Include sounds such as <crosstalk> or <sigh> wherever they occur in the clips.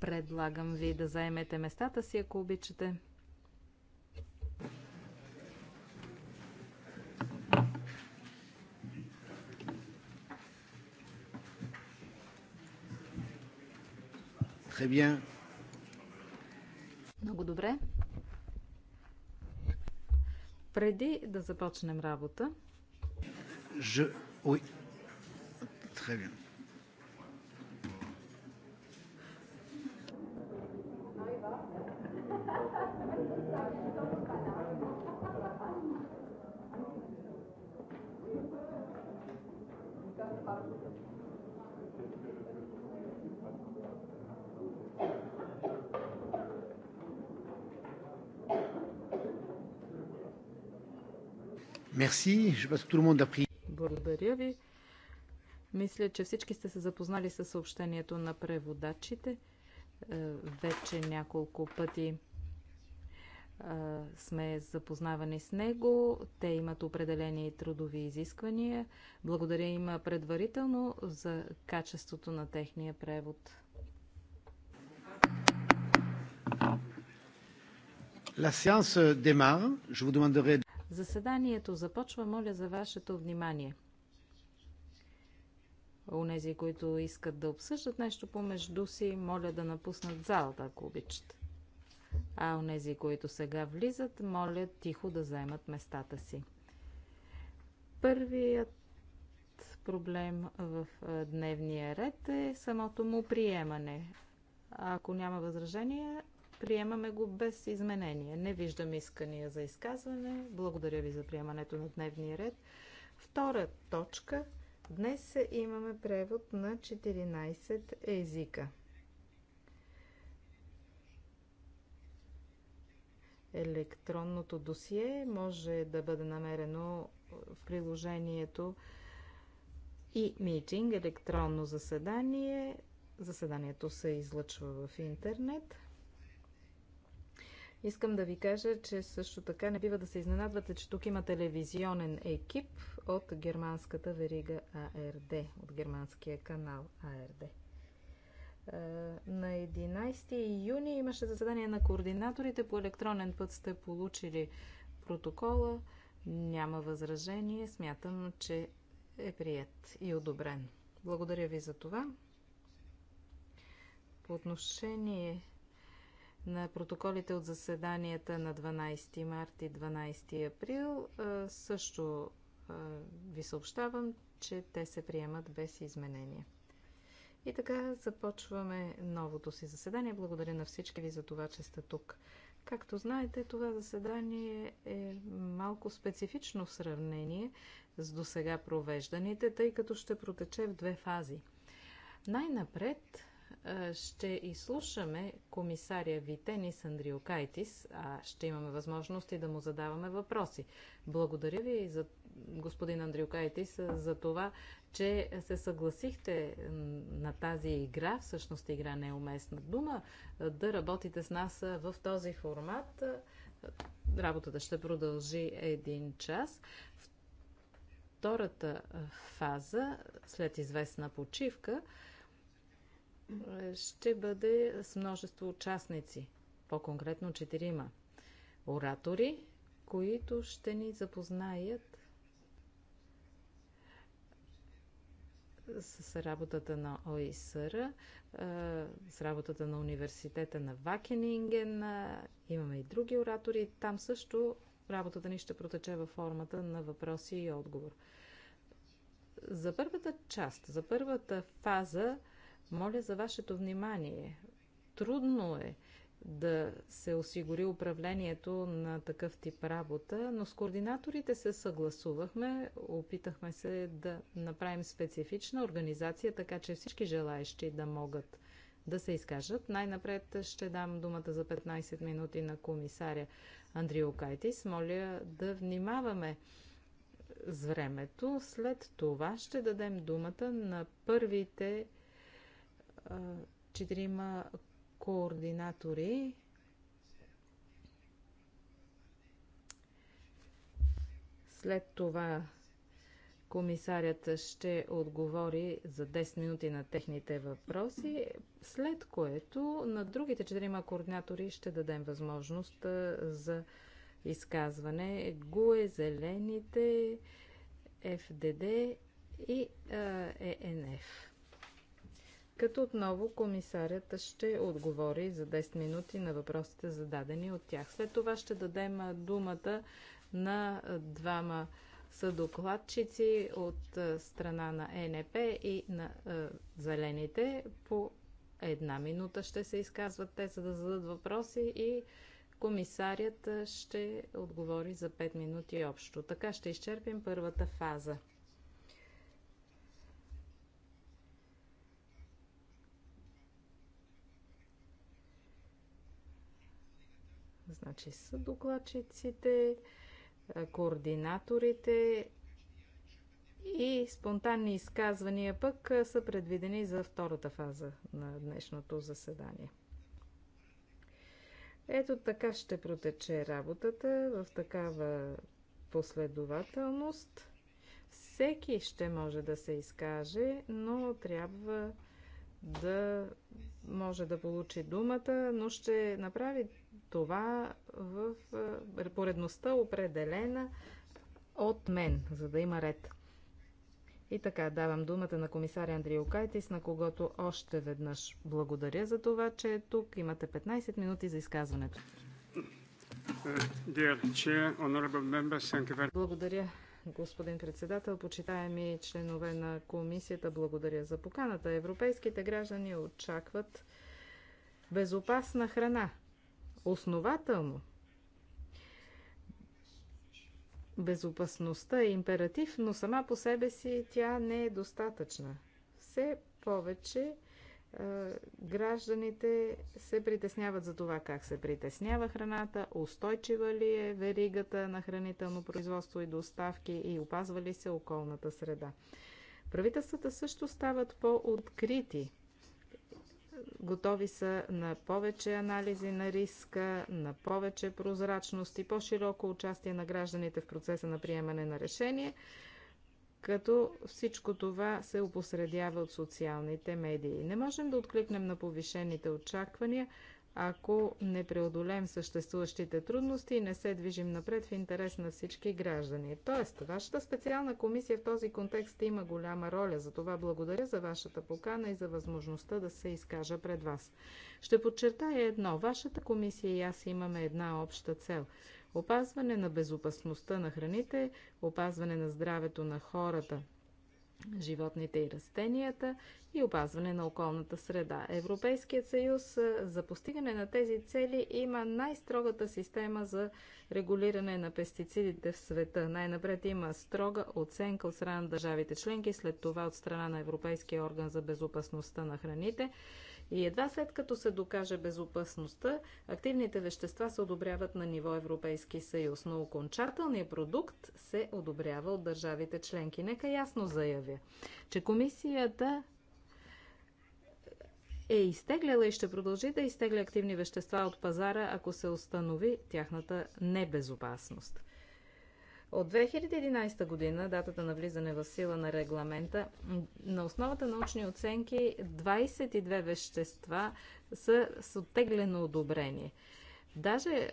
Предлагам ви да заемете местата си, ако обичате. Много добре. Преди да започнем работа, Je... Oui. Très bien. Благодаря ви. Мисля, че всички сте се запознали с съобщението на преводачите. Е, вече няколко пъти е, сме запознавани с него. Те имат определени трудови изисквания. Благодаря им предварително за качеството на техния превод. La séance démarre. Je vous demanderai Заседанието започва. Моля за вашето внимание. Унези, които искат да обсъждат нещо помежду си, моля да напуснат залата, ако обичат. А унези, които сега влизат, моля тихо да заемат местата си. Първият проблем в дневния ред е самото му приемане. Ако няма възражение, Приемаме го без изменение. Не виждам искания за изказване. Благодаря ви за приемането на дневния ред. Втора точка. Днес имаме превод на 14 езика. електронното досие може да бъде намерено в приложението и e митинг, електронно заседание. Заседанието се излъчва в интернет. Искам да ви кажа, че също така не бива да се изненадвате, че тук има телевизионен екип от германската верига АРД, от германския канал АРД. Е, на 11 юни имаше заседание на координаторите. По електронен път сте получили протокола. Няма възражение. Смятам, че е прият и одобрен. Благодаря ви за това. По отношение на протоколите от заседанията на 12 март и 12 април също ви съобщавам, че те се приемат без изменения. И така започваме новото си заседание. Благодаря на всички ви за това, че сте тук. Както знаете, това заседание е малко специфично в сравнение с досега провежданите, тъй като ще протече в две фази. Най-напред е, ще изслушаме комисаря Витенис Андриокайтис, а ще имаме възможности да му задаваме въпроси. Благодаря ви, за, господин Андриокайтис, за това, че се съгласихте на тази игра, всъщност игра не е уместна дума, да работите с нас в този формат. Работата ще продължи един час втората фаза, след известна почивка, ще бъде с множество участници, по-конкретно четирима оратори, които ще ни запознаят с работата на ОИСР, с работата на университета на Вакенинген. Имаме и други оратори. Там също работата ни ще протече във формата на въпроси и отговор. За първата част, за първата фаза, моля за вашето внимание. Трудно е да се осигури управлението на такъв тип работа, но с координаторите се съгласувахме, опитахме се да направим специфична организация, така че всички желаящи да могат да се изкажат. Най-напред ще дам думата за 15 минути на комисаря Андрио Кайтис. Моля да внимаваме с времето. След това ще дадем думата на първите четирима координатори. След това комисарят ще отговори за 10 минути на техните въпроси, след което на другите четирима координатори ще дадем възможност за изказване. ГУЕ, Зелените, ФДД и ЕНФ като отново комисарят ще отговори за 10 минути на въпросите зададени от тях. След това ще дадем думата на двама съдокладчици от страна на ЕНП и на е, Зелените. По една минута ще се изказват те, за да зададат въпроси и комисарят ще отговори за 5 минути общо. Така ще изчерпим първата фаза. Значи са докладчиците, координаторите и спонтанни изказвания пък са предвидени за втората фаза на днешното заседание. Ето така ще протече работата в такава последователност. Всеки ще може да се изкаже, но трябва да може да получи думата, но ще направи това в е, поредността определена от мен, за да има ред. И така, давам думата на комисаря Андрия Окайтис, на когото още веднъж благодаря за това, че е тук. Имате 15 минути за изказването. Благодаря, господин председател, почитаеми членове на комисията, благодаря за поканата. Европейските граждани очакват безопасна храна основателно. Безопасността е императив, но сама по себе си тя не е достатъчна. Все повече гражданите се притесняват за това как се притеснява храната, устойчива ли е веригата на хранително производство и доставки и опазва ли се околната среда. Правителствата също стават по-открити готови са на повече анализи на риска, на повече прозрачност и по-широко участие на гражданите в процеса на приемане на решение, като всичко това се опосредява от социалните медии. Не можем да откликнем на повишените очаквания, ако не преодолеем съществуващите трудности и не се движим напред в интерес на всички граждани. Тоест, вашата специална комисия в този контекст има голяма роля. За това благодаря за вашата покана и за възможността да се изкажа пред вас. Ще подчертая едно. Вашата комисия и аз имаме една обща цел опазване на безопасността на храните, опазване на здравето на хората животните и растенията и опазване на околната среда. Европейският съюз е, за постигане на тези цели има най-строгата система за регулиране на пестицидите в света. Най-напред има строга оценка от страна на държавите членки, след това от страна на Европейския орган за безопасността на храните. И едва след като се докаже безопасността, активните вещества се одобряват на ниво Европейски съюз, но окончателният продукт се одобрява от държавите членки. Нека ясно заявя, че комисията е изтегляла и ще продължи да изтегля активни вещества от пазара, ако се установи тяхната небезопасност. От 2011 година, датата на влизане в сила на регламента, на основата на научни оценки 22 вещества са с оттеглено одобрение. Даже е,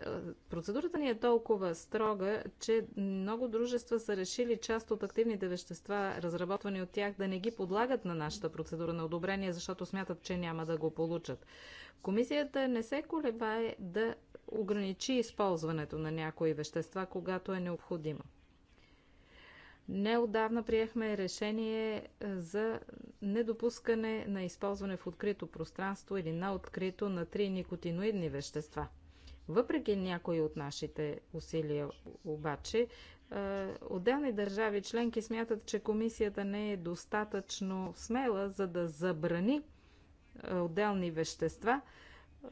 процедурата ни е толкова строга, че много дружества са решили част от активните вещества, разработвани от тях, да не ги подлагат на нашата процедура на одобрение, защото смятат, че няма да го получат. Комисията не се колебае да ограничи използването на някои вещества, когато е необходимо. Неодавна приехме решение е, за недопускане на използване в открито пространство или на открито на три никотиноидни вещества. Въпреки някои от нашите усилия обаче, е, отделни държави членки смятат, че комисията не е достатъчно смела, за да забрани е, отделни вещества,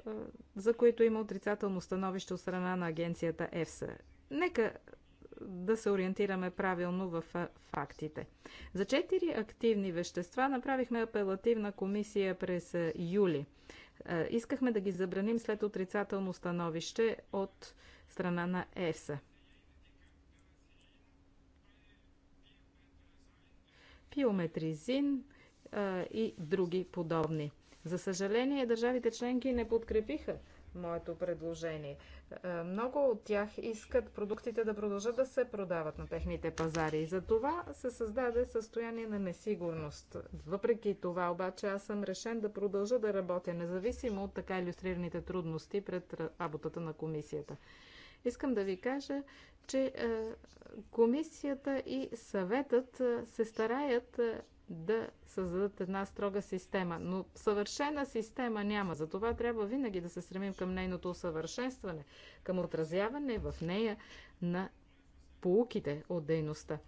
е, за които има отрицателно становище от страна на агенцията ЕФСА. Нека да се ориентираме правилно в е, фактите. За четири активни вещества направихме апелативна комисия през юли. Искахме да ги забраним след отрицателно становище от страна на ЕФСА. Пиометризин и други подобни. За съжаление, държавите членки не подкрепиха моето предложение. Е, много от тях искат продуктите да продължат да се продават на техните пазари и за това се създаде състояние на несигурност. Въпреки това обаче аз съм решен да продължа да работя, независимо от така иллюстрираните трудности пред работата на комисията. Искам да ви кажа, че е, комисията и съветът е, се стараят да създадат една строга система. Но съвършена система няма. Затова трябва винаги да се стремим към нейното усъвършенстване, към отразяване в нея на полуките от дейността.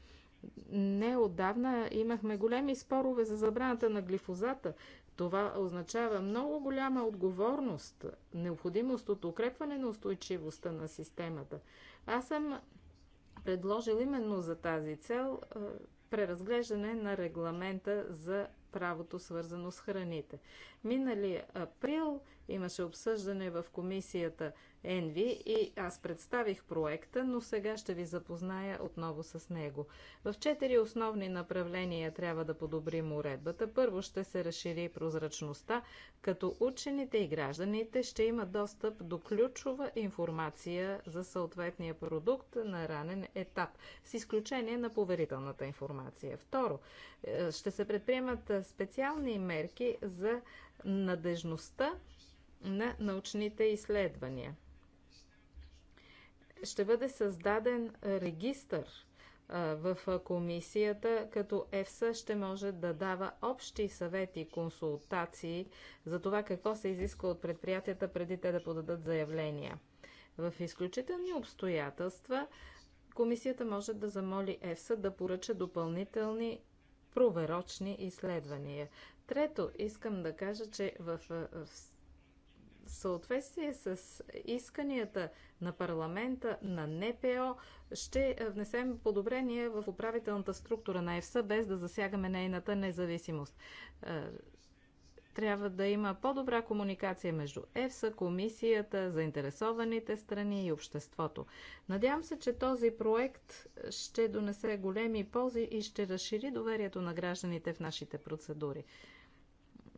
Не отдавна имахме големи спорове за забраната на глифозата. Това означава много голяма отговорност, необходимост от укрепване на устойчивостта на системата. Аз съм предложил именно за тази цел преразглеждане на регламента за правото свързано с храните. Минали април Имаше обсъждане в комисията Енви и аз представих проекта, но сега ще ви запозная отново с него. В четири основни направления трябва да подобрим уредбата. Първо ще се разшири прозрачността, като учените и гражданите ще имат достъп до ключова информация за съответния продукт на ранен етап, с изключение на поверителната информация. Второ, е, ще се предприемат специални мерки за надежността на научните изследвания. Ще бъде създаден регистър в комисията, като ЕФСА ще може да дава общи съвети консултации за това какво се изисква от предприятията преди те да подадат заявления. В изключителни обстоятелства комисията може да замоли ЕФСА да поръча допълнителни проверочни изследвания. Трето, искам да кажа, че в в съответствие с исканията на парламента, на НПО, ще внесем подобрение в управителната структура на ЕФСА, без да засягаме нейната независимост. Е, трябва да има по-добра комуникация между ЕФСА, комисията, заинтересованите страни и обществото. Надявам се, че този проект ще донесе големи ползи и ще разшири доверието на гражданите в нашите процедури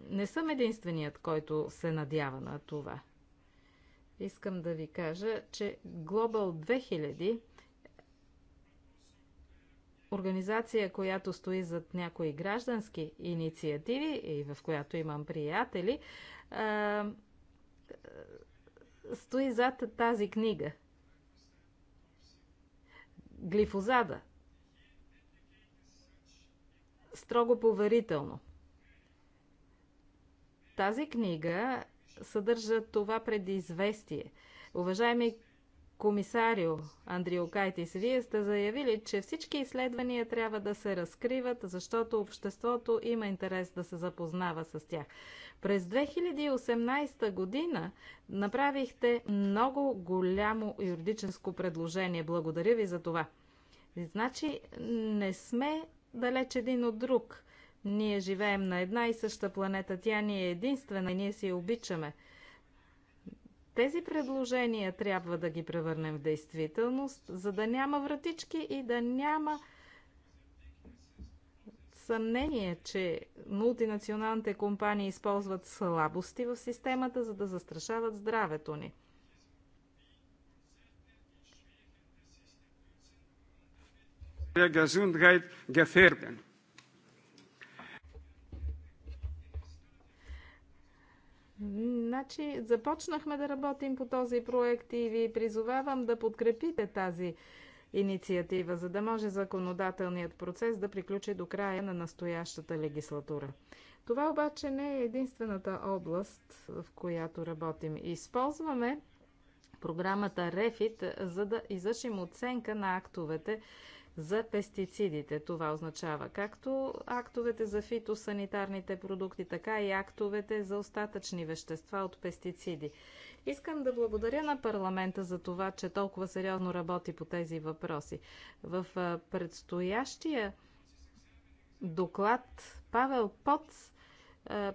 не съм единственият, който се надява на това. Искам да ви кажа, че Global 2000 организация, която стои зад някои граждански инициативи и в която имам приятели, стои зад тази книга. Глифозада. Строго поверително. Тази книга съдържа това предизвестие. Уважаеми комисарио Андрио Кайтис, вие сте заявили, че всички изследвания трябва да се разкриват, защото обществото има интерес да се запознава с тях. През 2018 година направихте много голямо юридическо предложение. Благодаря ви за това. Значи не сме далеч един от друг – ние живеем на една и съща планета, тя ни е единствена и ние си я обичаме. Тези предложения трябва да ги превърнем в действителност, за да няма вратички и да няма съмнение, че мултинационалните компании използват слабости в системата, за да застрашават здравето ни. der Gesundheit gefährden. Значи, започнахме да работим по този проект и ви призовавам да подкрепите тази инициатива, за да може законодателният процес да приключи до края на настоящата легислатура. Това обаче не е единствената област, в която работим. Използваме програмата REFIT, за да извършим оценка на актовете, за пестицидите. Това означава както актовете за фитосанитарните продукти, така и актовете за остатъчни вещества от пестициди. Искам да благодаря на парламента за това, че толкова сериозно работи по тези въпроси. В предстоящия доклад Павел Поц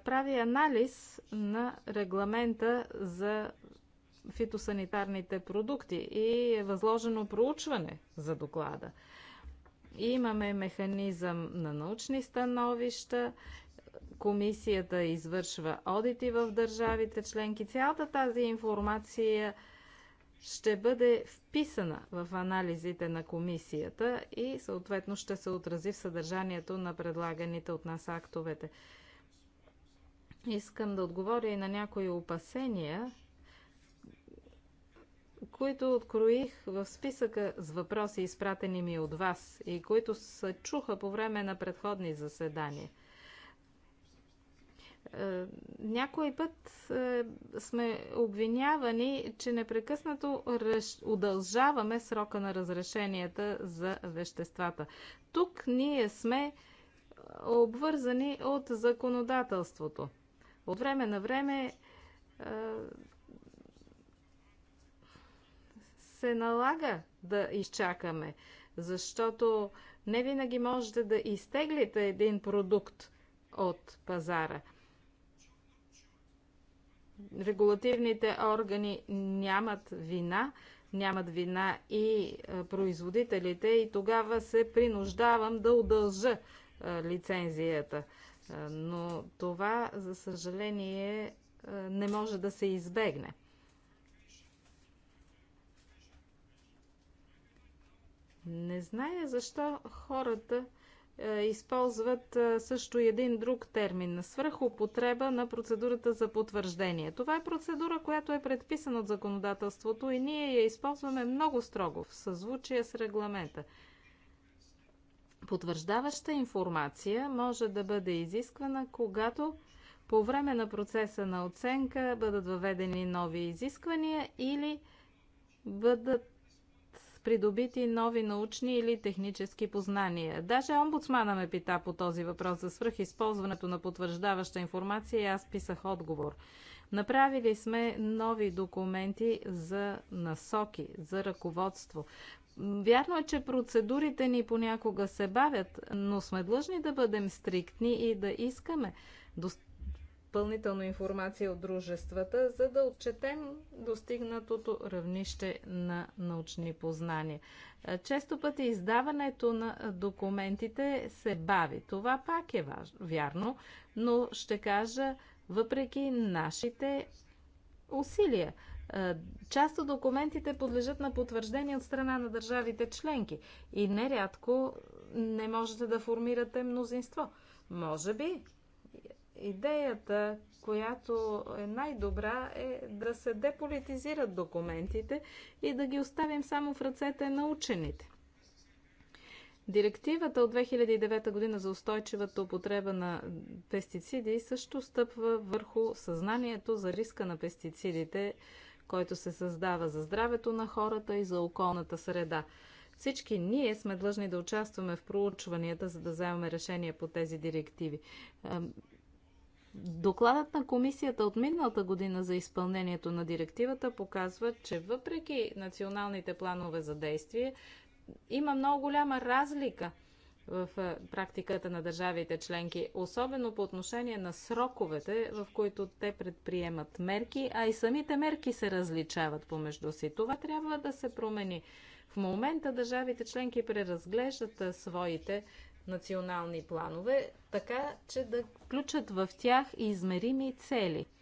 прави анализ на регламента за фитосанитарните продукти и е възложено проучване за доклада. Имаме механизъм на научни становища, комисията извършва одити в държавите членки. Цялата тази информация ще бъде вписана в анализите на комисията и съответно ще се отрази в съдържанието на предлаганите от нас актовете. Искам да отговоря и на някои опасения, които откроих в списъка с въпроси, изпратени ми от вас и които се чуха по време на предходни заседания. Е, някой път е, сме обвинявани, че непрекъснато удължаваме срока на разрешенията за веществата. Тук ние сме обвързани от законодателството. От време на време е, се налага да изчакаме, защото не винаги можете да изтеглите един продукт от пазара. Регулативните органи нямат вина, нямат вина и производителите и тогава се принуждавам да удължа лицензията. Но това, за съжаление, не може да се избегне. Не зная защо хората е, използват е, също един друг термин свръхопотреба свръхупотреба на процедурата за потвърждение. Това е процедура, която е предписана от законодателството и ние я използваме много строго в съзвучие с регламента. Потвърждаваща информация може да бъде изисквана, когато по време на процеса на оценка бъдат въведени нови изисквания или бъдат придобити нови научни или технически познания. Даже омбудсмана ме пита по този въпрос за свръхизползването на потвърждаваща информация и аз писах отговор. Направили сме нови документи за насоки, за ръководство. Вярно е, че процедурите ни понякога се бавят, но сме длъжни да бъдем стриктни и да искаме допълнителна информация от дружествата, за да отчетем достигнатото равнище на научни познания. Е, често пъти издаването на документите се бави. Това пак е важно, вярно, но ще кажа, въпреки нашите усилия. Е, част от документите подлежат на потвърждение от страна на държавите членки и нерядко не можете да формирате мнозинство. Може би идеята, която е най-добра, е да се деполитизират документите и да ги оставим само в ръцете на учените. Директивата от 2009 година за устойчивата употреба на пестициди също стъпва върху съзнанието за риска на пестицидите, който се създава за здравето на хората и за околната среда. Всички ние сме длъжни да участваме в проучванията, за да вземаме решения по тези директиви. Докладът на комисията от миналата година за изпълнението на директивата показва, че въпреки националните планове за действие, има много голяма разлика в е, практиката на държавите членки, особено по отношение на сроковете, в които те предприемат мерки, а и самите мерки се различават помежду си. Това трябва да се промени. В момента държавите членки преразглеждат е, своите национални планове, така че да включат в тях измерими цели –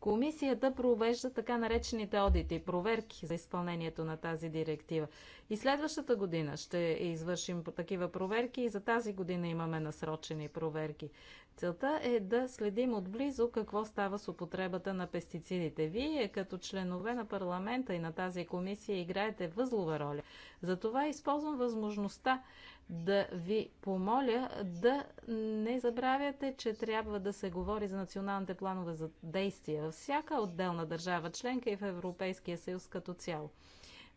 Комисията провежда така наречените одити, проверки за изпълнението на тази директива. И следващата година ще извършим такива проверки и за тази година имаме насрочени проверки. Целта е да следим отблизо какво става с употребата на пестицидите. Вие, като членове на парламента и на тази комисия, играете възлова роля. Затова използвам възможността да ви помоля да не забравяте, че трябва да се говори за националните планове за действие във всяка отделна държава членка и в Европейския съюз като цяло.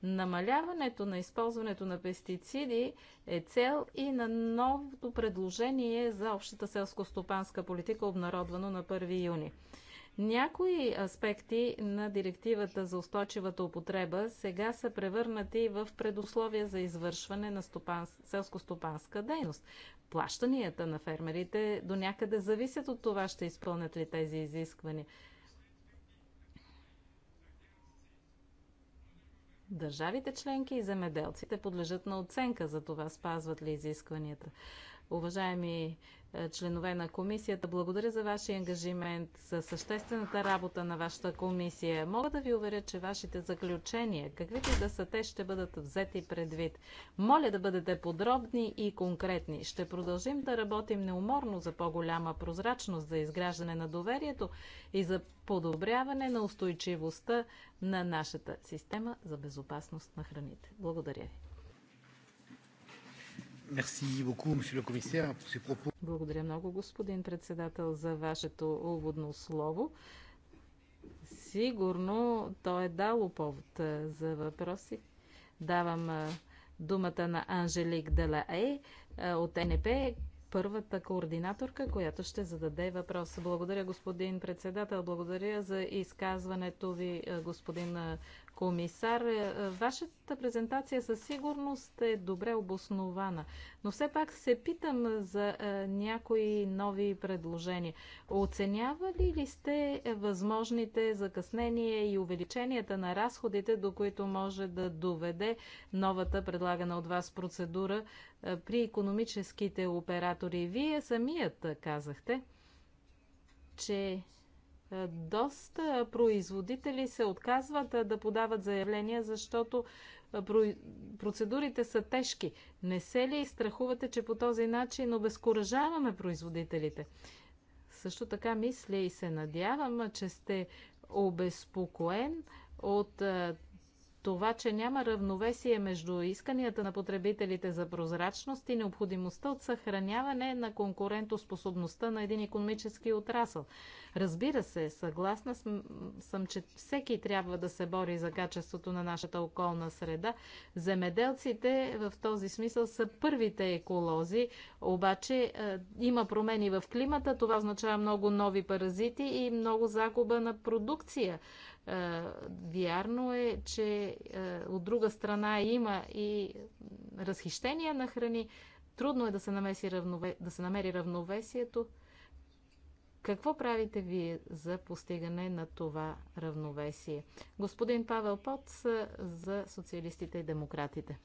Намаляването на използването на пестициди е цел и на новото предложение за общата селско-стопанска политика, обнародвано на 1 юни. Някои аспекти на директивата за устойчивата употреба сега са превърнати в предусловия за извършване на стопанс... селско-стопанска дейност. Плащанията на фермерите до някъде зависят от това, ще изпълнят ли тези изисквания. Държавите членки и земеделците подлежат на оценка за това спазват ли изискванията. Уважаеми е, членове на комисията. Благодаря за вашия ангажимент, за съществената работа на вашата комисия. Мога да ви уверя, че вашите заключения, каквито да са те, ще бъдат взети предвид. Моля да бъдете подробни и конкретни. Ще продължим да работим неуморно за по-голяма прозрачност, за изграждане на доверието и за подобряване на устойчивостта на нашата система за безопасност на храните. Благодаря ви. Благодаря много, господин председател, за вашето уводно слово. Сигурно то е дало повод за въпроси. Давам думата на Анжелик Делае от НП, първата координаторка, която ще зададе въпрос. Благодаря, господин председател. Благодаря за изказването ви, господин комисар. Е, вашата презентация със сигурност е добре обоснована, но все пак се питам за е, някои нови предложения. Оценявали ли сте възможните закъснения и увеличенията на разходите, до които може да доведе новата предлагана от вас процедура е, при економическите оператори? Вие самият казахте, че е, доста производители се отказват е, да подават заявления, защото е, процедурите са тежки. Не се ли страхувате, че по този начин обезкуражаваме производителите? Също така мисля и се надявам, че сте обезпокоен от това, че няма равновесие между исканията на потребителите за прозрачност и необходимостта от съхраняване на конкурентоспособността на един економически отрасъл. Разбира се, съгласна съм, че всеки трябва да се бори за качеството на нашата околна среда. Земеделците в този смисъл са първите еколози, обаче е, има промени в климата, това означава много нови паразити и много загуба на продукция. Е, вярно е, че е, от друга страна има и разхищение на храни. Трудно е да се, намеси равнове... да се намери равновесието. Какво правите вие за постигане на това равновесие? Господин Павел Поц е, за социалистите и демократите.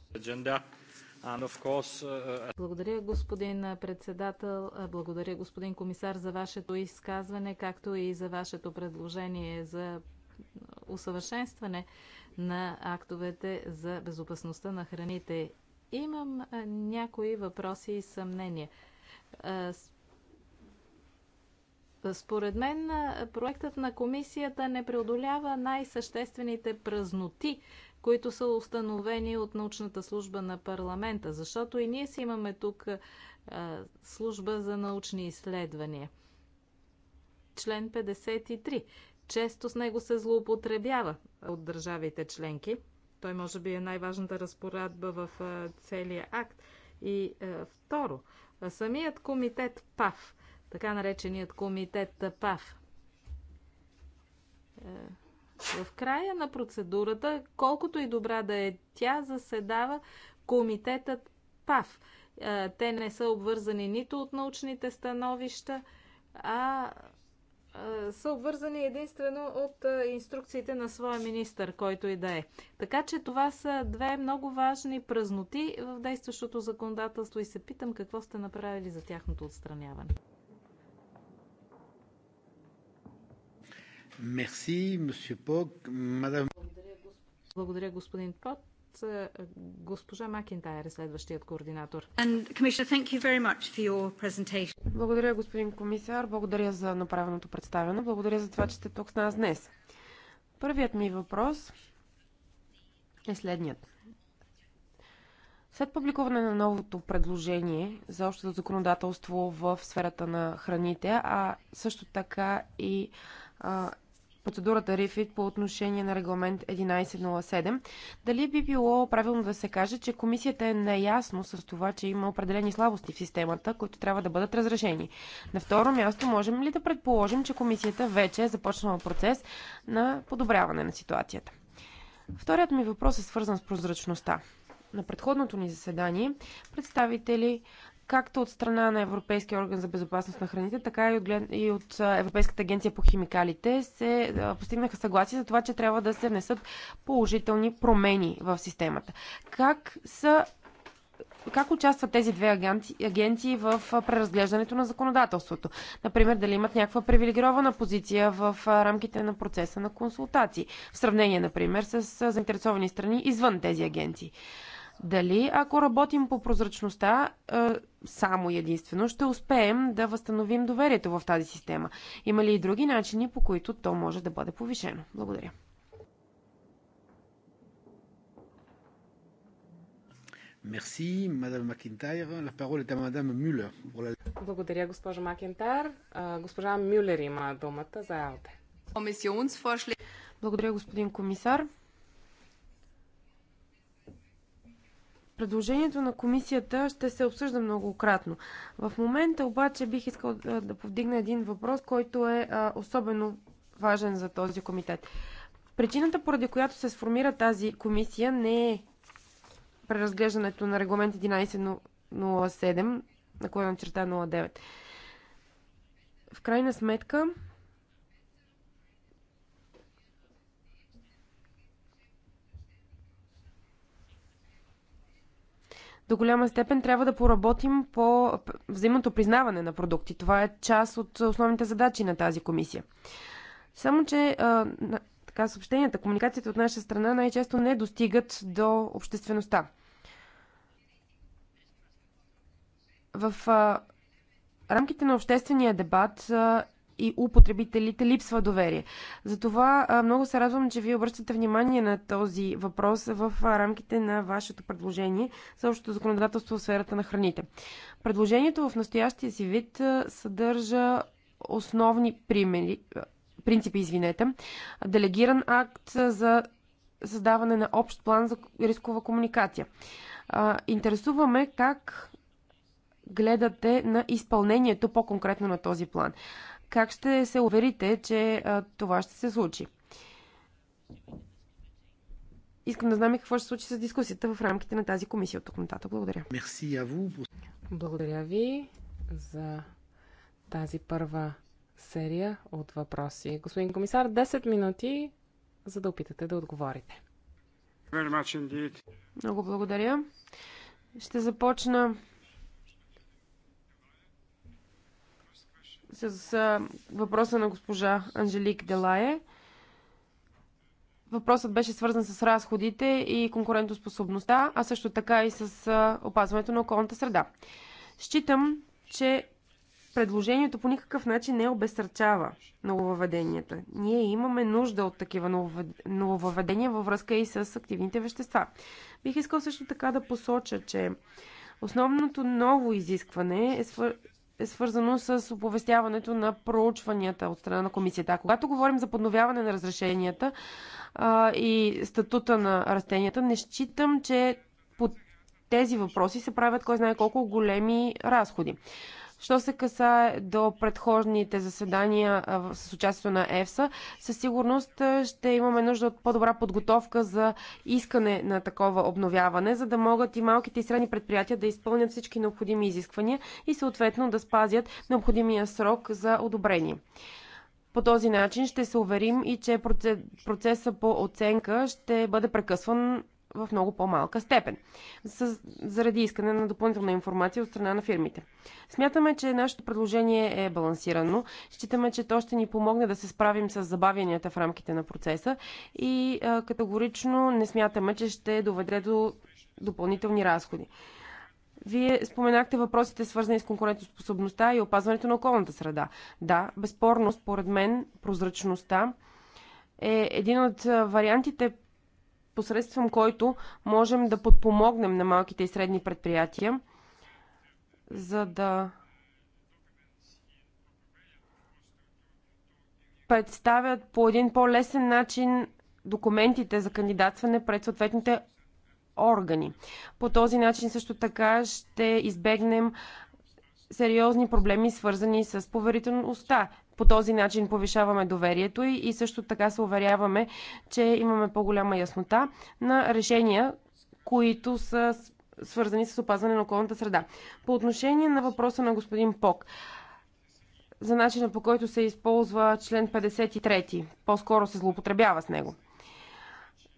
Благодаря, господин председател. Благодаря, господин комисар, за вашето изказване, както и за вашето предложение за усъвършенстване на актовете за безопасността на храните. Имам някои въпроси и съмнения. Според мен проектът на комисията не преодолява най-съществените празноти, които са установени от научната служба на парламента, защото и ние си имаме тук служба за научни изследвания. Член 53. Често с него се злоупотребява от държавите членки. Той може би е най-важната разпоредба в целия акт. И второ, самият комитет ПАВ, така нареченият комитет ПАВ, в края на процедурата, колкото и добра да е тя, заседава комитетът ПАВ. Те не са обвързани нито от научните становища, а са обвързани единствено от инструкциите на своя министър, който и да е. Така че това са две много важни празноти в действащото законодателство и се питам какво сте направили за тяхното отстраняване. Мерси, мадам. Благодаря, господин Пот. Е, госпожа Макентайер е следващият координатор. благодаря, господин комисар. Благодаря за направеното представяне. Благодаря за това, че сте тук с нас днес. Първият ми въпрос е следният. След публикуване на новото предложение за общото законодателство в сферата на храните, а също така и процедурата РИФИТ по отношение на регламент 1107. Дали би било правилно да се каже, че комисията е наясно с това, че има определени слабости в системата, които трябва да бъдат разрешени? На второ място, можем ли да предположим, че комисията вече е започнала процес на подобряване на ситуацията? Вторият ми въпрос е свързан с прозрачността. На предходното ни заседание представители както от страна на Европейския орган за безопасност на храните, така и от, и от Европейската агенция по химикалите се постигнаха съгласие за това, че трябва да се внесат положителни промени в системата. Как са как участват тези две агенции в преразглеждането на законодателството? Например, дали имат някаква привилегирована позиция в рамките на процеса на консултации, в сравнение, например, с заинтересовани страни извън тези агенции. Дали ако работим по прозрачността, е, само единствено ще успеем да възстановим доверието в тази система? Има ли и други начини, по които то може да бъде повишено? Благодаря. Merci, Madame Макинтайр. La parole est à Madame Müller. Благодаря, госпожо Макинтайр. Госпожа Мюлер има думата за АЛТЕ. Благодаря, господин комисар. Предложението на комисията ще се обсъжда многократно. В момента обаче бих искал да повдигна един въпрос, който е особено важен за този комитет. Причината, поради която се сформира тази комисия, не е преразглеждането на регламент 1107, на кое на черта 09. В крайна сметка, до голяма степен трябва да поработим по взаимното признаване на продукти. Това е част от основните задачи на тази комисия. Само, че а, така, съобщенията, комуникацията от наша страна най-често не достигат до обществеността. В а, рамките на обществения дебат а, и у потребителите липсва доверие. Затова много се радвам, че вие обръщате внимание на този въпрос в рамките на вашето предложение за общото законодателство в сферата на храните. Предложението в настоящия си вид съдържа основни примери, принципи, извинете, делегиран акт за създаване на общ план за рискова комуникация. Интересуваме как гледате на изпълнението по-конкретно на този план. Как ще се уверите, че а, това ще се случи? Искам да знам и какво ще се случи с дискусията в рамките на тази комисия от тук нататък. Благодаря. Благодаря ви за тази първа серия от въпроси. Господин комисар, 10 минути, за да опитате да отговорите. Много благодаря. Ще започна с въпроса на госпожа Анжелик Делае. Въпросът беше свързан с разходите и конкурентоспособността, а също така и с опазването на околната среда. Считам, че предложението по никакъв начин не обесърчава нововъведенията. Ние имаме нужда от такива нововъведения във връзка и с активните вещества. Бих искал също така да посоча, че основното ново изискване е е свързано с оповестяването на проучванията от страна на комисията. А когато говорим за подновяване на разрешенията а, и статута на растенията, не считам, че по тези въпроси се правят кой знае колко големи разходи. Що се касае до предхожните заседания с участието на ЕФСА, със сигурност ще имаме нужда от по-добра подготовка за искане на такова обновяване, за да могат и малките и средни предприятия да изпълнят всички необходими изисквания и съответно да спазят необходимия срок за одобрение. По този начин ще се уверим и че процесът по оценка ще бъде прекъсван в много по-малка степен, с, заради искане на допълнителна информация от страна на фирмите. Смятаме, че нашето предложение е балансирано. Считаме, че то ще ни помогне да се справим с забавянията в рамките на процеса и а, категорично не смятаме, че ще доведе до допълнителни разходи. Вие споменахте въпросите, свързани с конкурентоспособността и опазването на околната среда. Да, безспорно, според мен, прозрачността е един от вариантите, посредством който можем да подпомогнем на малките и средни предприятия, за да представят по един по-лесен начин документите за кандидатстване пред съответните органи. По този начин също така ще избегнем сериозни проблеми, свързани с поверителността. По този начин повишаваме доверието и, и също така се уверяваме, че имаме по-голяма яснота на решения, които са свързани с опазване на околната среда. По отношение на въпроса на господин Пок, за начина по който се използва член 53, по-скоро се злоупотребява с него.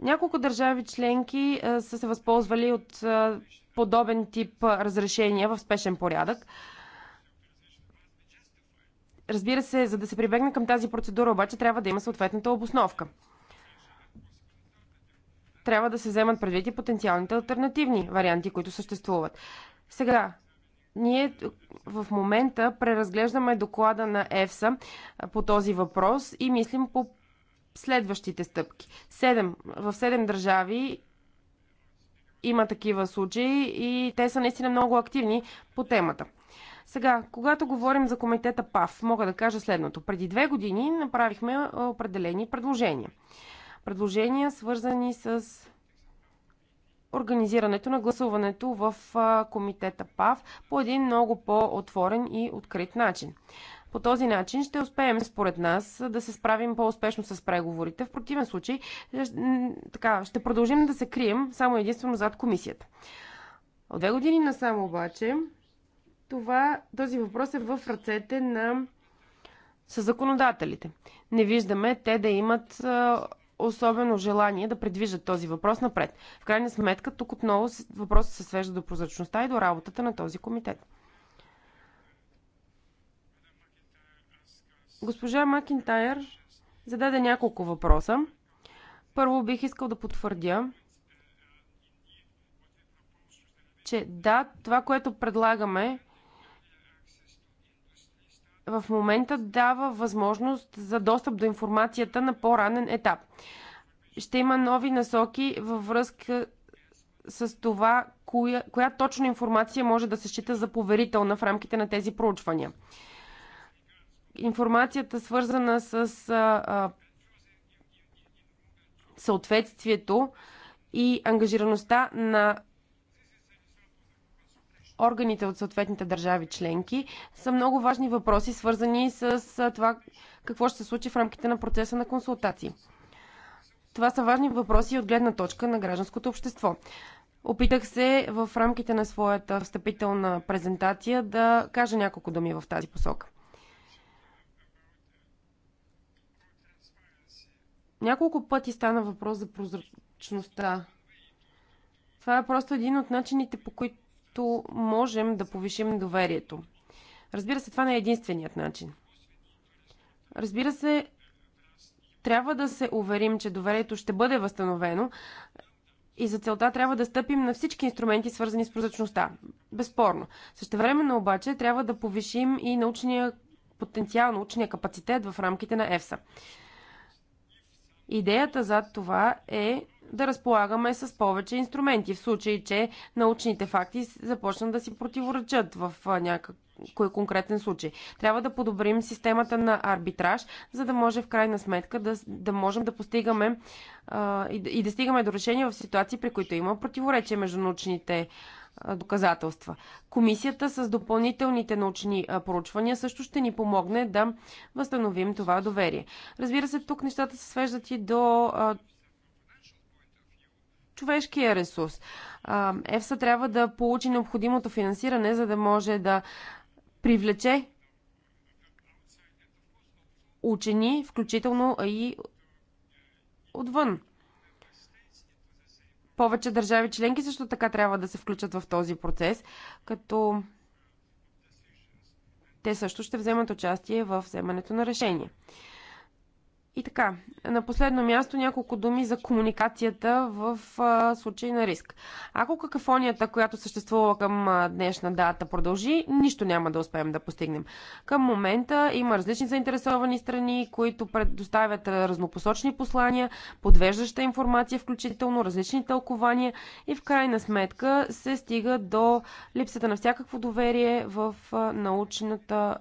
Няколко държави членки е, са се възползвали от е, подобен тип разрешения в спешен порядък. Разбира се, за да се прибегне към тази процедура, обаче трябва да има съответната обосновка. Трябва да се вземат предвид и потенциалните альтернативни варианти, които съществуват. Сега, ние в момента преразглеждаме доклада на ЕФСА по този въпрос и мислим по следващите стъпки. Седем, в седем държави има такива случаи и те са наистина много активни по темата. Сега, когато говорим за комитета ПАВ, мога да кажа следното. Преди две години направихме определени предложения. Предложения, свързани с организирането на гласуването в комитета ПАВ по един много по-отворен и открит начин. По този начин ще успеем, според нас, да се справим по-успешно с преговорите. В противен случай, така, ще продължим да се крием само единствено зад комисията. От две години насам обаче това, този въпрос е в ръцете на със законодателите. Не виждаме те да имат особено желание да предвиждат този въпрос напред. В крайна сметка, тук отново въпросът се свежда до прозрачността и до работата на този комитет. Госпожа Макинтайр зададе няколко въпроса. Първо бих искал да потвърдя, че да, това, което предлагаме, в момента дава възможност за достъп до информацията на по-ранен етап. Ще има нови насоки във връзка с това, коя, коя точно информация може да се счита за поверителна в рамките на тези проучвания. Информацията, свързана с а, а, съответствието и ангажираността на органите от съответните държави членки са много важни въпроси, свързани с това какво ще се случи в рамките на процеса на консултации. Това са важни въпроси от гледна точка на гражданското общество. Опитах се в рамките на своята встъпителна презентация да кажа няколко думи в тази посока. Няколко пъти стана въпрос за прозрачността. Това е просто един от начините, по които както можем да повишим доверието. Разбира се, това не е единственият начин. Разбира се, трябва да се уверим, че доверието ще бъде възстановено и за целта трябва да стъпим на всички инструменти, свързани с прозрачността. Безспорно. Същевременно обаче трябва да повишим и научния потенциал, научния капацитет в рамките на ЕФСА. Идеята за това е да разполагаме с повече инструменти, в случай, че научните факти започнат да си противоречат в някой конкретен случай. Трябва да подобрим системата на арбитраж, за да може в крайна сметка да, да можем да постигаме а, и, да, и да стигаме до решение в ситуации, при които има противоречие между научните доказателства. Комисията с допълнителните научни проучвания също ще ни помогне да възстановим това доверие. Разбира се, тук нещата се свеждат и до човешкия ресурс. ЕФСА трябва да получи необходимото финансиране, за да може да привлече учени, включително и отвън. Повече държави членки също така трябва да се включат в този процес, като те също ще вземат участие в вземането на решение. И така, на последно място няколко думи за комуникацията в а, случай на риск. Ако какафонията, която съществува към а, днешна дата, продължи, нищо няма да успеем да постигнем. Към момента има различни заинтересовани страни, които предоставят разнопосочни послания, подвеждаща информация, включително различни тълкования и в крайна сметка се стига до липсата на всякакво доверие в научната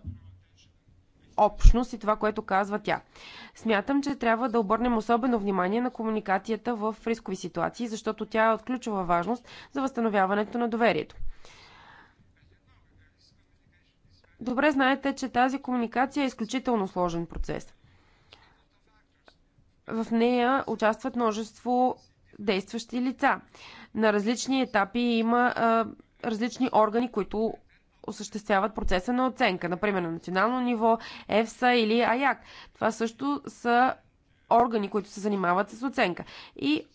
общност и това, което казва тя. Смятам, че трябва да обърнем особено внимание на комуникацията в рискови ситуации, защото тя е от ключова важност за възстановяването на доверието. Добре знаете, че тази комуникация е изключително сложен процес. В нея участват множество действащи лица. На различни етапи има а, различни органи, които осъществяват процеса на оценка, например на национално ниво, ЕФСА или АЯК. Това също са органи, които се занимават с оценка. И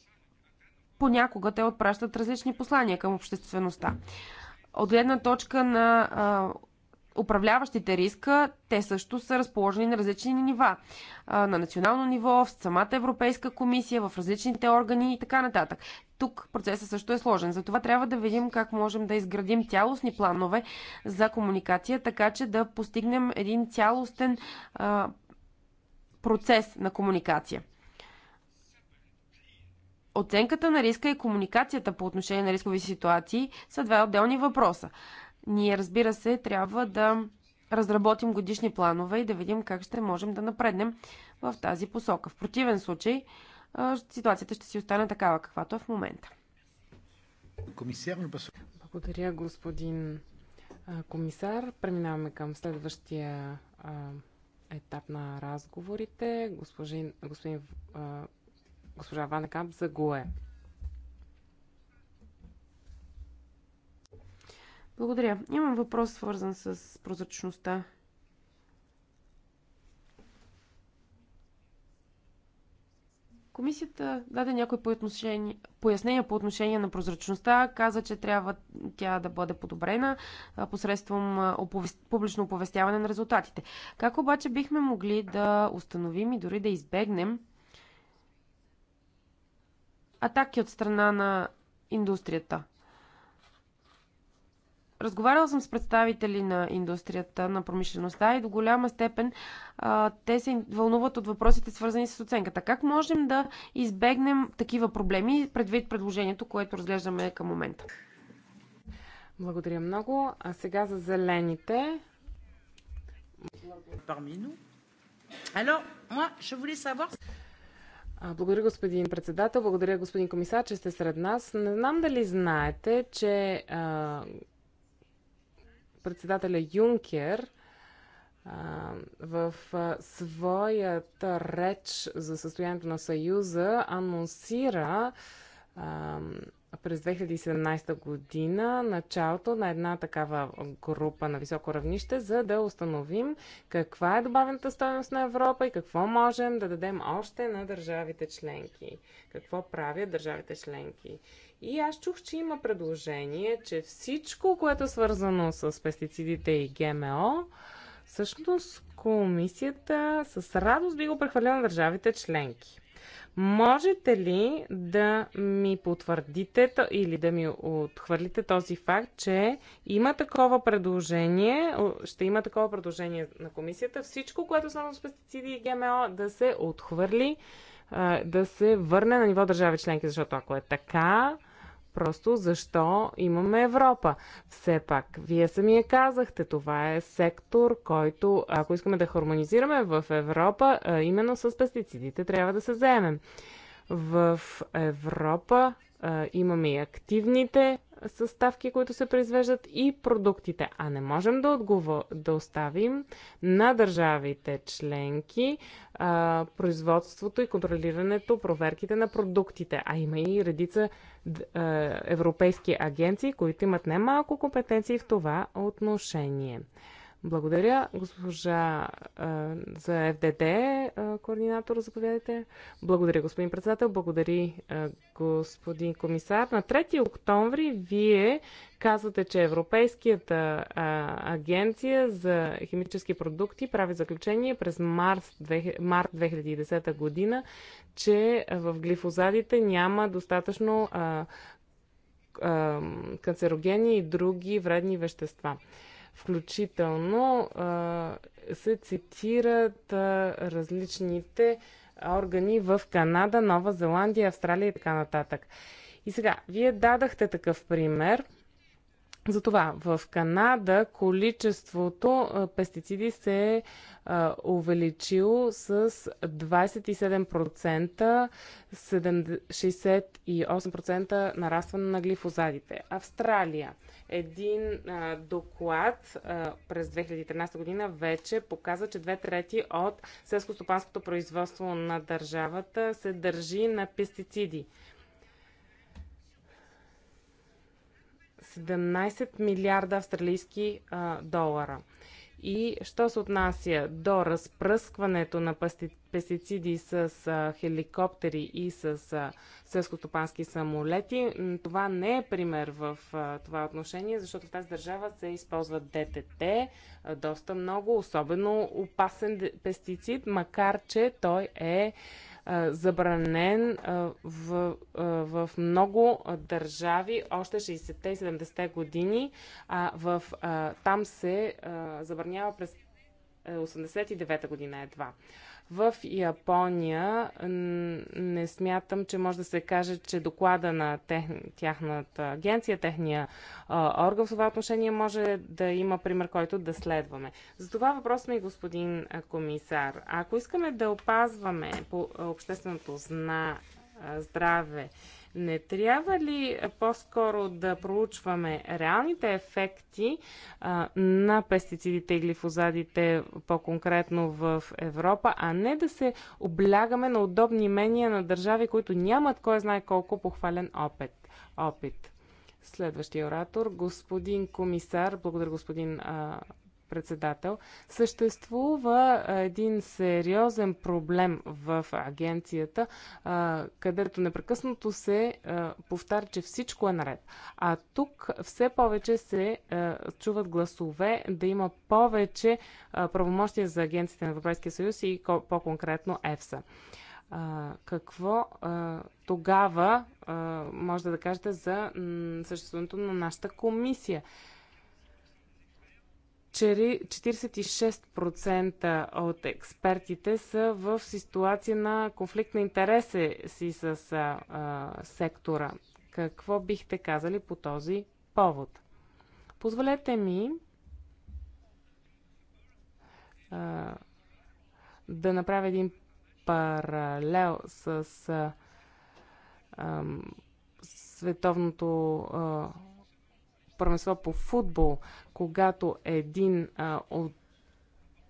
понякога те отпращат различни послания към обществеността. От гледна точка на а, управляващите риска, те също са разположени на различни нива. На национално ниво, в самата Европейска комисия, в различните органи и така нататък. Тук процесът също е сложен. Затова трябва да видим как можем да изградим цялостни планове за комуникация, така че да постигнем един цялостен а, процес на комуникация. Оценката на риска и комуникацията по отношение на рискови ситуации са два отделни въпроса. Ние, разбира се, трябва да разработим годишни планове и да видим как ще можем да напреднем в тази посока. В противен случай, ситуацията ще си остане такава, каквато е в момента. Благодаря, господин комисар. Преминаваме към следващия етап на разговорите. господин, госпожа Ванекап за ГОЕ. Благодаря. Имам въпрос, свързан с прозрачността. Комисията даде някои пояснения по отношение на прозрачността. Каза, че трябва тя да бъде подобрена посредством публично оповестяване на резултатите. Как обаче бихме могли да установим и дори да избегнем атаки от страна на индустрията? Разговаряла съм с представители на индустрията, на промишлеността и до голяма степен а, те се вълнуват от въпросите, свързани с оценката. Как можем да избегнем такива проблеми предвид предложението, което разглеждаме към момента? Благодаря много. А сега за зелените. Благодаря, господин председател. Благодаря, господин комисар, че сте сред нас. Не знам дали знаете, че а, председателя Юнкер в своята реч за състоянието на Съюза анонсира през 2017 година началото на една такава група на високо равнище, за да установим каква е добавената стоеност на Европа и какво можем да дадем още на държавите членки. Какво правят държавите членки. И аз чух, че има предложение, че всичко, което е свързано с пестицидите и ГМО, всъщност комисията с радост би го прехвалила на държавите членки. Можете ли да ми потвърдите или да ми отхвърлите този факт, че има такова предложение, ще има такова предложение на комисията, всичко, което е свързано с пестициди и ГМО, да се отхвърли, да се върне на ниво държави членки, защото ако е така, Просто защо имаме Европа? Все пак, вие самия казахте, това е сектор, който, ако искаме да хармонизираме в Европа, именно с пестицидите трябва да се заемем. В Европа имаме и активните съставки, които се произвеждат и продуктите. А не можем да, отговор... да оставим на държавите членки а, производството и контролирането, проверките на продуктите. А има и редица а, европейски агенции, които имат немалко компетенции в това отношение. Благодаря. Госпожа а, за ФДД, а, координатор, заповядайте. Благодаря, господин председател. Благодари, а, господин комисар. На 3 октомври вие казвате, че Европейската а, агенция за химически продукти прави заключение през март, март 2010 година, че в глифозадите няма достатъчно а, а, канцерогени и други вредни вещества. Включително се цитират различните органи в Канада, Нова Зеландия, Австралия и така нататък. И сега, вие дадахте такъв пример – затова в Канада количеството пестициди се е увеличило с 27%, 68% нарастване на глифозадите. Австралия. Един а, доклад а, през 2013 година вече показа, че две трети от селскостопанското производство на държавата се държи на пестициди. 17 милиарда австралийски а, долара. И що се отнася до разпръскването на пестициди с а, хеликоптери и с селскостопански самолети, това не е пример в а, това отношение, защото в тази държава се използва ДТТ а, доста много, особено опасен пестицид, макар че той е забранен в, в много държави още 60-те и 70-те години. А в, там се забранява през 89-та е, година едва. В Япония не смятам, че може да се каже, че доклада на тех, тяхната агенция, техния а, орган в това отношение може да има пример, който да следваме. За това въпрос ми, господин комисар. Ако искаме да опазваме по общественото зна, здраве не трябва ли по-скоро да проучваме реалните ефекти а, на пестицидите и глифозадите по-конкретно в Европа, а не да се облягаме на удобни мнения на държави, които нямат кой знае колко похвален опит? опит. Следващия оратор, господин комисар, благодаря господин а, председател, съществува един сериозен проблем в агенцията, където непрекъснато се повтаря, че всичко е наред. А тук все повече се чуват гласове да има повече правомощия за агенцията на Европейския съюз и по-конкретно ЕФСА. какво тогава може да кажете за съществуването на нашата комисия? 46% от експертите са в ситуация на конфликт на интереси си с а, сектора. Какво бихте казали по този повод? Позволете ми а, да направя един паралел с а, световното първенство по футбол, когато един а, от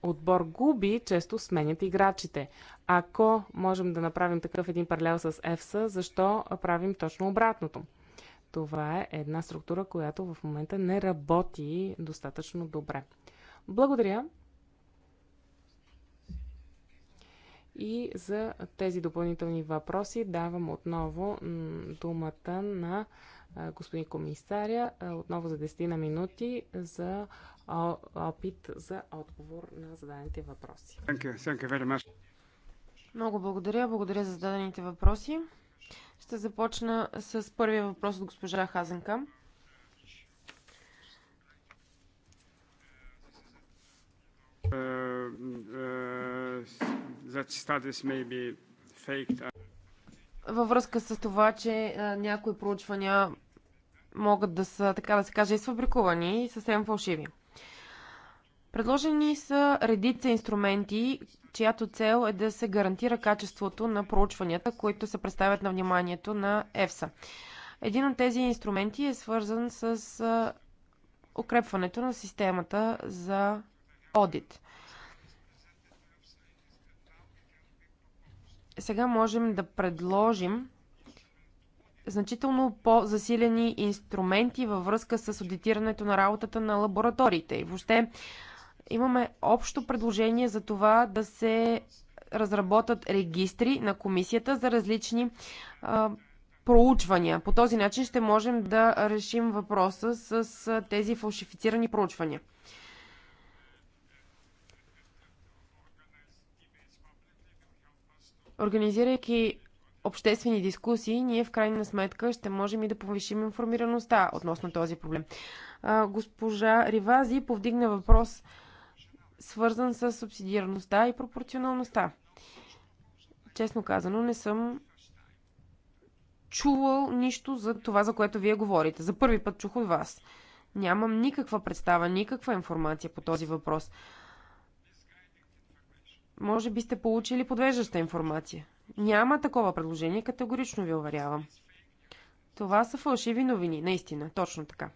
отбор губи, често сменят играчите. Ако можем да направим такъв един паралел с ЕФСА, защо правим точно обратното? Това е една структура, която в момента не работи достатъчно добре. Благодаря и за тези допълнителни въпроси давам отново думата на господин комисаря отново за 10 на минути за опит за отговор на зададените въпроси. Много благодаря. Благодаря за зададените въпроси. Ще започна с първия въпрос от госпожа Хазенка. Uh, uh, that studies may be faked във връзка с това, че някои проучвания могат да са, така да се каже, изфабрикувани и съвсем фалшиви. Предложени са редица инструменти, чиято цел е да се гарантира качеството на проучванията, които се представят на вниманието на ЕФСА. Един от тези инструменти е свързан с укрепването на системата за одит – сега можем да предложим значително по-засилени инструменти във връзка с аудитирането на работата на лабораториите. И въобще имаме общо предложение за това да се разработат регистри на комисията за различни а, проучвания. По този начин ще можем да решим въпроса с а, тези фалшифицирани проучвания. Организирайки обществени дискусии, ние в крайна сметка ще можем и да повишим информираността относно този проблем. Госпожа Ривази повдигна въпрос, свързан с субсидиарността и пропорционалността. Честно казано, не съм чувал нищо за това, за което вие говорите. За първи път чух от вас. Нямам никаква представа, никаква информация по този въпрос. Може би сте получили подвеждаща информация. Няма такова предложение, категорично ви уверявам. Това са фалшиви новини, наистина, точно така.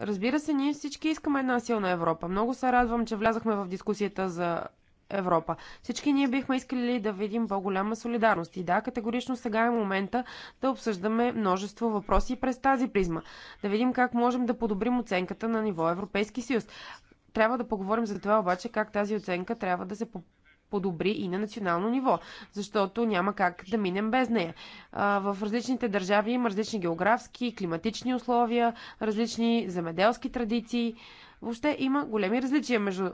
Разбира се, ние всички искаме една силна Европа. Много се радвам, че влязахме в дискусията за Европа. Всички ние бихме искали да видим по-голяма солидарност. И да, категорично сега е момента да обсъждаме множество въпроси през тази призма. Да видим как можем да подобрим оценката на ниво Европейски съюз. Трябва да поговорим за това обаче как тази оценка трябва да се подобри и на национално ниво, защото няма как да минем без нея. В различните държави има различни географски, климатични условия, различни земеделски традиции. Въобще има големи различия между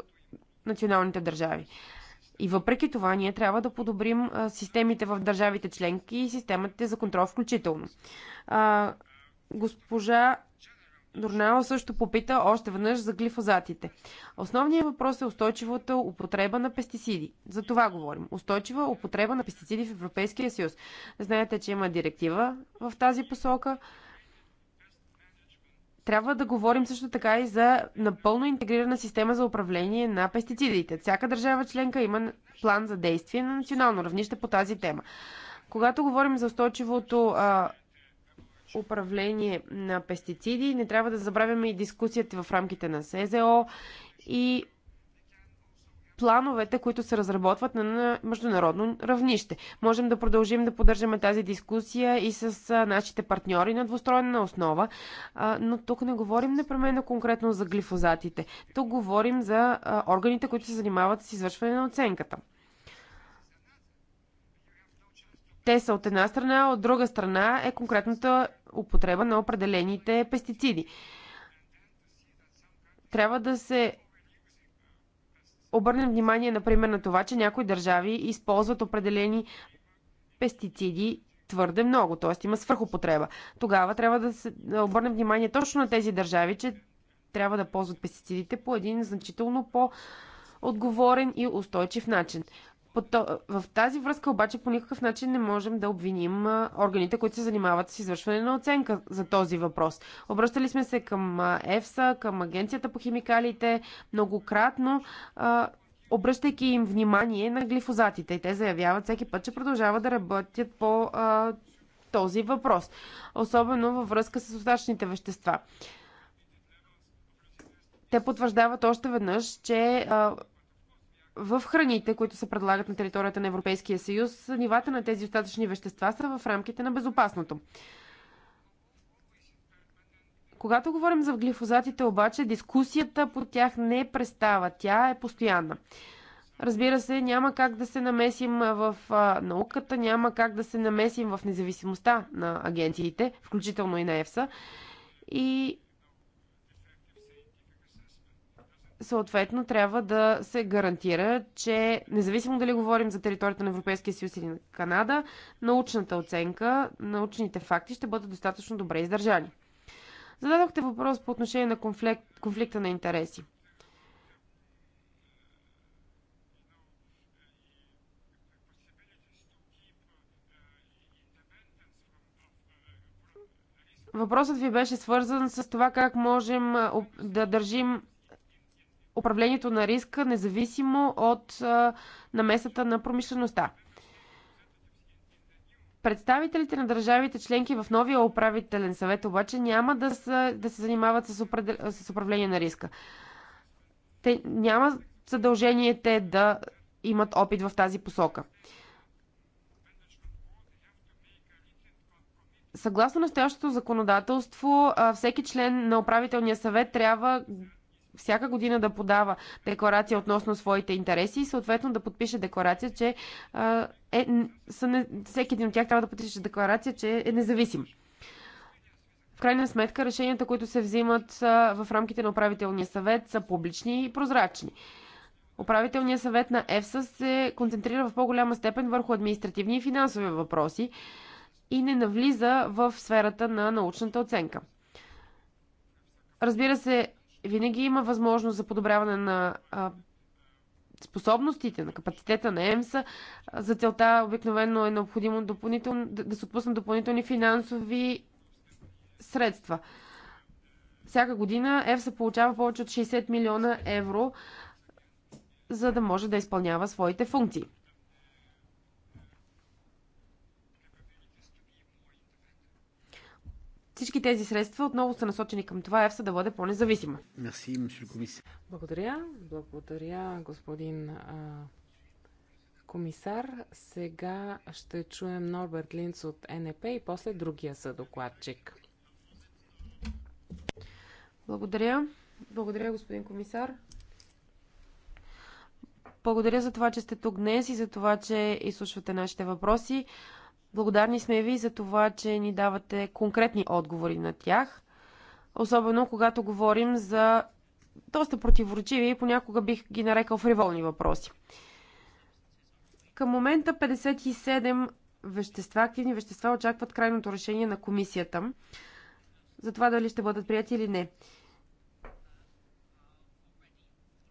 националните държави. И въпреки това, ние трябва да подобрим системите в държавите членки и системите за контрол включително. Госпожа Журнала също попита още веднъж за глифозатите. Основният въпрос е устойчивата употреба на пестициди. За това говорим. Устойчива употреба на пестициди в Европейския съюз. Знаете, че има директива в тази посока. Трябва да говорим също така и за напълно интегрирана система за управление на пестицидите. Всяка държава членка има план за действие на национално равнище по тази тема. Когато говорим за устойчивото а, управление на пестициди. Не трябва да забравяме и дискусията в рамките на СЗО и плановете, които се разработват на международно равнище. Можем да продължим да поддържаме тази дискусия и с нашите партньори на двустроена основа, но тук не говорим непременно конкретно за глифозатите. Тук говорим за органите, които се занимават с извършване на оценката. Те са от една страна, от друга страна е конкретната употреба на определените пестициди. Трябва да се обърнем внимание, например, на това, че някои държави използват определени пестициди твърде много, т.е. има свърхопотреба. Тогава трябва да, се, да обърнем внимание точно на тези държави, че трябва да ползват пестицидите по един значително по- отговорен и устойчив начин. В тази връзка обаче по никакъв начин не можем да обвиним органите, които се занимават с извършване на оценка за този въпрос. Обръщали сме се към ЕФСА, към Агенцията по химикалите многократно, обръщайки им внимание на глифозатите. И те заявяват всеки път, че продължават да работят по този въпрос, особено във връзка с остатъчните вещества. Те потвърждават още веднъж, че в храните, които се предлагат на територията на Европейския съюз, нивата на тези остатъчни вещества са в рамките на безопасното. Когато говорим за глифозатите обаче, дискусията по тях не престава. Тя е постоянна. Разбира се, няма как да се намесим в науката, няма как да се намесим в независимостта на агенциите, включително и на ЕФСА. И съответно трябва да се гарантира, че независимо дали говорим за територията на Европейския съюз или на Канада, научната оценка, научните факти ще бъдат достатъчно добре издържани. Зададохте въпрос по отношение на конфликт, конфликта на интереси. Въпросът ви беше свързан с това как можем да държим управлението на риска, независимо от намесата на промишлеността. Представителите на държавите членки в новия управителен съвет обаче няма да, са, да се занимават с, определ... с управление на риска. Те няма задължение те да имат опит в тази посока. Съгласно настоящото законодателство, всеки член на управителния съвет трябва всяка година да подава декларация относно своите интереси и съответно да подпише декларация, че е, са не, всеки един от тях трябва да подпише декларация, че е независим. В крайна сметка, решенията, които се взимат в рамките на управителния съвет, са публични и прозрачни. Управителният съвет на ЕФСА се концентрира в по-голяма степен върху административни и финансови въпроси и не навлиза в сферата на научната оценка. Разбира се, винаги има възможност за подобряване на а, способностите, на капацитета на ЕМСА. За целта обикновено е необходимо допълнител... да се отпуснат допълнителни финансови средства. Всяка година ЕФСА получава повече от 60 милиона евро, за да може да изпълнява своите функции. Всички тези средства отново са насочени към това ЕФСА да бъде по-независима. Мерси, комисар. Благодаря. Благодаря, господин а, комисар. Сега ще чуем Норберт Линц от НП и после другия съдокладчик. Благодаря. Благодаря, господин комисар. Благодаря за това, че сте тук днес и за това, че изслушвате нашите въпроси. Благодарни сме ви за това, че ни давате конкретни отговори на тях, особено когато говорим за доста противоречиви и понякога бих ги нарекал фриволни въпроси. Към момента 57 вещества, активни вещества очакват крайното решение на комисията за това дали ще бъдат прияти или не.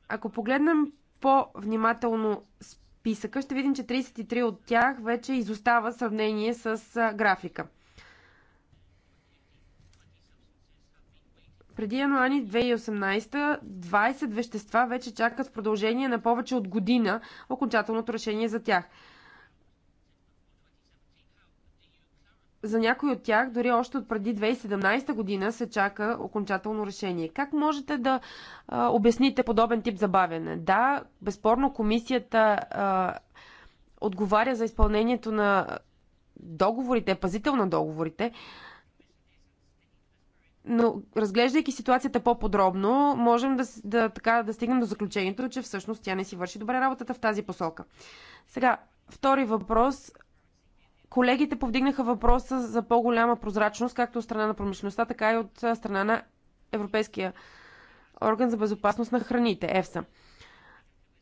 Ако погледнем по-внимателно списъка, ще видим, че 33 от тях вече изостава сравнение с графика. Преди януари 2018 20 вещества вече чакат в продължение на повече от година окончателното решение за тях. За някои от тях, дори още от преди 2017 година, се чака окончателно решение. Как можете да а, обясните подобен тип забавяне? Да, безспорно комисията а, отговаря за изпълнението на договорите, е пазител на договорите, но разглеждайки ситуацията по-подробно, можем да, да, така, да стигнем до заключението, че всъщност тя не си върши добре работата в тази посока. Сега, втори въпрос Колегите повдигнаха въпроса за по-голяма прозрачност, както от страна на промишлеността, така и от страна на Европейския орган за безопасност на храните, ЕФСА.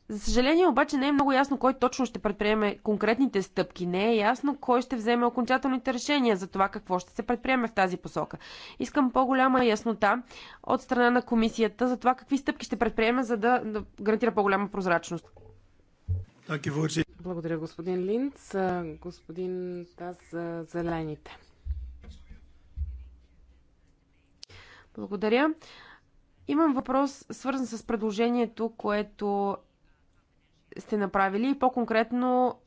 За съжаление обаче не е много ясно кой точно ще предприеме конкретните стъпки. Не е ясно кой ще вземе окончателните решения за това какво ще се предприеме в тази посока. Искам по-голяма яснота от страна на комисията за това какви стъпки ще предприеме, за да гарантира по-голяма прозрачност. Благодаря, господин Линц. Господин Таз за зелените. Благодаря. Имам въпрос, свързан с предложението, което сте направили и по-конкретно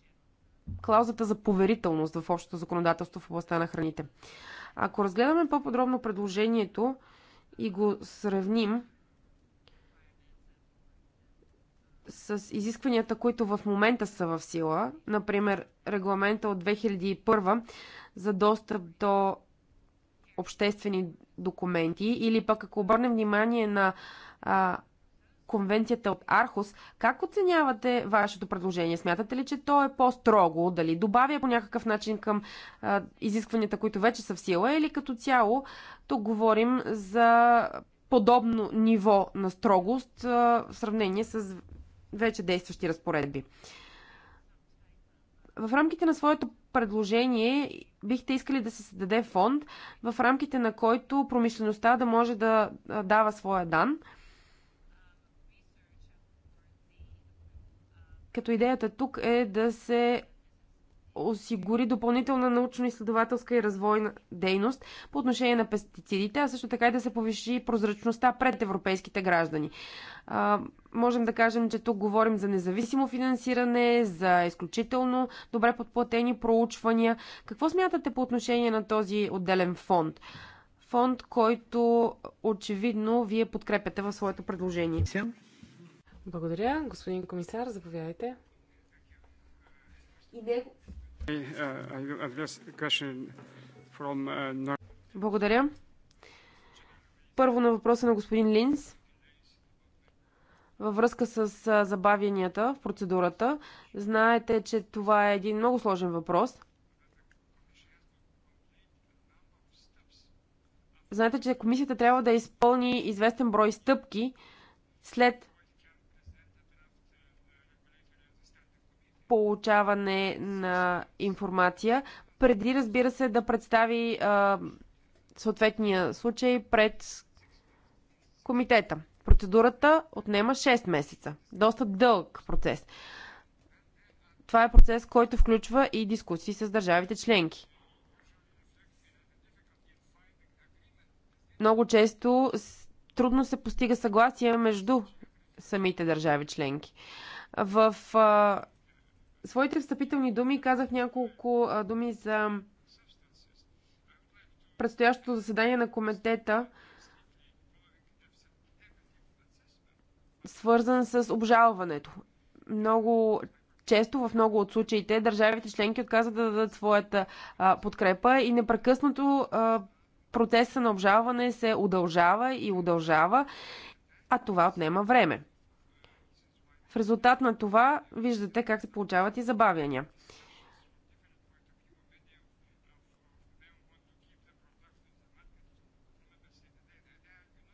клаузата за поверителност в общото законодателство в областта на храните. Ако разгледаме по-подробно предложението и го сравним с изискванията, които в момента са в сила, например регламента от 2001 за достъп до обществени документи, или пък ако обърнем внимание на а, конвенцията от Архус, как оценявате вашето предложение? Смятате ли, че то е по-строго? Дали добавя по някакъв начин към а, изискванията, които вече са в сила, или като цяло тук говорим за подобно ниво на строгост в сравнение с вече действащи разпоредби. В рамките на своето предложение бихте искали да се създаде фонд, в рамките на който промишлеността да може да дава своя дан. Като идеята тук е да се осигури допълнителна научно-изследователска и развойна дейност по отношение на пестицидите, а също така и да се повиши прозрачността пред европейските граждани. А, можем да кажем, че тук говорим за независимо финансиране, за изключително добре подплатени проучвания. Какво смятате по отношение на този отделен фонд? Фонд, който очевидно вие подкрепяте в своето предложение. Благодаря. Господин комисар, заповядайте. И него, благодаря. Първо на въпроса на господин Линс. Във връзка с забавянията в процедурата, знаете, че това е един много сложен въпрос. Знаете, че комисията трябва да изпълни известен брой стъпки след получаване на информация, преди, разбира се, да представи а, съответния случай пред комитета. Процедурата отнема 6 месеца. Доста дълъг процес. Това е процес, който включва и дискусии с държавите членки. Много често трудно се постига съгласие между самите държави членки. В а, своите встъпителни думи казах няколко думи за предстоящото заседание на комитета, свързан с обжалването. Много често в много от случаите държавите членки отказват да дадат своята а, подкрепа и непрекъснато а, процеса на обжалване се удължава и удължава, а това отнема време. В резултат на това виждате как се получават и забавяния.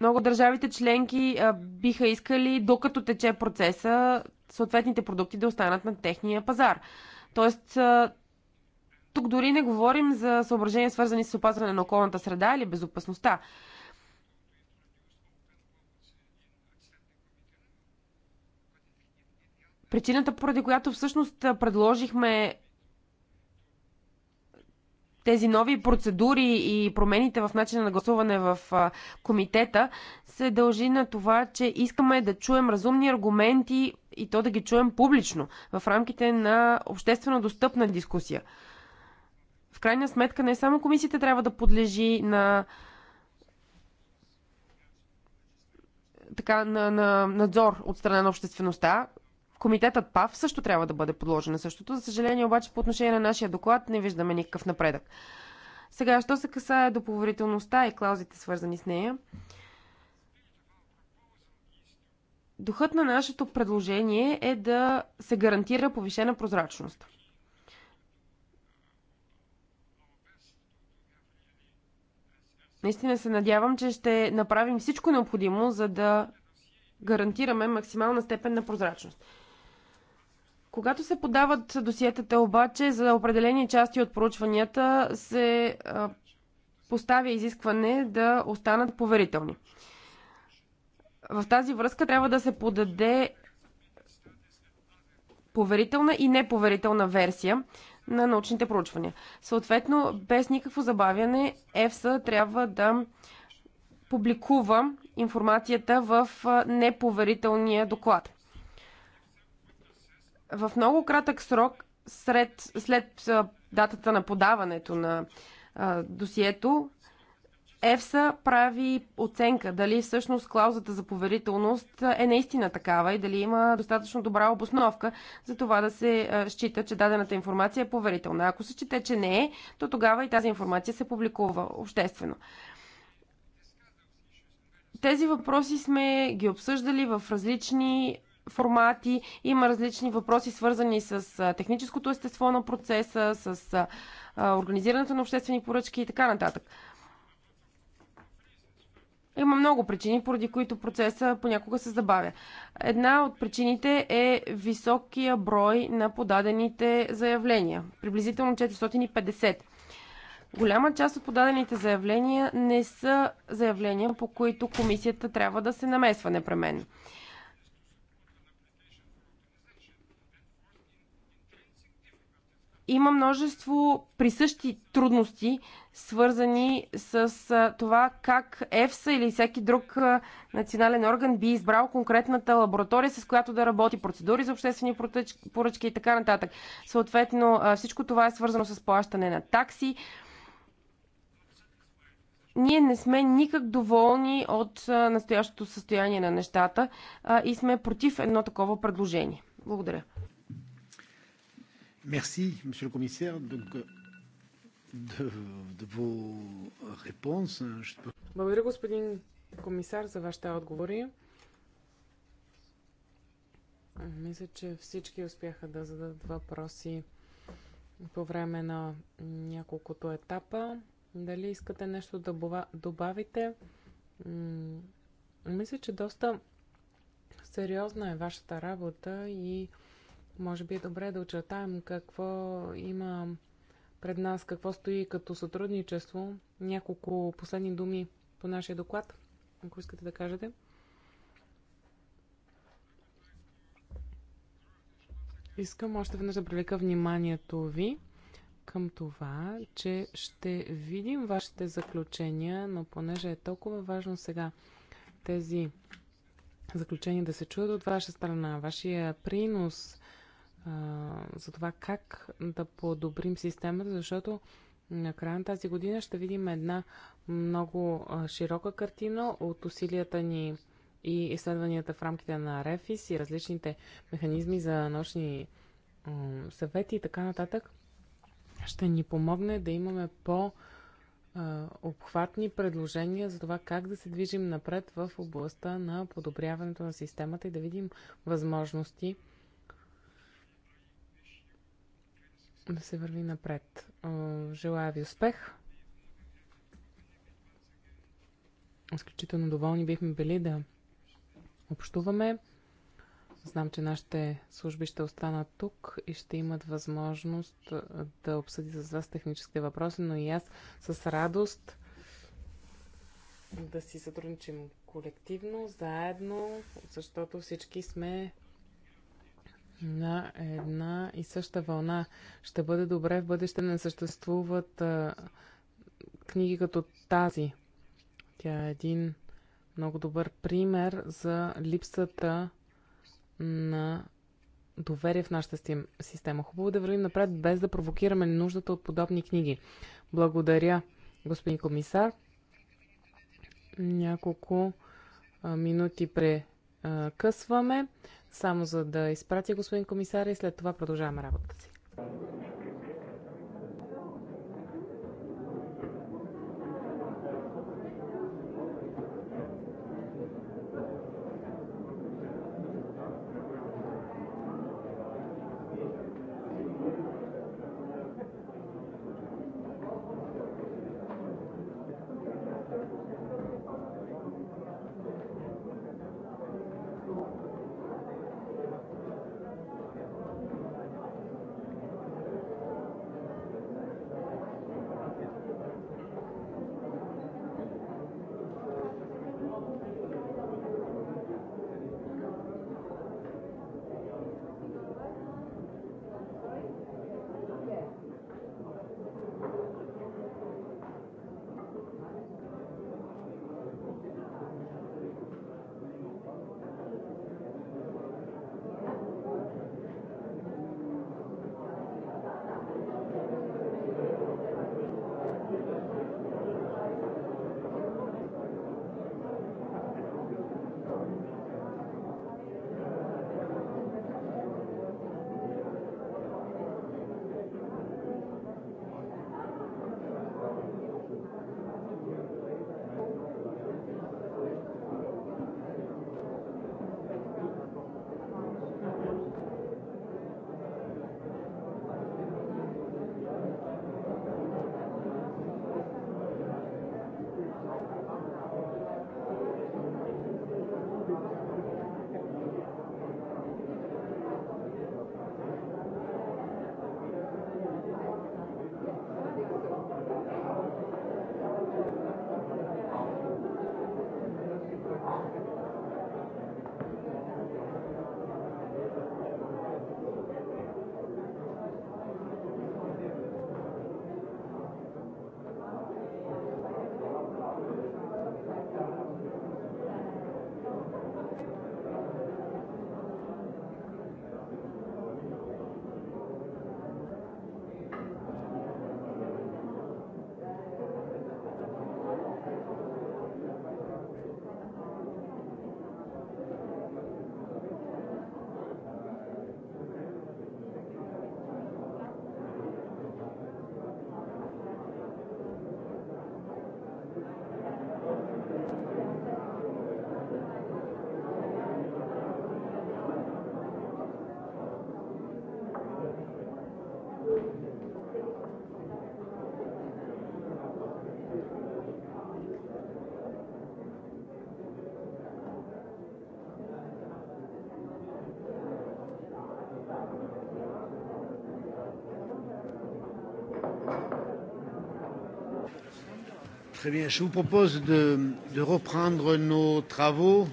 Много държавите членки биха искали, докато тече процеса, съответните продукти да останат на техния пазар. Тоест, тук дори не говорим за съображения, свързани с опазване на околната среда или безопасността. Причината, поради която всъщност предложихме тези нови процедури и промените в начина на гласуване в комитета се дължи на това, че искаме да чуем разумни аргументи и то да ги чуем публично, в рамките на обществено достъпна дискусия. В крайна сметка не само комисията трябва да подлежи на така, на, на надзор от страна на обществеността, Комитетът ПАВ също трябва да бъде подложен на същото. За съжаление обаче по отношение на нашия доклад не виждаме никакъв напредък. Сега, що се касае до поверителността и клаузите свързани с нея, Духът на нашето предложение е да се гарантира повишена прозрачност. Наистина се надявам, че ще направим всичко необходимо, за да гарантираме максимална степен на прозрачност. Когато се подават досиетата обаче за определени части от проучванията, се поставя изискване да останат поверителни. В тази връзка трябва да се подаде поверителна и неповерителна версия на научните проучвания. Съответно, без никакво забавяне, ЕФСА трябва да публикува информацията в неповерителния доклад в много кратък срок, сред, след датата на подаването на а, досието, ЕФСА прави оценка дали всъщност клаузата за поверителност е наистина такава и дали има достатъчно добра обосновка за това да се счита, че дадената информация е поверителна. Ако се счете, че не е, то тогава и тази информация се публикува обществено. Тези въпроси сме ги обсъждали в различни формати. Има различни въпроси, свързани с техническото естество на процеса, с организирането на обществени поръчки и така нататък. Има много причини, поради които процеса понякога се забавя. Една от причините е високия брой на подадените заявления приблизително 450. Голяма част от подадените заявления не са заявления, по които комисията трябва да се намесва непременно. Има множество присъщи трудности, свързани с това как ЕФСА или всеки друг национален орган би избрал конкретната лаборатория, с която да работи, процедури за обществени поръчки и така нататък. Съответно, всичко това е свързано с плащане на такси. Ние не сме никак доволни от настоящото състояние на нещата и сме против едно такова предложение. Благодаря. Merci, Monsieur le Commissaire. Donc, euh, de, de vos réponses, je peux... Благодаря, господин комисар, за вашите отговори. Мисля, че всички успяха да зададат въпроси по време на няколкото етапа. Дали искате нещо да добавите? Мисля, че доста сериозна е вашата работа и може би е добре да очертаем какво има пред нас, какво стои като сътрудничество. Няколко последни думи по нашия доклад, ако искате да кажете. Искам още веднъж да привлека вниманието ви към това, че ще видим вашите заключения, но понеже е толкова важно сега тези заключения да се чуят от ваша страна, вашия принос за това как да подобрим системата, защото на края на тази година ще видим една много широка картина от усилията ни и изследванията в рамките на Рефис и различните механизми за научни съвети и така нататък ще ни помогне да имаме по- обхватни предложения за това как да се движим напред в областта на подобряването на системата и да видим възможности да се върви напред. Желая ви успех. Изключително доволни бихме били да общуваме. Знам, че нашите служби ще останат тук и ще имат възможност да обсъди с вас техническите въпроси, но и аз с радост да си сътрудничим колективно, заедно, защото всички сме на една и съща вълна. Ще бъде добре в бъдеще да не съществуват а, книги като тази. Тя е един много добър пример за липсата на доверие в нашата система. Хубаво е да вървим напред, без да провокираме нуждата от подобни книги. Благодаря, господин комисар. Няколко а, минути прекъсваме само за да изпратя господин комисаря и след това продължаваме работата си. Très bien, je vous propose de, de reprendre nos travaux.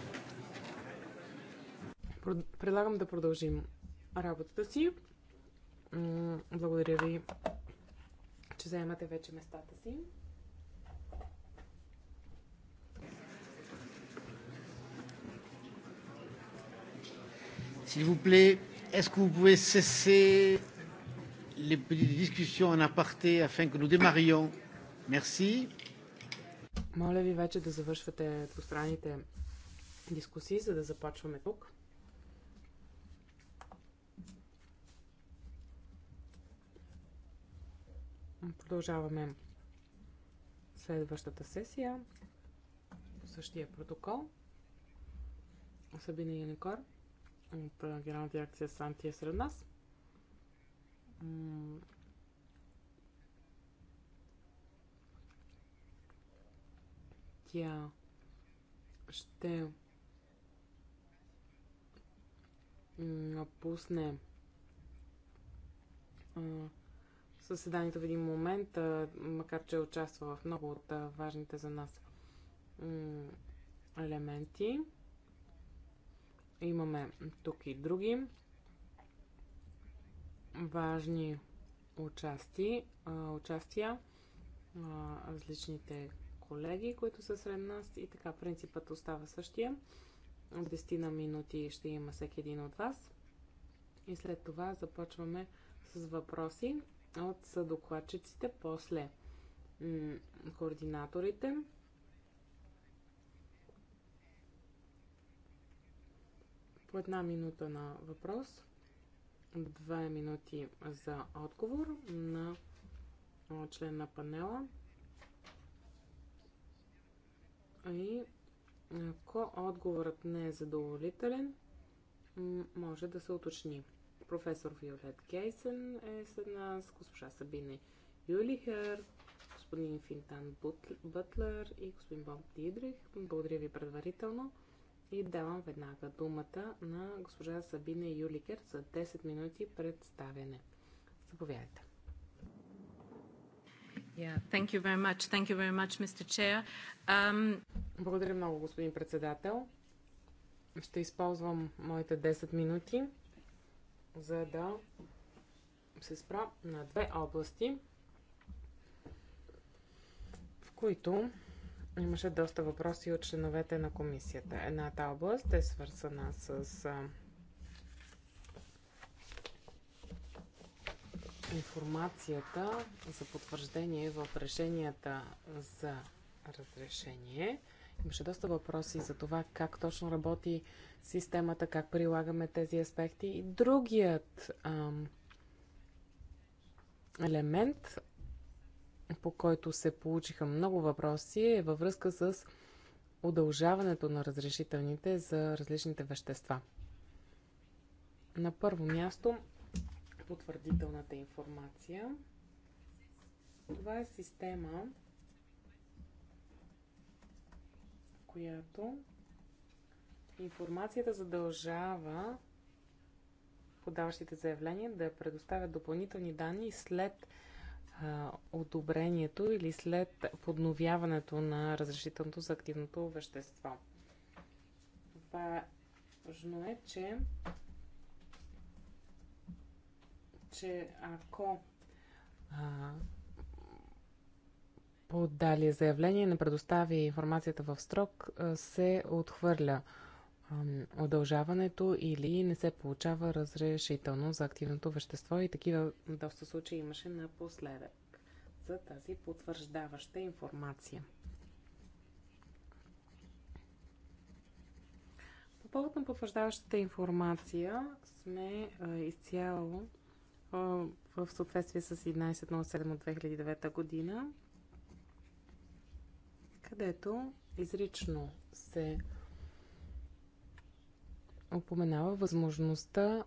Предлагам да продължим работата си. Благодаря ви, че заемате вече местата си. S'il vous plaît, est-ce que vous pouvez cesser les petites discussions en aparté afin que nous démarrions Merci. Моля ви вече да завършвате двустранните дискусии, за да започваме тук. Продължаваме следващата сесия по същия протокол. Сабина Юникор от Генерална дирекция Сантия е сред нас Тя ще напусне съседанието в един момент, макар че участва в много от важните за нас елементи. Имаме тук и други важни участи, участия, различните колеги, които са сред нас и така принципът остава същия. От 10 на минути ще има всеки един от вас. И след това започваме с въпроси от съдокладчиците, после координаторите. По една минута на въпрос, две минути за отговор на член на панела и ако отговорът не е задоволителен, може да се уточни. Професор Виолет Гейсен е след нас, госпожа Сабина Юлихер, господин Финтан Бътлер и господин Боб Дидрих. Благодаря ви предварително и давам веднага думата на госпожа Сабина Юликер за 10 минути представяне. Заповядайте. Yeah, much, um... Благодаря много, господин председател. Ще използвам моите 10 минути, за да се спра на две области, в които имаше доста въпроси от членовете на комисията. Едната област е свързана с информацията за потвърждение в решенията за разрешение. Имаше доста въпроси за това как точно работи системата, как прилагаме тези аспекти. И другият ам, елемент, по който се получиха много въпроси, е във връзка с удължаването на разрешителните за различните вещества. На първо място потвърдителната информация. Това е система, в която информацията задължава подаващите заявления да предоставят допълнителни данни след а, одобрението или след подновяването на разрешителното за активното вещество. Важно е, че че ако а, подали заявление не предостави информацията в строк, се отхвърля удължаването или не се получава разрешително за активното вещество и такива доста случаи имаше напоследък за тази потвърждаваща информация. По повод на потвърждаващата информация сме а, изцяло в съответствие с 1107 от 2009 година, където изрично се упоменава възможността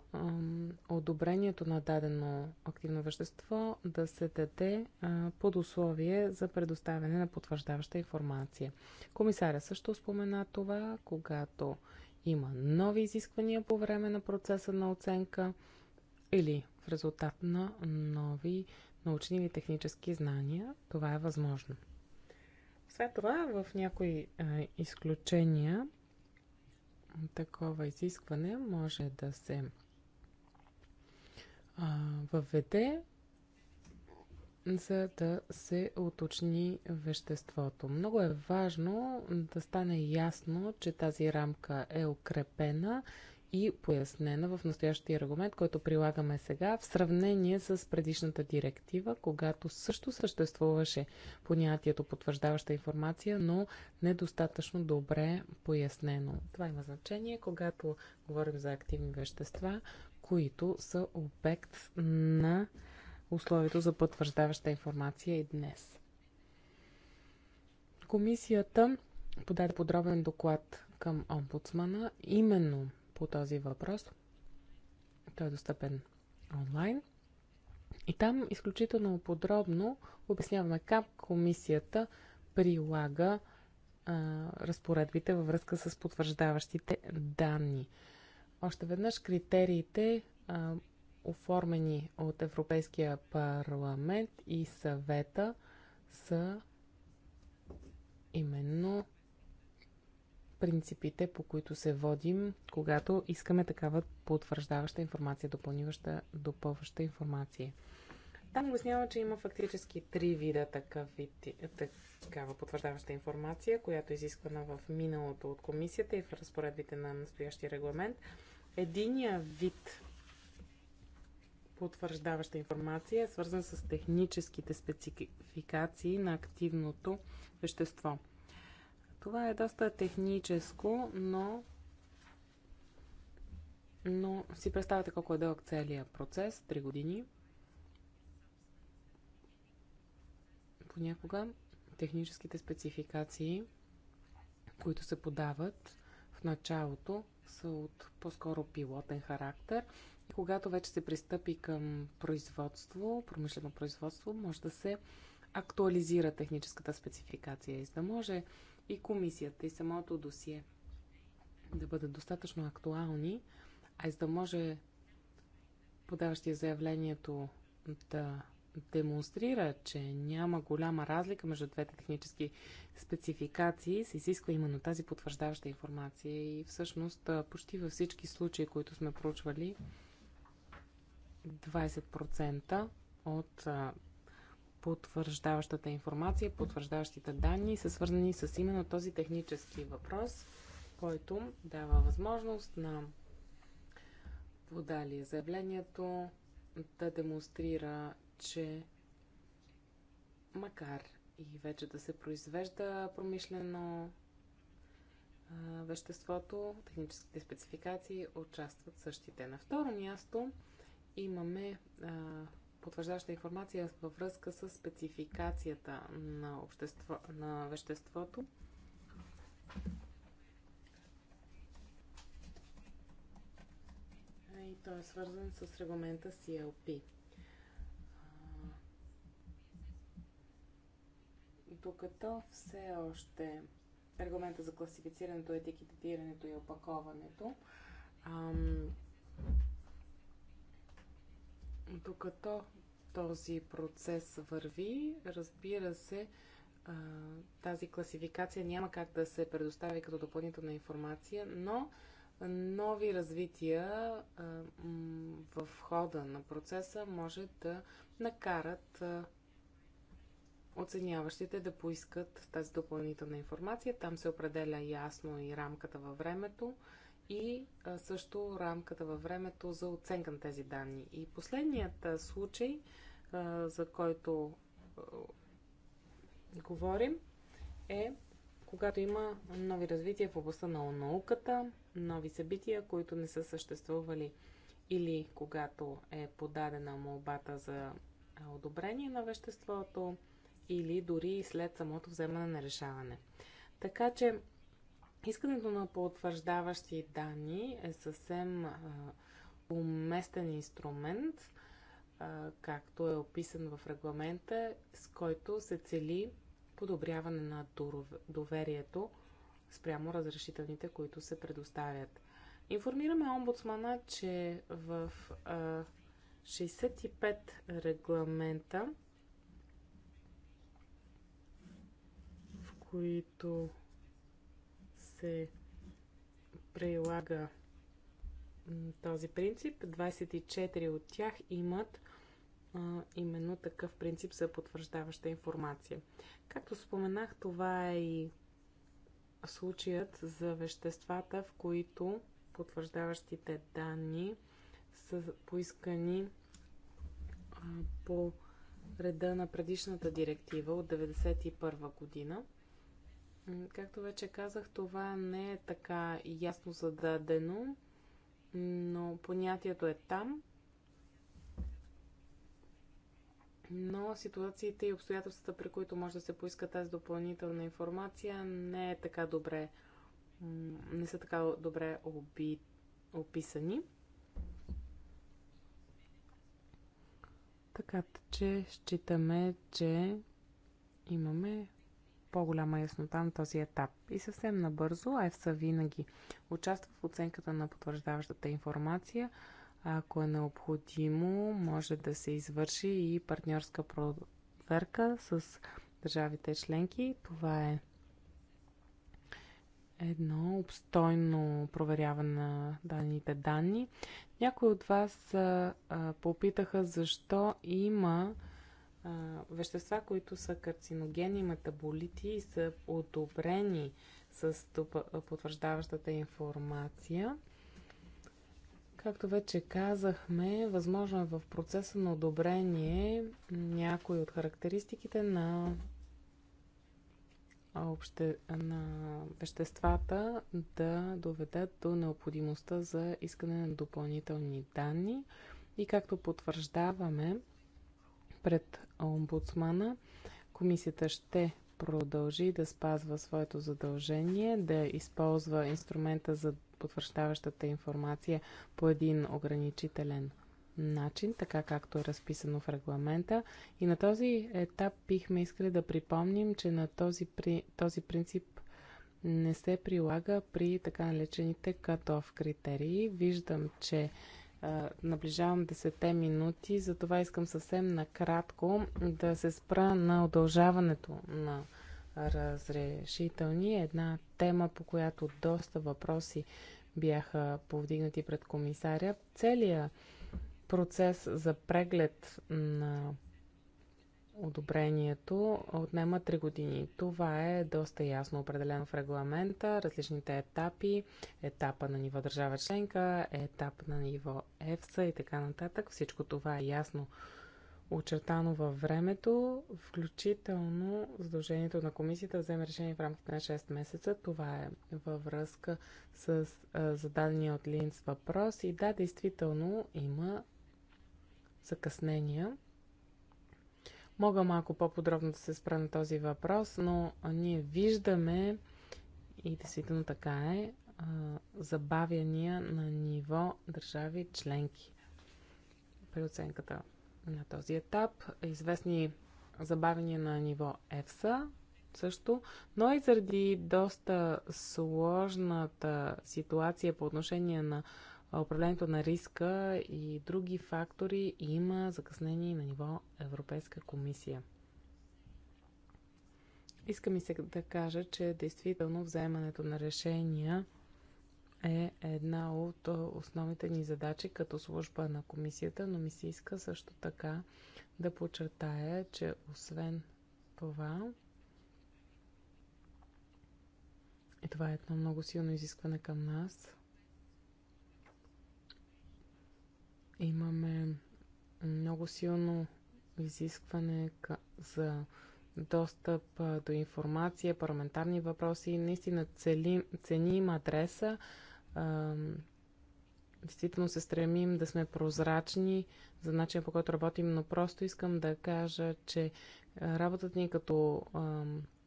одобрението на дадено активно вещество да се даде а, под условие за предоставяне на потвърждаваща информация. Комисаря също спомена това, когато има нови изисквания по време на процеса на оценка или в резултат на нови научни или технически знания. Това е възможно. След това, в някои е, изключения, такова изискване може да се е, въведе, за да се уточни веществото. Много е важно да стане ясно, че тази рамка е укрепена и пояснена в настоящия регламент, който прилагаме сега, в сравнение с предишната директива, когато също съществуваше понятието потвърждаваща информация, но недостатъчно добре пояснено. Това има значение, когато говорим за активни вещества, които са обект на условието за потвърждаваща информация и днес. Комисията подаде подробен доклад към омбудсмана именно по този въпрос. Той е достъпен онлайн. И там изключително подробно обясняваме как комисията прилага а, разпоредбите във връзка с потвърждаващите данни. Още веднъж критериите, а, оформени от Европейския парламент и съвета, са именно принципите, по които се водим, когато искаме такава потвърждаваща информация, допълниваща, допълваща информация. Там обяснява, че има фактически три вида такъв, такава потвърждаваща информация, която е изисквана в миналото от комисията и в разпоредбите на настоящия регламент. Единия вид потвърждаваща информация е свързан с техническите спецификации на активното вещество – това е доста техническо, но, но си представяте колко е дълъг целият процес 3 години. Понякога техническите спецификации, които се подават в началото, са от по-скоро пилотен характер. И когато вече се пристъпи към производство, промишлено производство, може да се актуализира техническата спецификация. И за да може и комисията и самото досие да бъдат достатъчно актуални, а и за да може подаващия заявлението да демонстрира, че няма голяма разлика между двете технически спецификации, се изисква именно тази потвърждаваща информация. И всъщност почти във всички случаи, които сме проучвали, 20% от потвърждаващата информация, потвърждаващите данни са свързани с именно този технически въпрос, който дава възможност на подали заявлението да демонстрира, че макар и вече да се произвежда промишлено а, веществото, техническите спецификации участват същите. На второ място имаме а, потвърждаща информация е във връзка с спецификацията на, общество, на веществото. И той е свързан с регламента CLP. Докато все още регламента за класифицирането, етикетирането и опаковането ам, докато този процес върви, разбира се, тази класификация няма как да се предостави като допълнителна информация, но нови развития в хода на процеса може да накарат оценяващите да поискат тази допълнителна информация. Там се определя ясно и рамката във времето и а, също рамката във времето за оценка на тези данни. И последният а, случай, а, за който говорим, е когато има нови развития в областта на науката, нови събития, които не са съществували или когато е подадена молбата за одобрение на веществото или дори и след самото вземане на решаване. Така че Искането на потвърждаващи данни е съвсем уместен инструмент, както е описан в регламента, с който се цели подобряване на доверието спрямо разрешителните, които се предоставят. Информираме омбудсмана, че в 65 регламента, в които се прилага този принцип. 24 от тях имат а, именно такъв принцип за потвърждаваща информация. Както споменах, това е и случаят за веществата, в които потвърждаващите данни са поискани а, по реда на предишната директива от 1991 година. Както вече казах, това не е така ясно зададено, но понятието е там. Но ситуациите и обстоятелствата, при които може да се поиска тази допълнителна информация, не е така добре, не са така добре оби, описани. Така че считаме, че имаме по-голяма яснота на този етап. И съвсем набързо, АЕФСА винаги участва в оценката на потвърждаващата информация. Ако е необходимо, може да се извърши и партньорска проверка с държавите членки. Това е едно обстойно проверяване на данните данни. Някои от вас а, попитаха защо има вещества, които са карциногени, метаболити и са одобрени с потвърждаващата информация. Както вече казахме, възможно е в процеса на одобрение някои от характеристиките на, обще, на веществата да доведат до необходимостта за искане на допълнителни данни. И както потвърждаваме, пред омбудсмана. Комисията ще продължи да спазва своето задължение, да използва инструмента за потвърждаващата информация по един ограничителен начин, така както е разписано в регламента. И на този етап бихме искали да припомним, че на този, при, този принцип не се прилага при така наречените катов критерии. Виждам, че наближавам 10 минути, затова искам съвсем накратко да се спра на удължаването на разрешителни. Една тема, по която доста въпроси бяха повдигнати пред комисаря. Целият процес за преглед на одобрението отнема 3 години. Това е доста ясно определено в регламента. Различните етапи, етапа на ниво държава членка, етап на ниво ЕФСА и така нататък. Всичко това е ясно очертано във времето, включително задължението на комисията да вземе решение в рамките на 6 месеца. Това е във връзка с а, зададения от Линц въпрос. И да, действително има закъснения Мога малко по-подробно да се спра на този въпрос, но ние виждаме, и действително така е, забавяния на ниво държави членки. При оценката на този етап е известни забавяния на ниво Ефса също, но и заради доста сложната ситуация по отношение на управлението на риска и други фактори и има закъснение на ниво Европейска комисия. Иска ми се да кажа, че действително вземането на решения е една от основните ни задачи като служба на комисията, но ми се иска също така да подчертая, че освен това, и това е едно много силно изискване към нас, Имаме много силно изискване за достъп до информация, парламентарни въпроси. Наистина ценим адреса. Действително се стремим да сме прозрачни за начин по който работим, но просто искам да кажа, че работата ни като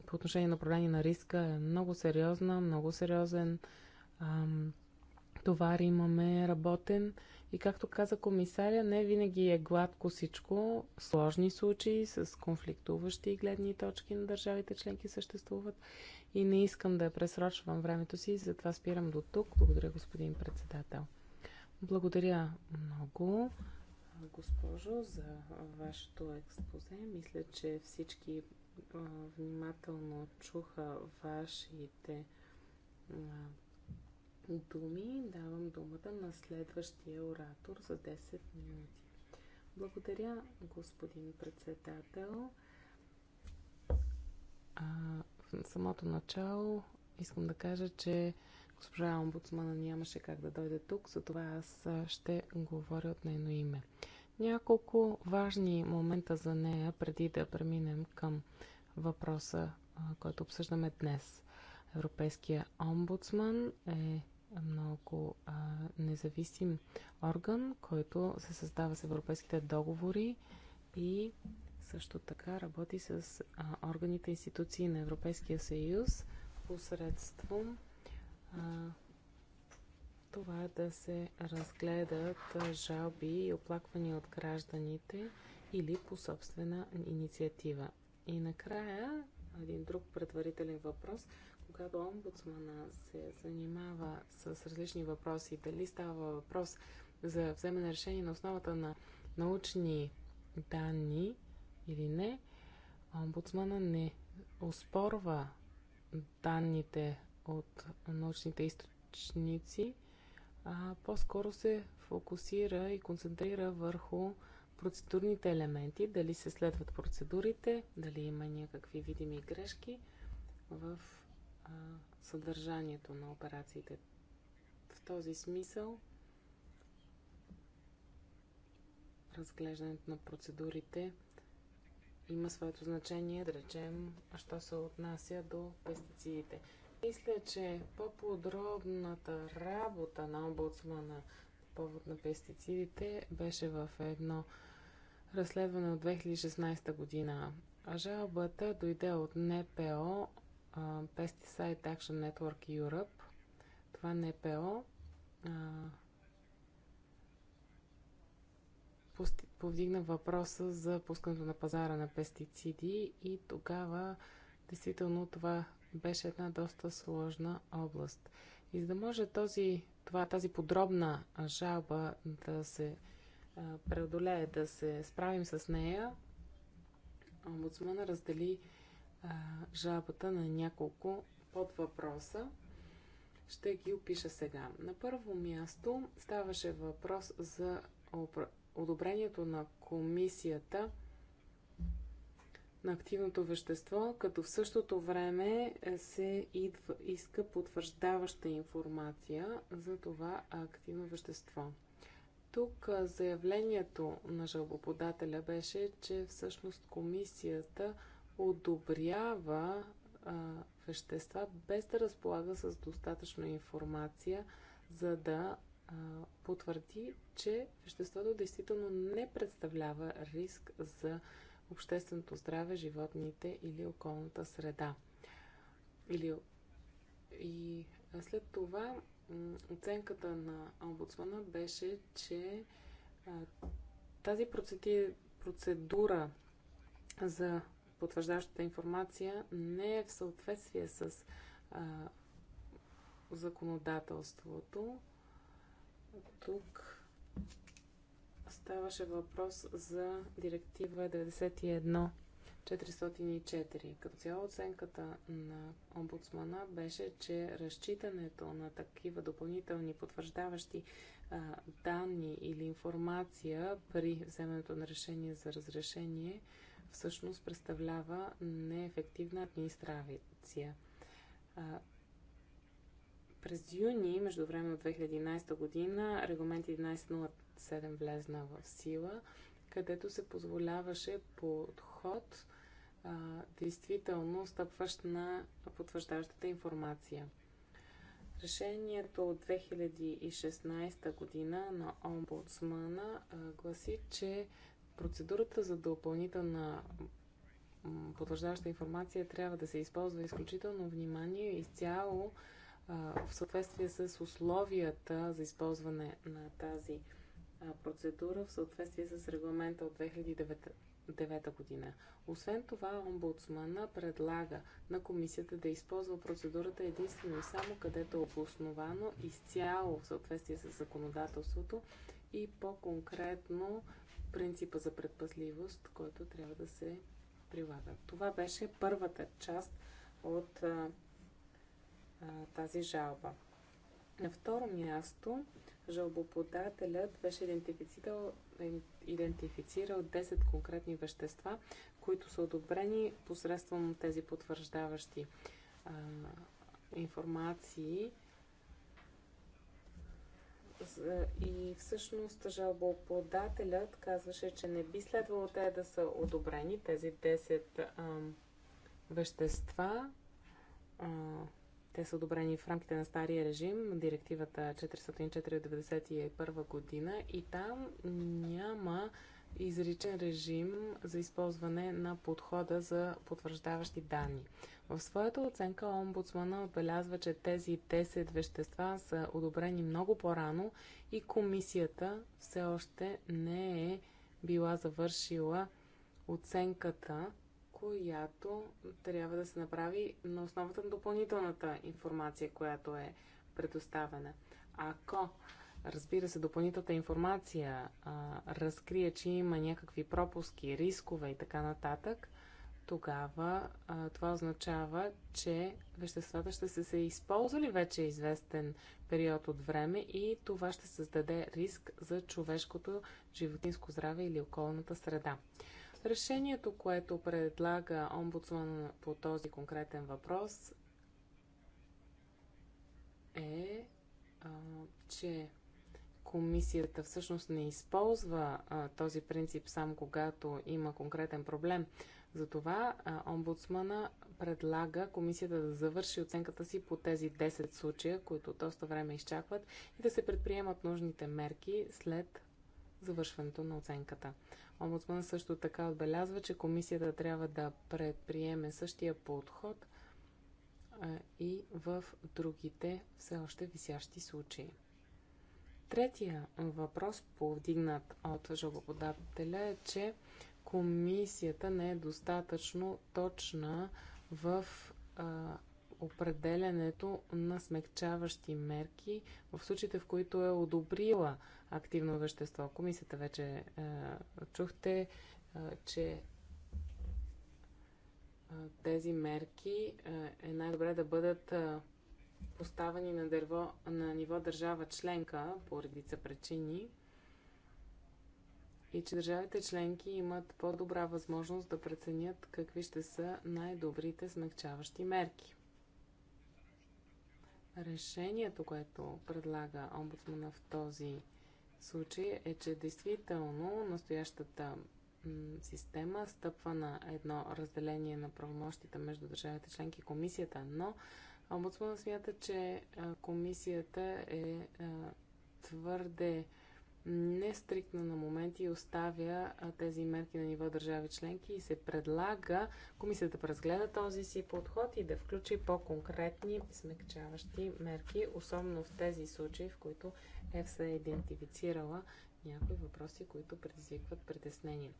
по отношение на управление на риска е много сериозна, много сериозен товар имаме работен. И както каза комисаря, не винаги е гладко всичко. Сложни случаи с конфликтуващи гледни точки на държавите членки съществуват. И не искам да пресрочвам времето си, затова спирам до тук. Благодаря, господин председател. Благодаря много, госпожо, за вашето експозе. Мисля, че всички внимателно чуха вашите думи. Давам думата на следващия оратор за 10 минути. Благодаря, господин председател. А, в самото начало искам да кажа, че госпожа омбудсмана нямаше как да дойде тук, затова аз ще говоря от нейно име. Няколко важни момента за нея, преди да преминем към въпроса, който обсъждаме днес. Европейския омбудсман е много а, независим орган, който се създава с европейските договори и също така работи с а, органите и институции на Европейския съюз посредством а, това е да се разгледат жалби и оплаквания от гражданите или по собствена инициатива. И накрая един друг предварителен въпрос – когато омбудсмана се занимава с различни въпроси, дали става въпрос за вземане решение на основата на научни данни или не, омбудсмана не оспорва данните от научните източници, а по-скоро се фокусира и концентрира върху процедурните елементи, дали се следват процедурите, дали има някакви видими грешки в а, съдържанието на операциите. В този смисъл разглеждането на процедурите има своето значение, да речем, що се отнася до пестицидите. Мисля, че по-подробната работа на омбудсмана по повод на пестицидите беше в едно разследване от 2016 година. Жалбата дойде от НПО Pesticide Action Network Europe. Това НПО е ПО. повдигна въпроса за пускането на пазара на пестициди и тогава действително това беше една доста сложна област. И за да може този, това, тази подробна жалба да се преодолее, да се справим с нея, омбудсмана раздели жалбата на няколко под въпроса. Ще ги опиша сега. На първо място ставаше въпрос за одобрението на комисията на активното вещество, като в същото време се идва, иска потвърждаваща информация за това активно вещество. Тук заявлението на жалбоподателя беше, че всъщност комисията одобрява а, вещества без да разполага с достатъчно информация, за да а, потвърди, че веществото действително не представлява риск за общественото здраве, животните или околната среда. Или... И след това оценката на омбудсмана беше, че тази процедура за потвърждащата информация не е в съответствие с а, законодателството. Тук ставаше въпрос за директива 91. 404. Като цяло оценката на омбудсмана беше, че разчитането на такива допълнителни потвърждаващи а, данни или информация при вземането на решение за разрешение всъщност представлява неефективна администрация. през юни, между време от 2011 година, регламент 1107 влезна в сила, където се позволяваше подход а, действително стъпващ на потвърждаващата информация. Решението от 2016 година на омбудсмана а, гласи, че Процедурата за допълнителна потвърждаваща информация трябва да се използва изключително внимание изцяло в съответствие с условията за използване на тази процедура в съответствие с регламента от 2009 година. Освен това, омбудсмана предлага на комисията да използва процедурата единствено и само където е обосновано изцяло в съответствие с законодателството и по-конкретно принципа за предпазливост, който трябва да се прилага. Това беше първата част от а, а, тази жалба. На второ място, жалбоподателят беше идентифицирал, идентифицирал 10 конкретни вещества, които са одобрени посредством тези потвърждаващи а, информации и всъщност жалбоподателят казваше, че не би следвало те да са одобрени, тези 10 а, вещества. А, те са одобрени в рамките на стария режим, директивата 404 1991 година и там няма изричен режим за използване на подхода за потвърждаващи данни. В своята оценка омбудсмана отбелязва, че тези 10 вещества са одобрени много по-рано и комисията все още не е била завършила оценката, която трябва да се направи на основата на допълнителната информация, която е предоставена. Ако разбира се, допълнителната информация а, разкрие, че има някакви пропуски, рискове и така нататък, тогава а, това означава, че веществата ще са се използвали вече известен период от време и това ще създаде риск за човешкото животинско здраве или околната среда. Решението, което предлага омбудсман по този конкретен въпрос е, а, че комисията всъщност не използва а, този принцип сам когато има конкретен проблем. Затова а, омбудсмана предлага комисията да завърши оценката си по тези 10 случая, които доста време изчакват и да се предприемат нужните мерки след завършването на оценката. Омбудсмана също така отбелязва, че комисията трябва да предприеме същия подход а, и в другите все още висящи случаи. Третия въпрос, повдигнат от жалоподателя, е, че комисията не е достатъчно точна в а, определенето на смягчаващи мерки в случаите, в които е одобрила активно вещество. Комисията вече а, е, чухте, а, е, че а, е, тези мерки а, е най-добре да бъдат. А, поставени на, дърво, на ниво държава членка по редица причини и че държавите членки имат по-добра възможност да преценят какви ще са най-добрите смягчаващи мерки. Решението, което предлага омбудсмана в този случай е, че действително настоящата система стъпва на едно разделение на правомощите между държавите членки и комисията, но Омбудсмана смята, че комисията е твърде нестриктна на моменти и оставя тези мерки на ниво държави членки и се предлага комисията да разгледа този си подход и да включи по-конкретни смягчаващи мерки, особено в тези случаи, в които ЕФСА е идентифицирала някои въпроси, които предизвикват притеснение.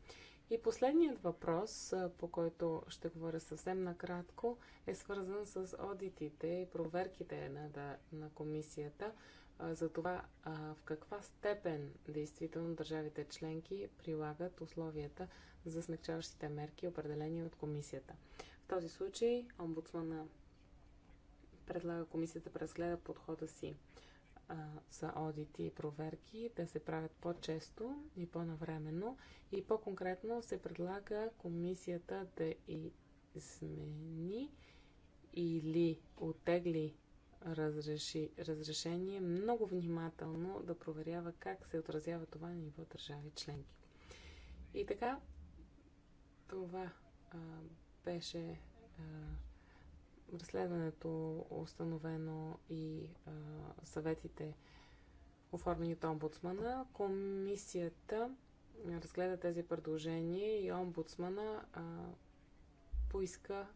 И последният въпрос, по който ще говоря съвсем накратко, е свързан с одитите и проверките на, да, на комисията за това в каква степен действително държавите членки прилагат условията за смягчаващите мерки, определени от комисията. В този случай омбудсмана предлага комисията да разгледа подхода си са за одити и проверки да се правят по-често и по-навременно и по-конкретно се предлага комисията да измени или отегли разреши, разрешение много внимателно да проверява как се отразява това на ниво държави членки. И така, това а, беше а, разследването установено и а, съветите оформени от омбудсмана, комисията разгледа тези предложения и омбудсмана а, поиска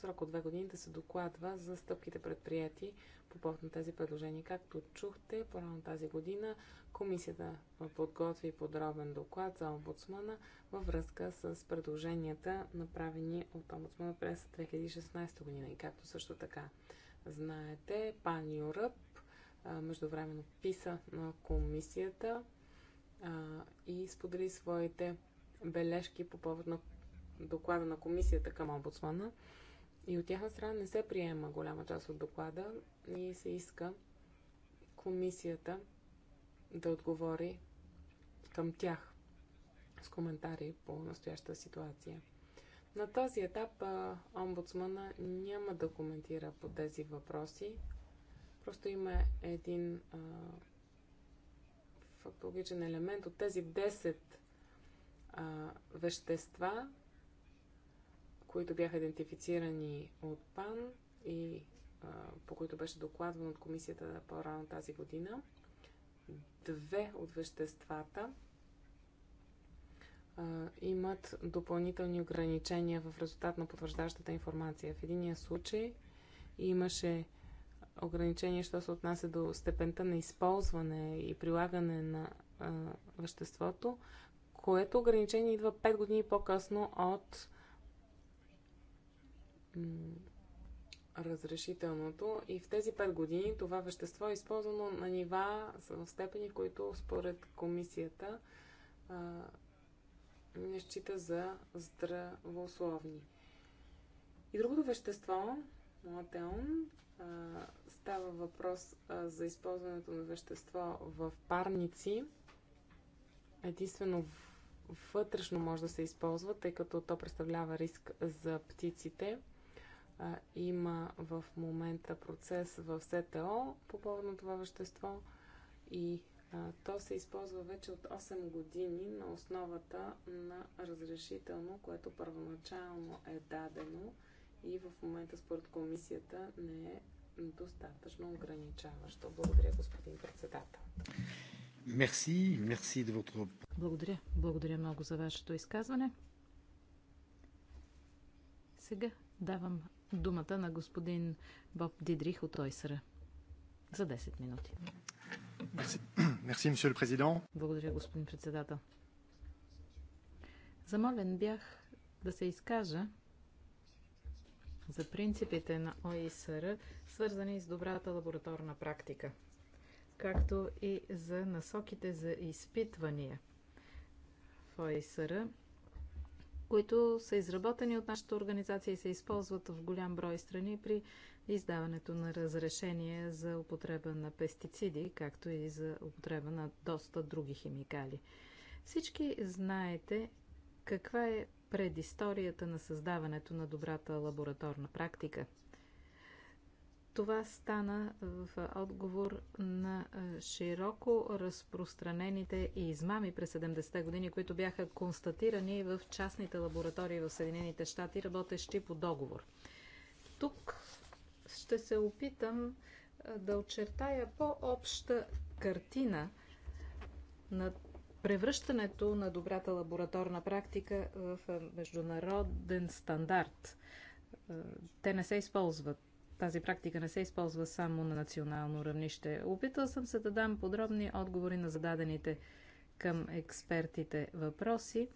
срок от две години да се докладва за стъпките предприяти по повод на тези предложения. Както чухте, по-рано тази година комисията подготви подробен доклад за омбудсмана във връзка с предложенията, направени от омбудсмана през 2016 година. И както също така знаете, Pan Europe междувременно писа на комисията а, и сподели своите бележки по повод на доклада на комисията към омбудсмана. И от тяхна страна не се приема голяма част от доклада и се иска комисията да отговори към тях с коментари по настоящата ситуация. На този етап омбудсмана няма да коментира по тези въпроси. Просто има един а, фактологичен елемент от тези 10 а, вещества, които бяха идентифицирани от ПАН и а, по които беше докладвано от комисията по-рано тази година. Две от веществата а, имат допълнителни ограничения в резултат на потвърждащата информация. В единия случай имаше ограничение, що се отнася до степента на използване и прилагане на а, веществото, което ограничение идва 5 години по-късно от разрешителното и в тези 5 години това вещество е използвано на нива в степени, които според комисията а, не счита за здравословни. И другото вещество, молатеон, става въпрос а, за използването на вещество в парници. Единствено вътрешно може да се използва, тъй като то представлява риск за птиците – има в момента процес в СТО по повод на това вещество и а, то се използва вече от 8 години на основата на разрешително, което първоначално е дадено и в момента според комисията не е достатъчно ограничаващо. Благодаря, господин председател. Мерси, мерси de votre... Благодаря. Благодаря много за вашето изказване. Сега давам думата на господин Боб Дидрих от Ойсера за 10 минути. <clears throat> Благодаря, господин председател. Замолен бях да се изкажа за принципите на ОИСР, свързани с добрата лабораторна практика, както и за насоките за изпитвания в ОИСР които са изработени от нашата организация и се използват в голям брой страни при издаването на разрешение за употреба на пестициди, както и за употреба на доста други химикали. Всички знаете каква е предисторията на създаването на добрата лабораторна практика – това стана в отговор на широко разпространените измами през 70-те години, които бяха констатирани в частните лаборатории в Съединените щати, работещи по договор. Тук ще се опитам да очертая по-обща картина на превръщането на добрата лабораторна практика в международен стандарт. Те не се използват тази практика не се използва само на национално равнище. Опитал съм се да дам подробни отговори на зададените към експертите въпроси,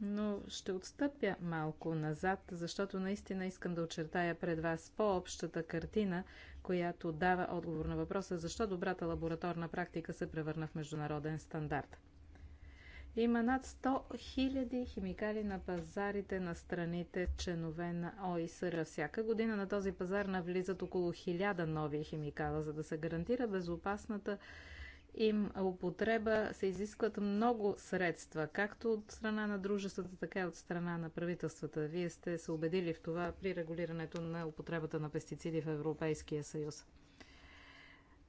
но ще отстъпя малко назад, защото наистина искам да очертая пред вас по-общата картина, която дава отговор на въпроса защо добрата лабораторна практика се превърна в международен стандарт. Има над 100 000 химикали на пазарите на страните, членове на ОИСР. Всяка година на този пазар навлизат около 1000 нови химикала. За да се гарантира безопасната им употреба се изискват много средства, както от страна на дружествата, така и от страна на правителствата. Вие сте се убедили в това при регулирането на употребата на пестициди в Европейския съюз.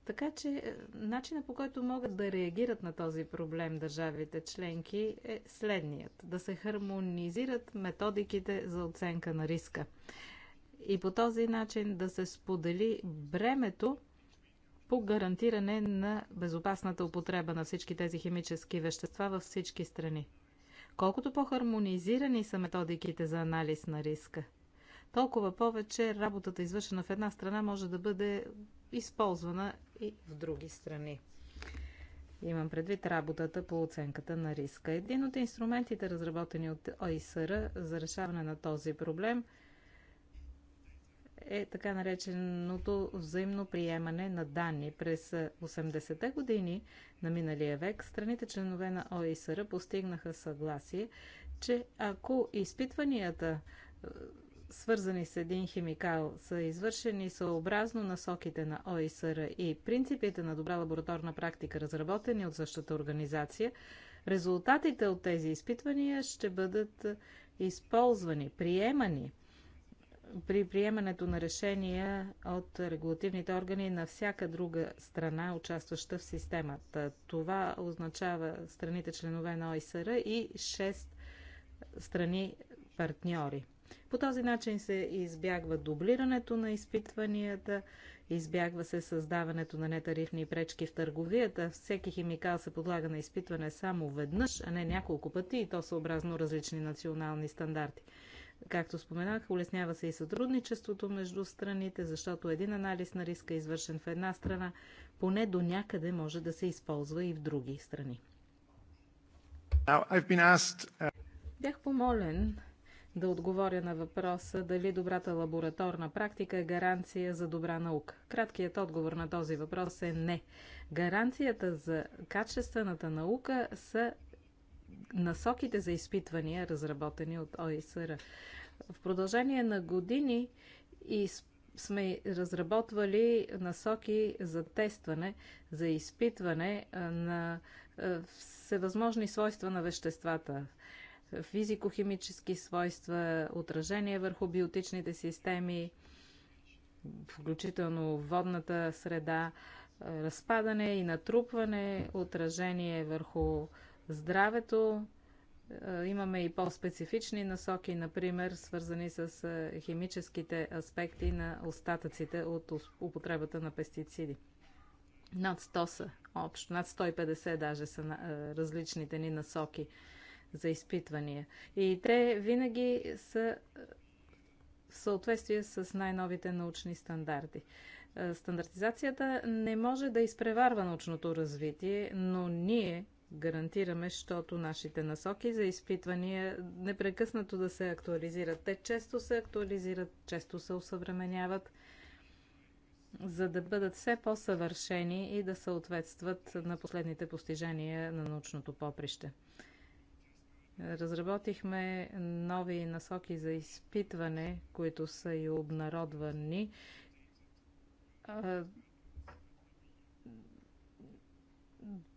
Така че е, начинът по който могат да реагират на този проблем държавите членки е следният. Да се хармонизират методиките за оценка на риска. И по този начин да се сподели бремето по гарантиране на безопасната употреба на всички тези химически вещества във всички страни. Колкото по-хармонизирани са методиките за анализ на риска, толкова повече работата, извършена в една страна, може да бъде използвана и в други страни. Имам предвид работата по оценката на риска. Един от инструментите, разработени от ОИСР за решаване на този проблем, е така нареченото взаимно приемане на данни. През 80-те години на миналия век страните членове на ОИСР постигнаха съгласие, че ако изпитванията свързани с един химикал, са извършени съобразно насоките на ОИСР и принципите на добра лабораторна практика, разработени от същата организация, резултатите от тези изпитвания ще бъдат използвани, приемани при приемането на решения от регулативните органи на всяка друга страна, участваща в системата. Това означава страните членове на ОИСР и 6 страни партньори. По този начин се избягва дублирането на изпитванията, избягва се създаването на нетарифни пречки в търговията. Всеки химикал се подлага на изпитване само веднъж, а не няколко пъти и то съобразно различни национални стандарти. Както споменах, улеснява се и сътрудничеството между страните, защото един анализ на риска, извършен в една страна, поне до някъде може да се използва и в други страни. Asked... Uh, Бях помолен да отговоря на въпроса дали добрата лабораторна практика е гаранция за добра наука. Краткият отговор на този въпрос е не. Гаранцията за качествената наука са насоките за изпитвания, разработени от ОИСР. В продължение на години и сме разработвали насоки за тестване, за изпитване на всевъзможни свойства на веществата физико-химически свойства, отражение върху биотичните системи, включително водната среда, разпадане и натрупване, отражение върху здравето. Е, имаме и по-специфични насоки, например, свързани с е, химическите аспекти на остатъците от употребата на пестициди. Над 100 са общо, над 150 даже са е, различните ни насоки за изпитвания. И те винаги са в съответствие с най-новите научни стандарти. Е, стандартизацията не може да изпреварва научното развитие, но ние гарантираме, защото нашите насоки за изпитвания непрекъснато да се актуализират. Те често се актуализират, често се усъвременяват, за да бъдат все по-съвършени и да съответстват на последните постижения на научното поприще. Разработихме нови насоки за изпитване, които са и обнародвани.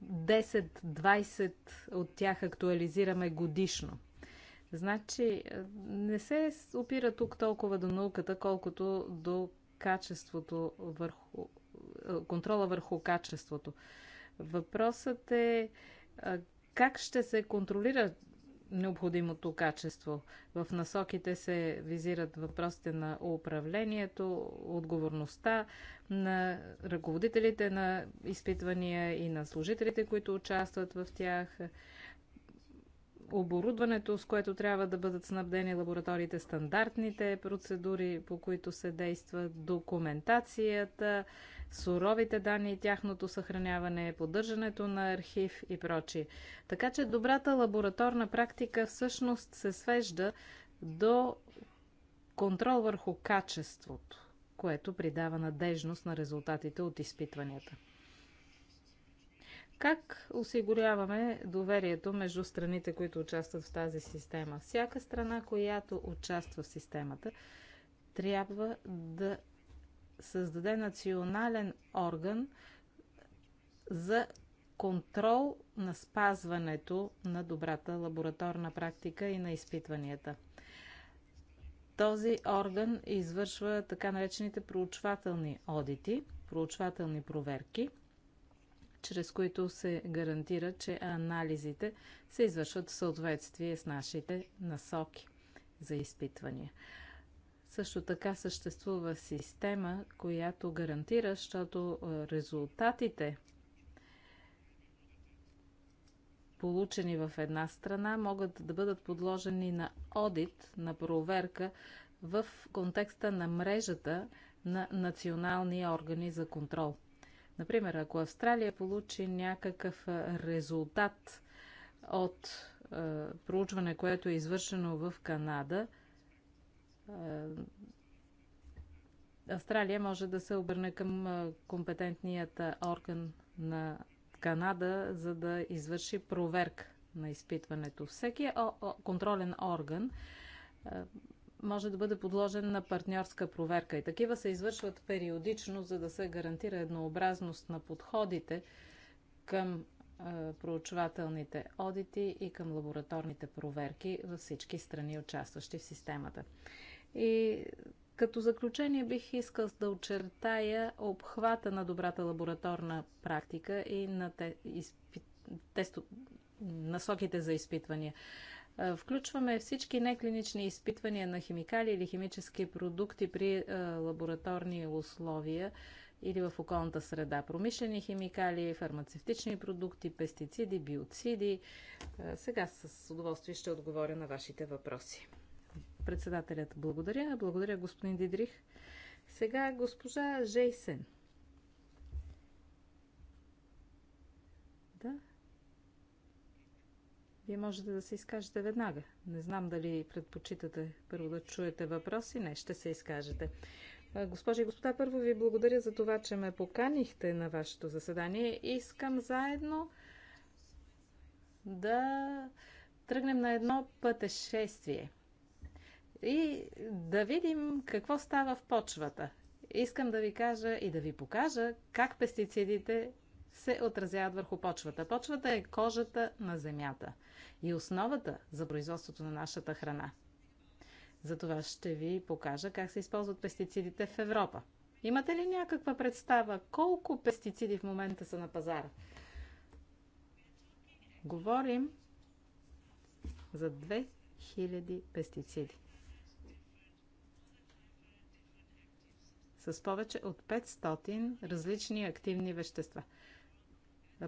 десет 10-20 от тях актуализираме годишно. Значи, не се опира тук толкова до науката, колкото до качеството върху контрола върху качеството. Въпросът е как ще се контролира необходимото качество. В насоките се визират въпросите на управлението, отговорността на ръководителите на изпитвания и на служителите, които участват в тях, оборудването, с което трябва да бъдат снабдени лабораториите, стандартните процедури, по които се действа, документацията, суровите данни, тяхното съхраняване, поддържането на архив и прочи. Така че добрата лабораторна практика всъщност се свежда до контрол върху качеството, което придава надежност на резултатите от изпитванията. Как осигуряваме доверието между страните, които участват в тази система? Всяка страна, която участва в системата, трябва да създаде национален орган за контрол на спазването на добрата лабораторна практика и на изпитванията. Този орган извършва така наречените проучвателни одити, проучвателни проверки – чрез които се гарантира, че анализите се извършват в съответствие с нашите насоки за изпитвания. Също така съществува система, която гарантира, защото резултатите получени в една страна, могат да бъдат подложени на одит, на проверка в контекста на мрежата на национални органи за контрол. Например, ако Австралия получи някакъв резултат от е, проучване, което е извършено в Канада, е, Австралия може да се обърне към компетентният орган на Канада, за да извърши проверка на изпитването. Всеки контролен орган може да бъде подложен на партньорска проверка. И такива се извършват периодично, за да се гарантира еднообразност на подходите към е, проучвателните одити и към лабораторните проверки във всички страни, участващи в системата. И като заключение бих искал да очертая обхвата на добрата лабораторна практика и на те, изпи, тесто, насоките за изпитвания. Е, включваме всички неклинични изпитвания на химикали или химически продукти при е, лабораторни условия или в околната среда. Промишлени химикали, фармацевтични продукти, пестициди, биоциди. Е, сега с удоволствие ще отговоря на вашите въпроси. Председателят благодаря. Благодаря господин Дидрих. Сега госпожа Жейсен. Да. Вие можете да се изкажете веднага. Не знам дали предпочитате първо да чуете въпроси. Не, ще се изкажете. Госпожи и господа, първо ви благодаря за това, че ме поканихте на вашето заседание. Искам заедно да тръгнем на едно пътешествие и да видим какво става в почвата. Искам да ви кажа и да ви покажа как пестицидите се отразяват върху почвата. Почвата е кожата на земята и основата за производството на нашата храна. Затова ще ви покажа как се използват пестицидите в Европа. Имате ли някаква представа колко пестициди в момента са на пазара? Говорим за 2000 пестициди. С повече от 500 различни активни вещества –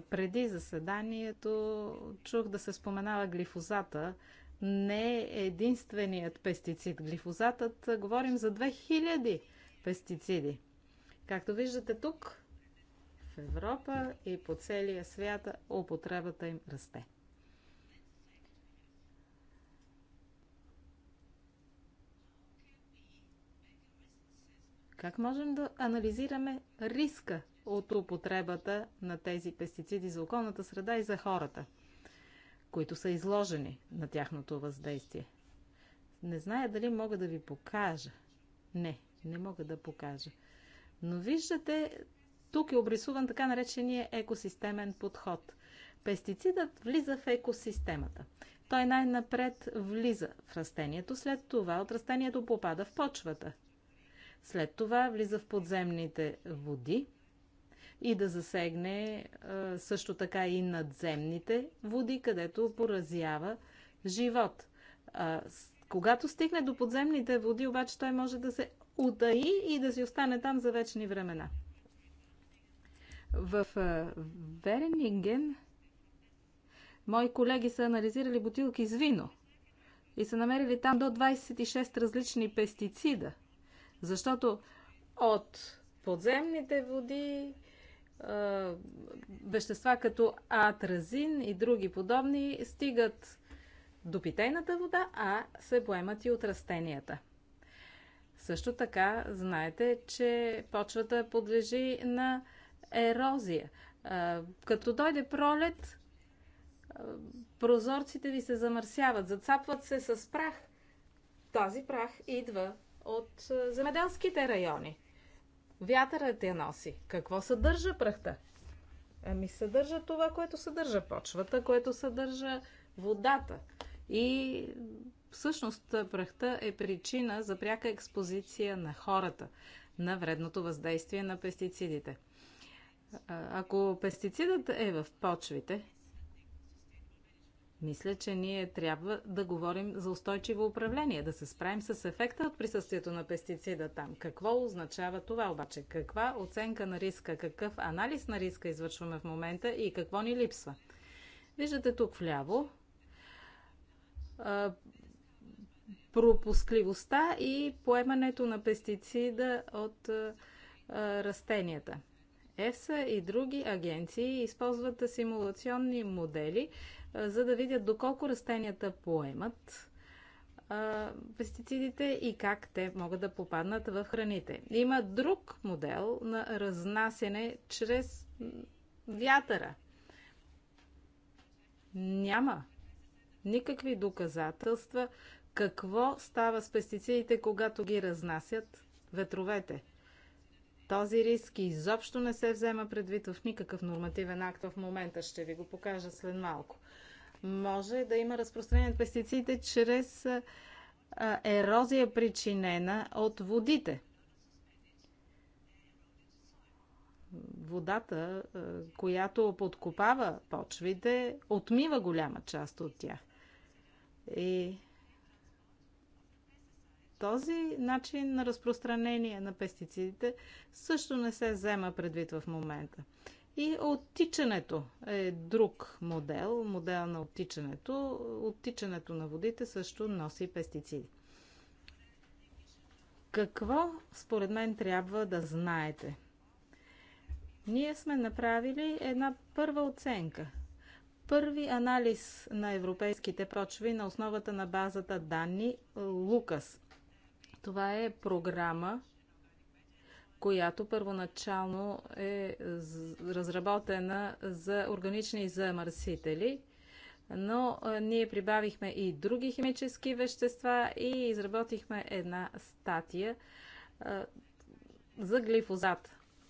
преди заседанието чух да се споменава глифозата. Не е единственият пестицид. Глифозатът, говорим за 2000 пестициди. Както виждате тук, в Европа и по целия свят употребата им расте. Как можем да анализираме риска от употребата на тези пестициди за околната среда и за хората, които са изложени на тяхното въздействие. Не зная дали мога да ви покажа. Не, не мога да покажа. Но виждате, тук е обрисуван така наречения екосистемен подход. Пестицидът влиза в екосистемата. Той най-напред влиза в растението, след това от растението попада в почвата. След това влиза в подземните води, и да засегне също така и надземните води, където поразява живот. Когато стигне до подземните води, обаче той може да се утаи и да си остане там за вечни времена. В Веренинген мои колеги са анализирали бутилки с вино и са намерили там до 26 различни пестицида, защото от подземните води е, вещества като атразин и други подобни стигат до питейната вода, а се поемат и от растенията. Също така, знаете, че почвата подлежи на ерозия. Е, като дойде пролет, е, прозорците ви се замърсяват, зацапват се с прах. Този прах идва от земеделските райони. Вятърът я носи. Какво съдържа пръхта? Ами съдържа това, което съдържа почвата, което съдържа водата. И всъщност пръхта е причина за пряка експозиция на хората на вредното въздействие на пестицидите. Ако пестицидът е в почвите, мисля, че ние трябва да говорим за устойчиво управление, да се справим с ефекта от присъствието на пестицида там. Какво означава това обаче? Каква оценка на риска, какъв анализ на риска извършваме в момента и какво ни липсва? Виждате тук вляво пропускливостта и поемането на пестицида от растенията. ЕФСА и други агенции използват симулационни модели за да видят доколко растенията поемат пестицидите и как те могат да попаднат в храните. Има друг модел на разнасене чрез вятъра. Няма никакви доказателства какво става с пестицидите, когато ги разнасят ветровете. Този риск изобщо не се взема предвид в никакъв нормативен акт в момента. Ще ви го покажа след малко може да има разпространение на пестицидите чрез ерозия, причинена от водите. Водата, която подкопава почвите, отмива голяма част от тях. И този начин на разпространение на пестицидите също не се взема предвид в момента. И оттичането е друг модел, модел на оттичането. Оттичането на водите също носи пестициди. Какво според мен трябва да знаете? Ние сме направили една първа оценка. Първи анализ на европейските почви на основата на базата данни Лукас. Това е програма, която първоначално е разработена за органични замърсители но ние прибавихме и други химически вещества и изработихме една статия за глифозат.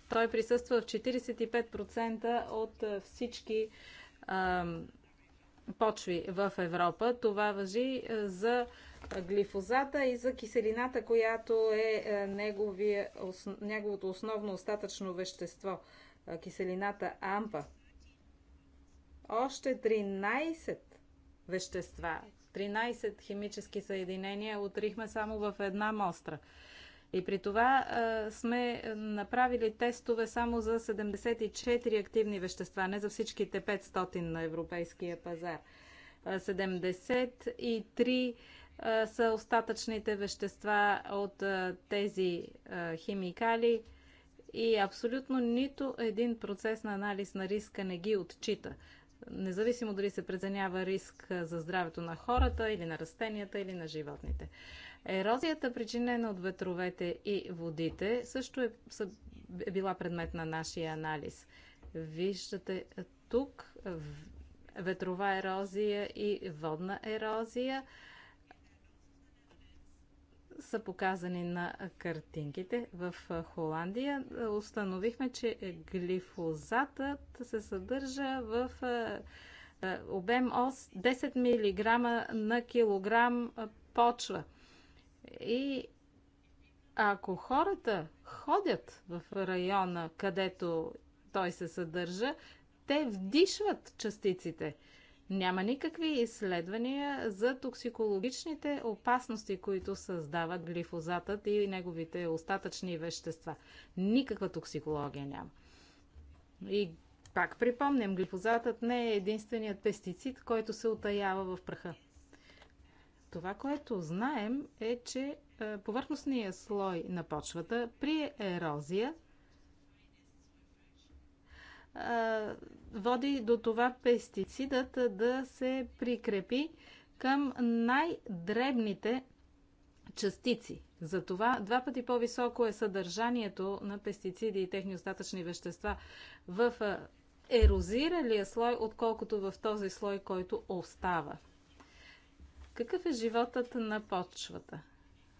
Той присъства в 45% от всички почви в Европа. Това въжи за глифозата и за киселината, която е, е неговия, неговото основно остатъчно вещество, е, киселината ампа. Още 13 вещества, 13 химически съединения отрихме само в една мостра. И при това а, е, сме направили тестове само за 74 активни вещества, не за всичките 500 на европейския пазар. 73 са остатъчните вещества от тези химикали и абсолютно нито един процес на анализ на риска не ги отчита. Независимо дали се преценява риск за здравето на хората или на растенията или на животните. Ерозията, причинена от ветровете и водите, също е, е била предмет на нашия анализ. Виждате тук ветрова ерозия и водна ерозия – са показани на картинките. В Холандия установихме, че глифозатът се съдържа в обем 10 мг на килограм почва. И ако хората ходят в района, където той се съдържа, те вдишват частиците – няма никакви изследвания за токсикологичните опасности, които създават глифозатът и неговите остатъчни вещества. Никаква токсикология няма. И пак припомням, глифозатът не е единственият пестицид, който се отаява в праха. Това, което знаем е, че е, повърхностният слой на почвата при ерозия е, води до това пестицидът да се прикрепи към най-дребните частици. Затова два пъти по-високо е съдържанието на пестициди и техни остатъчни вещества в ерозиралия слой, отколкото в този слой, който остава. Какъв е животът на почвата?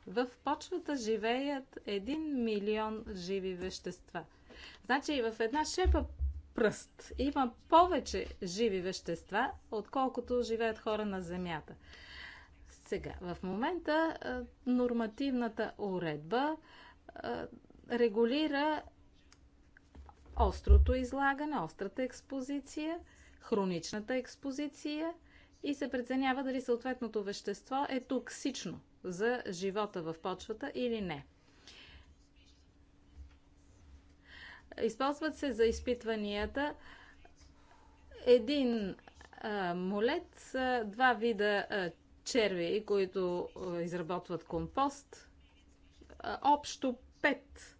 В почвата живеят 1 милион живи вещества. Значи в една шепа пръст. Има повече живи вещества, отколкото живеят хора на Земята. Сега, в момента нормативната уредба регулира острото излагане, острата експозиция, хроничната експозиция и се преценява дали съответното вещество е токсично за живота в почвата или не. Използват се за изпитванията един а, молет, а, два вида а, черви, които а, изработват компост, а, общо пет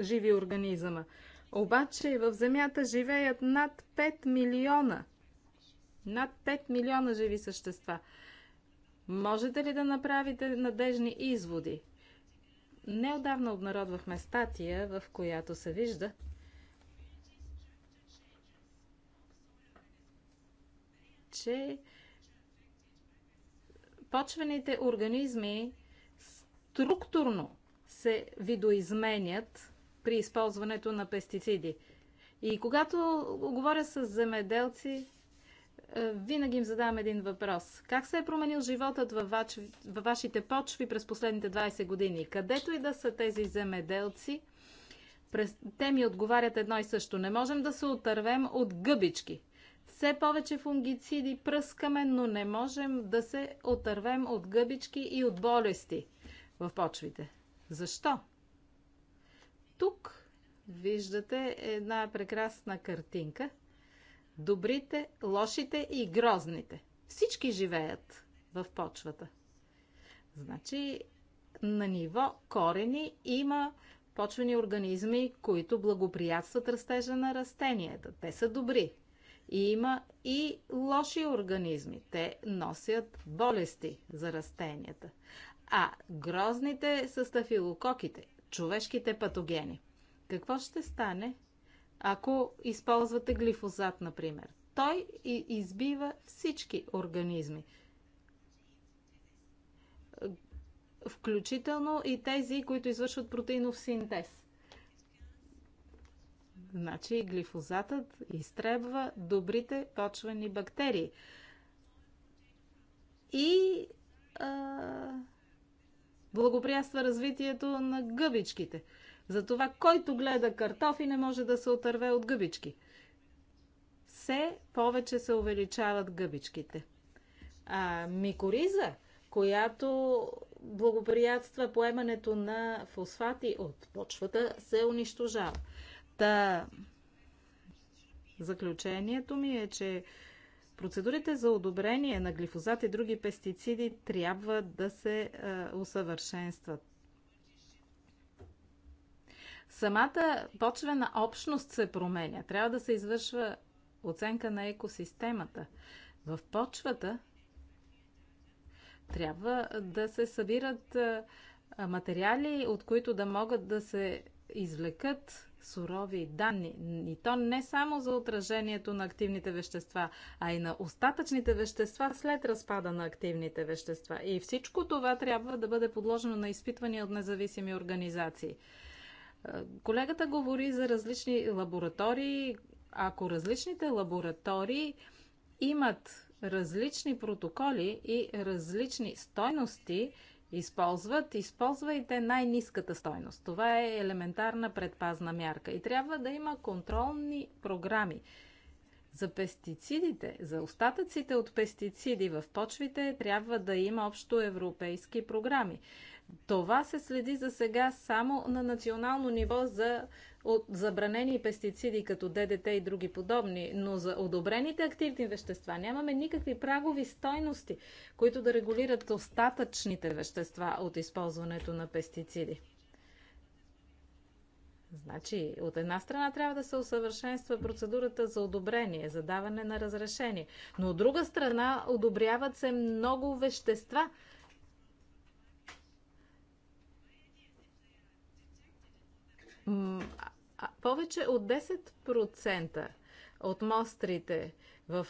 живи организъма. Обаче в Земята живеят над 5 милиона. Над 5 милиона живи същества. Можете ли да направите надежни изводи? Неодавна обнародвахме статия, в която се вижда, че почвените организми структурно се видоизменят при използването на пестициди. И когато говоря с земеделци, винаги им задавам един въпрос. Как се е променил животът във, ваш, във вашите почви през последните 20 години? Където и да са тези земеделци, през, те ми отговарят едно и също. Не можем да се отървем от гъбички. Все повече фунгициди пръскаме, но не можем да се отървем от гъбички и от болести в почвите. Защо? Тук виждате една прекрасна картинка – добрите, лошите и грозните. Всички живеят в почвата. Значи, на ниво корени има почвени организми, които благоприятстват растежа на растенията. Те са добри. И има и лоши организми. Те носят болести за растенията. А грозните са стафилококите, човешките патогени. Какво ще стане, ако използвате глифозат, например. Той избива всички организми. Включително и тези, които извършват протеинов синтез. Значи глифозатът изтребва добрите почвени бактерии. И а, благоприятства развитието на гъбичките – за това, който гледа картофи не може да се отърве от гъбички. Все повече се увеличават гъбичките. А микориза, която благоприятства поемането на фосфати от почвата, се унищожава. Та, заключението ми е, че Процедурите за одобрение на глифозат и други пестициди трябва да се усъвършенстват. Самата почвена общност се променя. Трябва да се извършва оценка на екосистемата. В почвата трябва да се събират материали, от които да могат да се извлекат сурови данни. И то не само за отражението на активните вещества, а и на остатъчните вещества след разпада на активните вещества. И всичко това трябва да бъде подложено на изпитвания от независими организации. Колегата говори за различни лаборатории. Ако различните лаборатории имат различни протоколи и различни стойности, използват, използвайте най-низката стойност. Това е елементарна предпазна мярка. И трябва да има контролни програми. За пестицидите, за остатъците от пестициди в почвите трябва да има общо европейски програми. Това се следи за сега само на национално ниво за от забранени пестициди като ДДТ и други подобни, но за одобрените активни вещества нямаме никакви прагови стойности, които да регулират остатъчните вещества от използването на пестициди. Значи, от една страна трябва да се усъвършенства процедурата за одобрение, за даване на разрешение, но от друга страна одобряват се много вещества – повече от 10% от мострите в,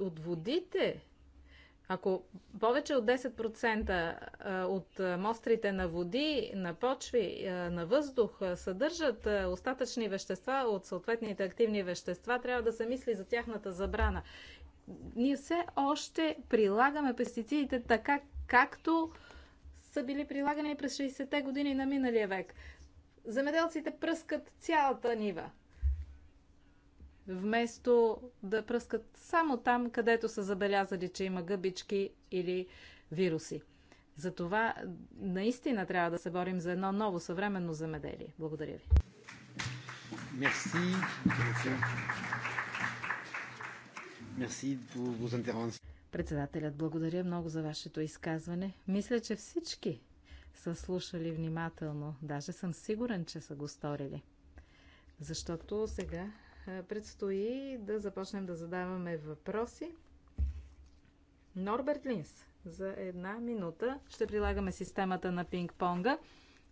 от водите, ако повече от 10% от мострите на води, на почви, на въздух съдържат остатъчни вещества от съответните активни вещества, трябва да се мисли за тяхната забрана. Ние все още прилагаме пестицидите така, както са били прилагани през 60-те години на миналия век. Земеделците пръскат цялата нива, вместо да пръскат само там, където са забелязали, че има гъбички или вируси. Затова наистина трябва да се борим за едно ново съвременно земеделие. Благодаря ви. Мерси. Мерси Председателят, благодаря много за вашето изказване. Мисля, че всички са слушали внимателно. Даже съм сигурен, че са го сторили. Защото сега предстои да започнем да задаваме въпроси. Норберт Линс, за една минута ще прилагаме системата на пинг-понга.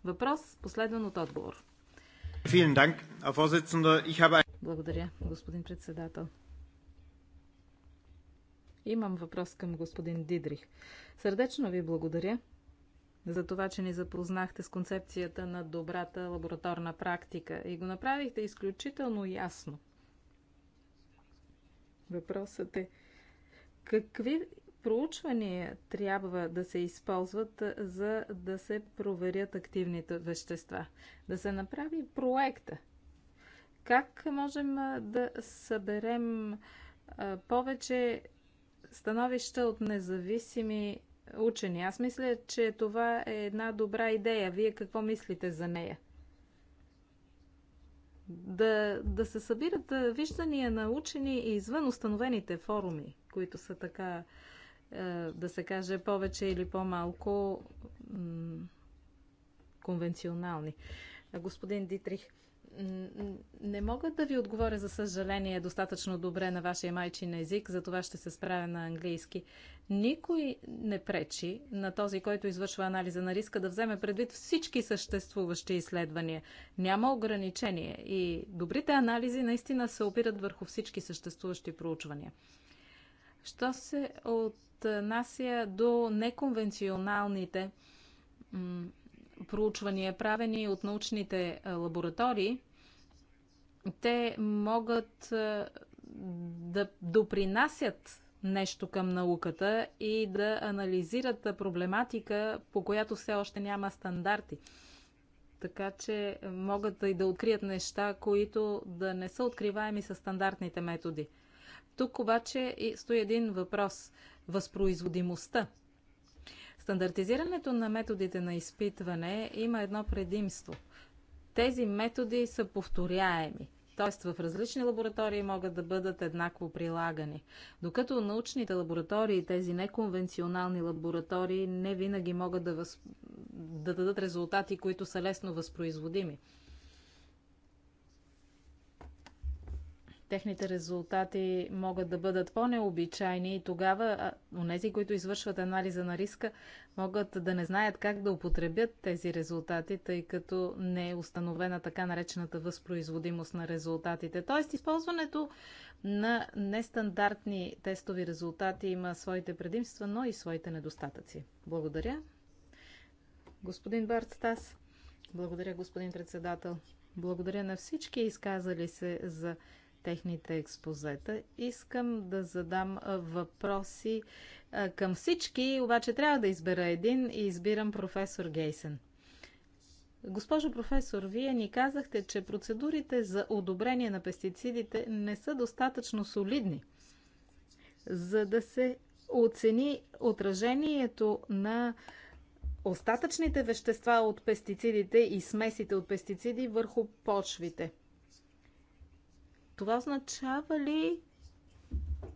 Въпрос, последен от отговор. Благодаря, господин председател. Имам въпрос към господин Дидрих. Сърдечно ви благодаря за това, че ни запознахте с концепцията на добрата лабораторна практика и го направихте изключително ясно. Въпросът е какви проучвания трябва да се използват, за да се проверят активните вещества? Да се направи проекта. Как можем да съберем повече становища от независими учени. Аз мисля, че това е една добра идея. Вие какво мислите за нея? Да, да се събират виждания на учени извън установените форуми, които са така, да се каже, повече или по-малко конвенционални. Господин Дитрих, не мога да ви отговоря, за съжаление, достатъчно добре на вашия майчин език, за това ще се справя на английски. Никой не пречи на този, който извършва анализа на риска, да вземе предвид всички съществуващи изследвания. Няма ограничение и добрите анализи наистина се опират върху всички съществуващи проучвания. Що се отнася до неконвенционалните проучвания, правени от научните лаборатории, те могат да допринасят нещо към науката и да анализират проблематика, по която все още няма стандарти. Така че могат и да открият неща, които да не са откриваеми с стандартните методи. Тук обаче стои един въпрос – възпроизводимостта Стандартизирането на методите на изпитване има едно предимство. Тези методи са повторяеми т.е. в различни лаборатории могат да бъдат еднакво прилагани. Докато научните лаборатории, тези неконвенционални лаборатории, не винаги могат да, въз... да дадат резултати, които са лесно възпроизводими. техните резултати могат да бъдат по-необичайни и тогава онези, които извършват анализа на риска, могат да не знаят как да употребят тези резултати, тъй като не е установена така наречената възпроизводимост на резултатите. Тоест, използването на нестандартни тестови резултати има своите предимства, но и своите недостатъци. Благодаря. Господин Барт Благодаря, господин председател. Благодаря на всички изказали се за техните експозета. Искам да задам въпроси към всички, обаче трябва да избера един и избирам професор Гейсен. Госпожо професор, вие ни казахте, че процедурите за одобрение на пестицидите не са достатъчно солидни, за да се оцени отражението на остатъчните вещества от пестицидите и смесите от пестициди върху почвите. Това означава ли,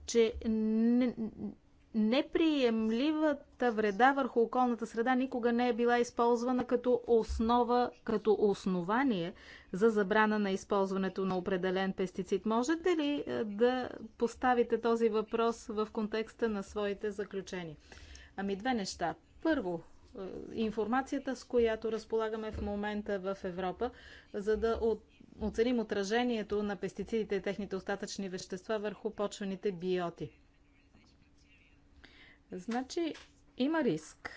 че неприемливата вреда върху околната среда никога не е била използвана като основа, като основание за забрана на използването на определен пестицид. Можете ли е, да поставите този въпрос в контекста на своите заключения? Ами две неща. Първо, е, информацията, с която разполагаме в момента в Европа, за да от оценим отражението на пестицидите и техните остатъчни вещества върху почвените биоти. Значи, има риск.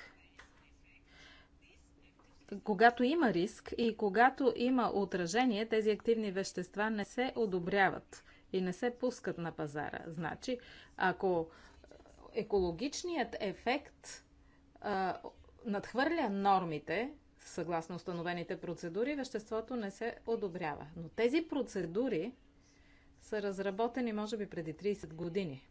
Когато има риск и когато има отражение, тези активни вещества не се одобряват и не се пускат на пазара. Значи, ако екологичният ефект а, надхвърля нормите, съгласно установените процедури, веществото не се одобрява. Но тези процедури са разработени, може би, преди 30 години.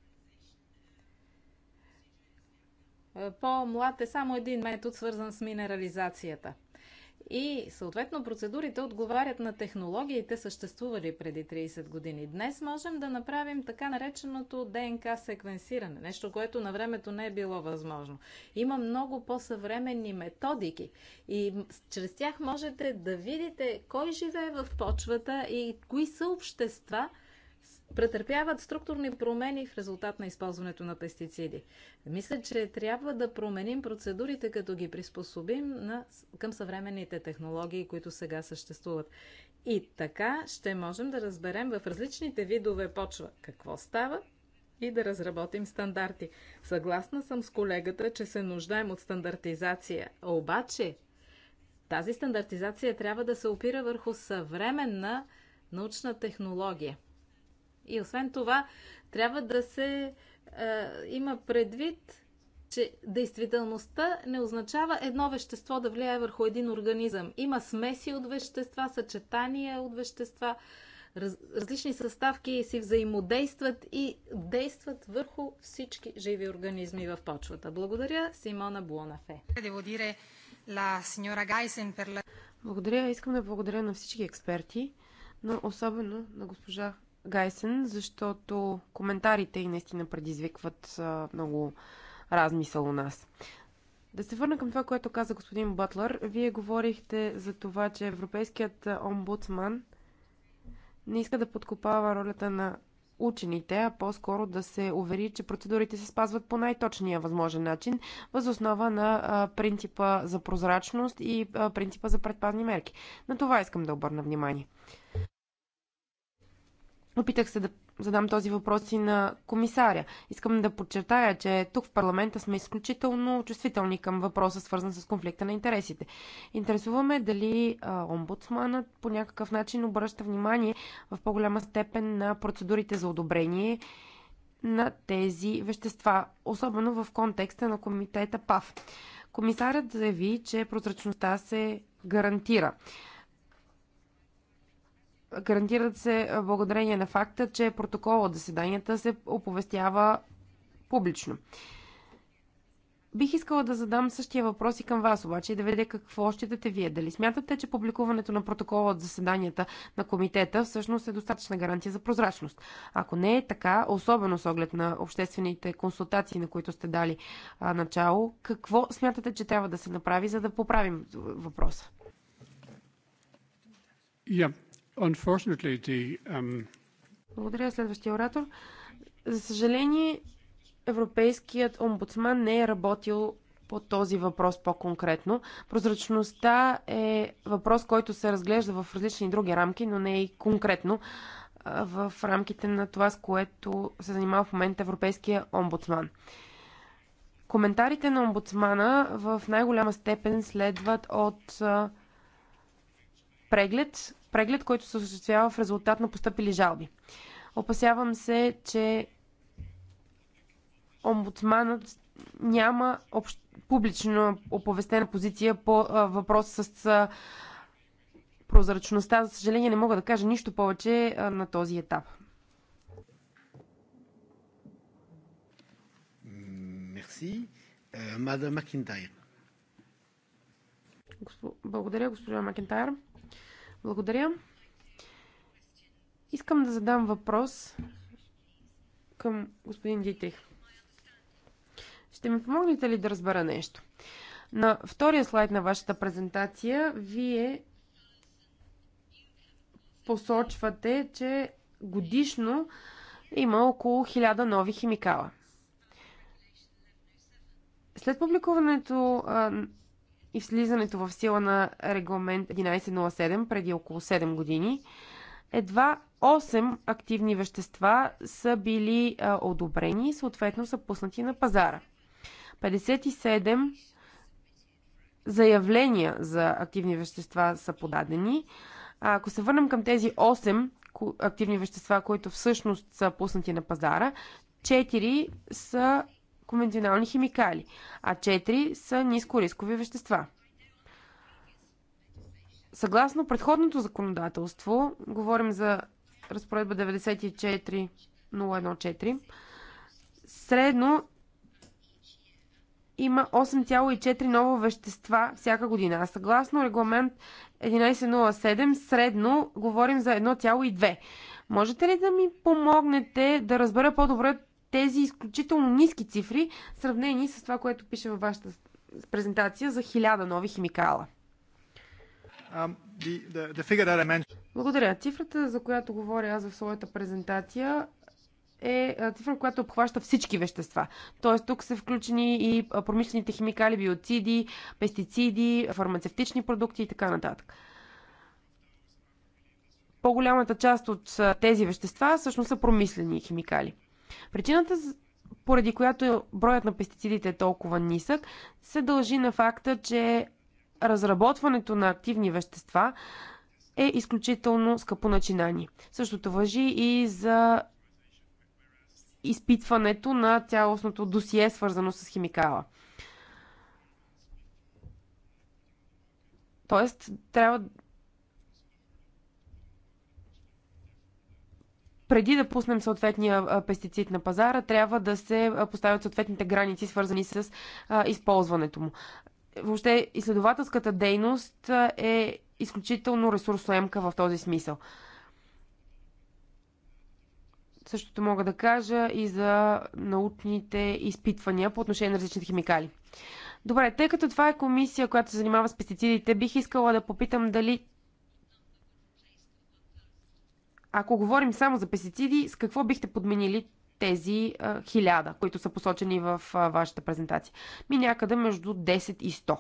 По-млад е само един метод, свързан с минерализацията. И съответно процедурите отговарят на технологиите, съществували преди 30 години. Днес можем да направим така нареченото ДНК секвенсиране, нещо, което на времето не е било възможно. Има много по-съвременни методики и чрез тях можете да видите кой живее в почвата и кои са общества – претърпяват структурни промени в резултат на използването на пестициди. Мисля, че трябва да променим процедурите, като ги приспособим на, към съвременните технологии, които сега съществуват. И така ще можем да разберем в различните видове почва какво става и да разработим стандарти. Съгласна съм с колегата, че се нуждаем от стандартизация. Обаче тази стандартизация трябва да се опира върху съвременна научна технология – и освен това, трябва да се е, има предвид, че действителността не означава едно вещество да влияе върху един организъм. Има смеси от вещества, съчетания от вещества, раз, различни съставки си взаимодействат и действат върху всички живи организми в почвата. Благодаря, Симона Буонафе. Благодаря. Искам да благодаря на всички експерти, но особено на госпожа Гайсен, защото коментарите и наистина предизвикват много размисъл у нас. Да се върна към това, което каза господин Бътлър. Вие говорихте за това, че Европейският омбудсман не иска да подкопава ролята на учените, а по-скоро да се увери, че процедурите се спазват по най-точния възможен начин, въз основа на принципа за прозрачност и принципа за предпазни мерки. На това искам да обърна внимание. Опитах се да задам този въпрос и на комисаря. Искам да подчертая, че тук в парламента сме изключително чувствителни към въпроса, свързан с конфликта на интересите. Интересуваме дали а, омбудсманът по някакъв начин обръща внимание в по-голяма степен на процедурите за одобрение на тези вещества, особено в контекста на комитета ПАВ. Комисарят заяви, че прозрачността се гарантира гарантират се благодарение на факта, че протокол от заседанията се оповестява публично. Бих искала да задам същия въпрос и към вас, обаче и да видя какво считате вие. Дали смятате, че публикуването на протокола от заседанията на комитета всъщност е достатъчна гарантия за прозрачност? Ако не е така, особено с оглед на обществените консултации, на които сте дали а, начало, какво смятате, че трябва да се направи, за да поправим въпроса? Yeah. Um, Благодаря, следващия оратор. За съжаление, Европейският омбудсман не е работил по този въпрос по-конкретно. Прозрачността е въпрос, който се разглежда в различни други рамки, но не и конкретно в рамките на това, с което се занимава в момента Европейския омбудсман. Коментарите на омбудсмана в най-голяма степен следват от преглед, преглед, който се осъществява в резултат на поступили жалби. Опасявам се, че омбудсманът няма общ, публично оповестена позиция по а, въпрос с а, прозрачността. За съжаление, не мога да кажа нищо повече а, на този етап. Мерси. Е, мадам Макентайр. Благодаря, госпожа Макентайр. Благодаря. Искам да задам въпрос към господин Дитрих. Ще ми помогнете ли да разбера нещо? На втория слайд на вашата презентация вие посочвате, че годишно има около 1000 нови химикала. След публикуването и влизането в сила на регламент 1107 преди около 7 години, едва 8 активни вещества са били а, одобрени и съответно са пуснати на пазара. 57 заявления за активни вещества са подадени. А ако се върнем към тези 8 активни вещества, които всъщност са пуснати на пазара, 4 са конвенционални химикали, а 4 са нискорискови вещества. Съгласно предходното законодателство, говорим за разпоредба 94014, средно има 8,4 ново вещества всяка година. А съгласно регламент 1107, средно говорим за 1,2. Можете ли да ми помогнете да разбера по-добре тези изключително ниски цифри, сравнени с това, което пише във вашата презентация за хиляда нови химикала. Um, Благодаря. Цифрата, за която говоря аз в своята презентация, е цифра, която обхваща всички вещества. Тоест тук са включени и промишлените химикали, биоциди, пестициди, фармацевтични продукти и така нататък. По-голямата част от тези вещества всъщност са промислени химикали. Причината, поради която броят на пестицидите е толкова нисък, се дължи на факта, че разработването на активни вещества е изключително скъпо начинание. Същото въжи и за изпитването на цялостното досие, свързано с химикала. Тоест, трябва преди да пуснем съответния пестицид на пазара, трябва да се поставят съответните граници, свързани с използването му. Въобще, изследователската дейност е изключително ресурсоемка в този смисъл. Същото мога да кажа и за научните изпитвания по отношение на различните химикали. Добре, тъй като това е комисия, която се занимава с пестицидите, бих искала да попитам дали ако говорим само за пестициди, с какво бихте подменили тези хиляда, които са посочени в а, вашата презентация? Ми някъде между 10 и 100.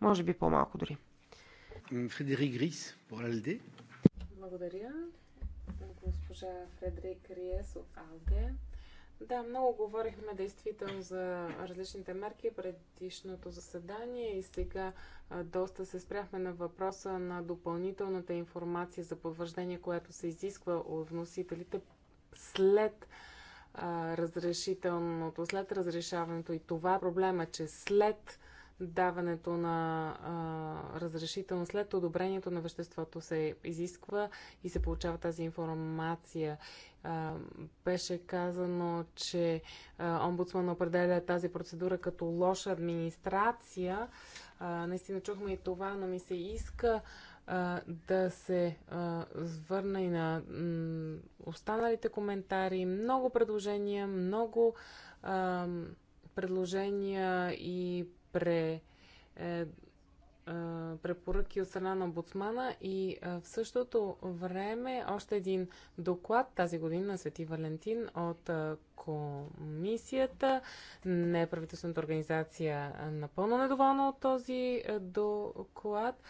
Може би по-малко дори. Фредерик Рис, Благодаря. Госпожа Фредерик Риес от Алге. Да, много говорихме действително за различните мерки предишното заседание и сега доста се спряхме на въпроса на допълнителната информация за потвърждение, която се изисква от вносителите след а, разрешителното, след разрешаването. И това е проблема, че след даването на а, разрешително след одобрението на веществото се изисква и се получава тази информация. А, беше казано, че а, омбудсман определя тази процедура като лоша администрация. А, наистина чухме и това, но ми се иска а, да се а, върна и на останалите коментари. Много предложения, много а, предложения и пре, е, е, препоръки от страна на Боцмана и е, в същото време още един доклад тази година на Свети Валентин от е, комисията. Неправителствената организация е напълно недоволна от този е, доклад. Е,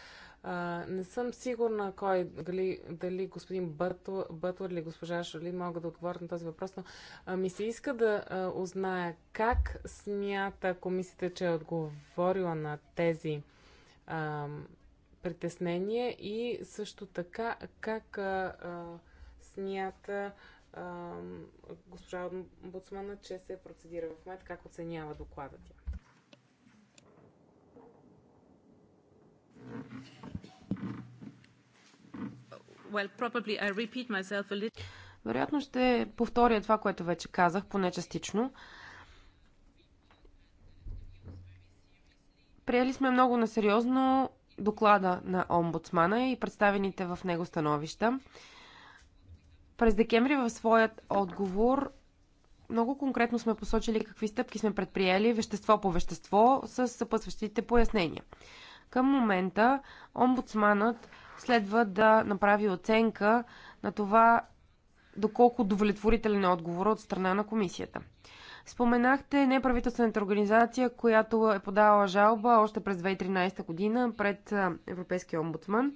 а, не съм сигурна кой, дали, дали господин Бърто, Бътлър или госпожа Шоли могат да отговорят на този въпрос, но а, ми се иска да а, узная как смята комисията, че е отговорила на тези а, притеснения и също така как а, а, смята а, госпожа Бутсмана, че се процедира в момента, как оценява доклада тя. Вероятно ще повторя това, което вече казах, поне частично. Приели сме много насериозно доклада на омбудсмана и представените в него становища. През декември в своят отговор много конкретно сме посочили какви стъпки сме предприели вещество по вещество с съпътстващите пояснения. Към момента омбудсманът следва да направи оценка на това доколко удовлетворителен е отговор от страна на комисията. Споменахте неправителствената организация, която е подала жалба още през 2013 година пред Европейския омбудсман.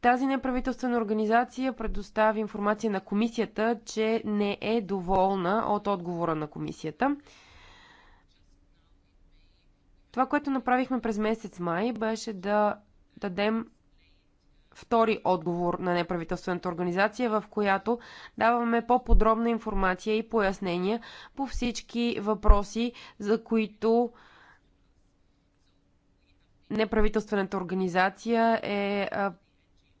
Тази неправителствена организация предостави информация на комисията, че не е доволна от отговора на комисията. Това, което направихме през месец май, беше да дадем втори отговор на неправителствената организация, в която даваме по-подробна информация и пояснения по всички въпроси, за които неправителствената организация е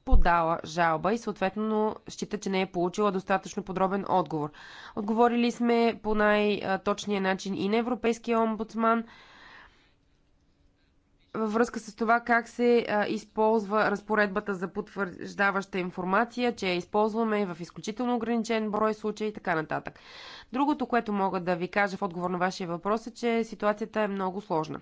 подала жалба и съответно счита, че не е получила достатъчно подробен отговор. Отговорили сме по най-точния начин и на Европейския омбудсман, във връзка с това как се а, използва разпоредбата за потвърждаваща информация, че я използваме в изключително ограничен брой случаи и така нататък. Другото, което мога да ви кажа в отговор на вашия въпрос е, че ситуацията е много сложна.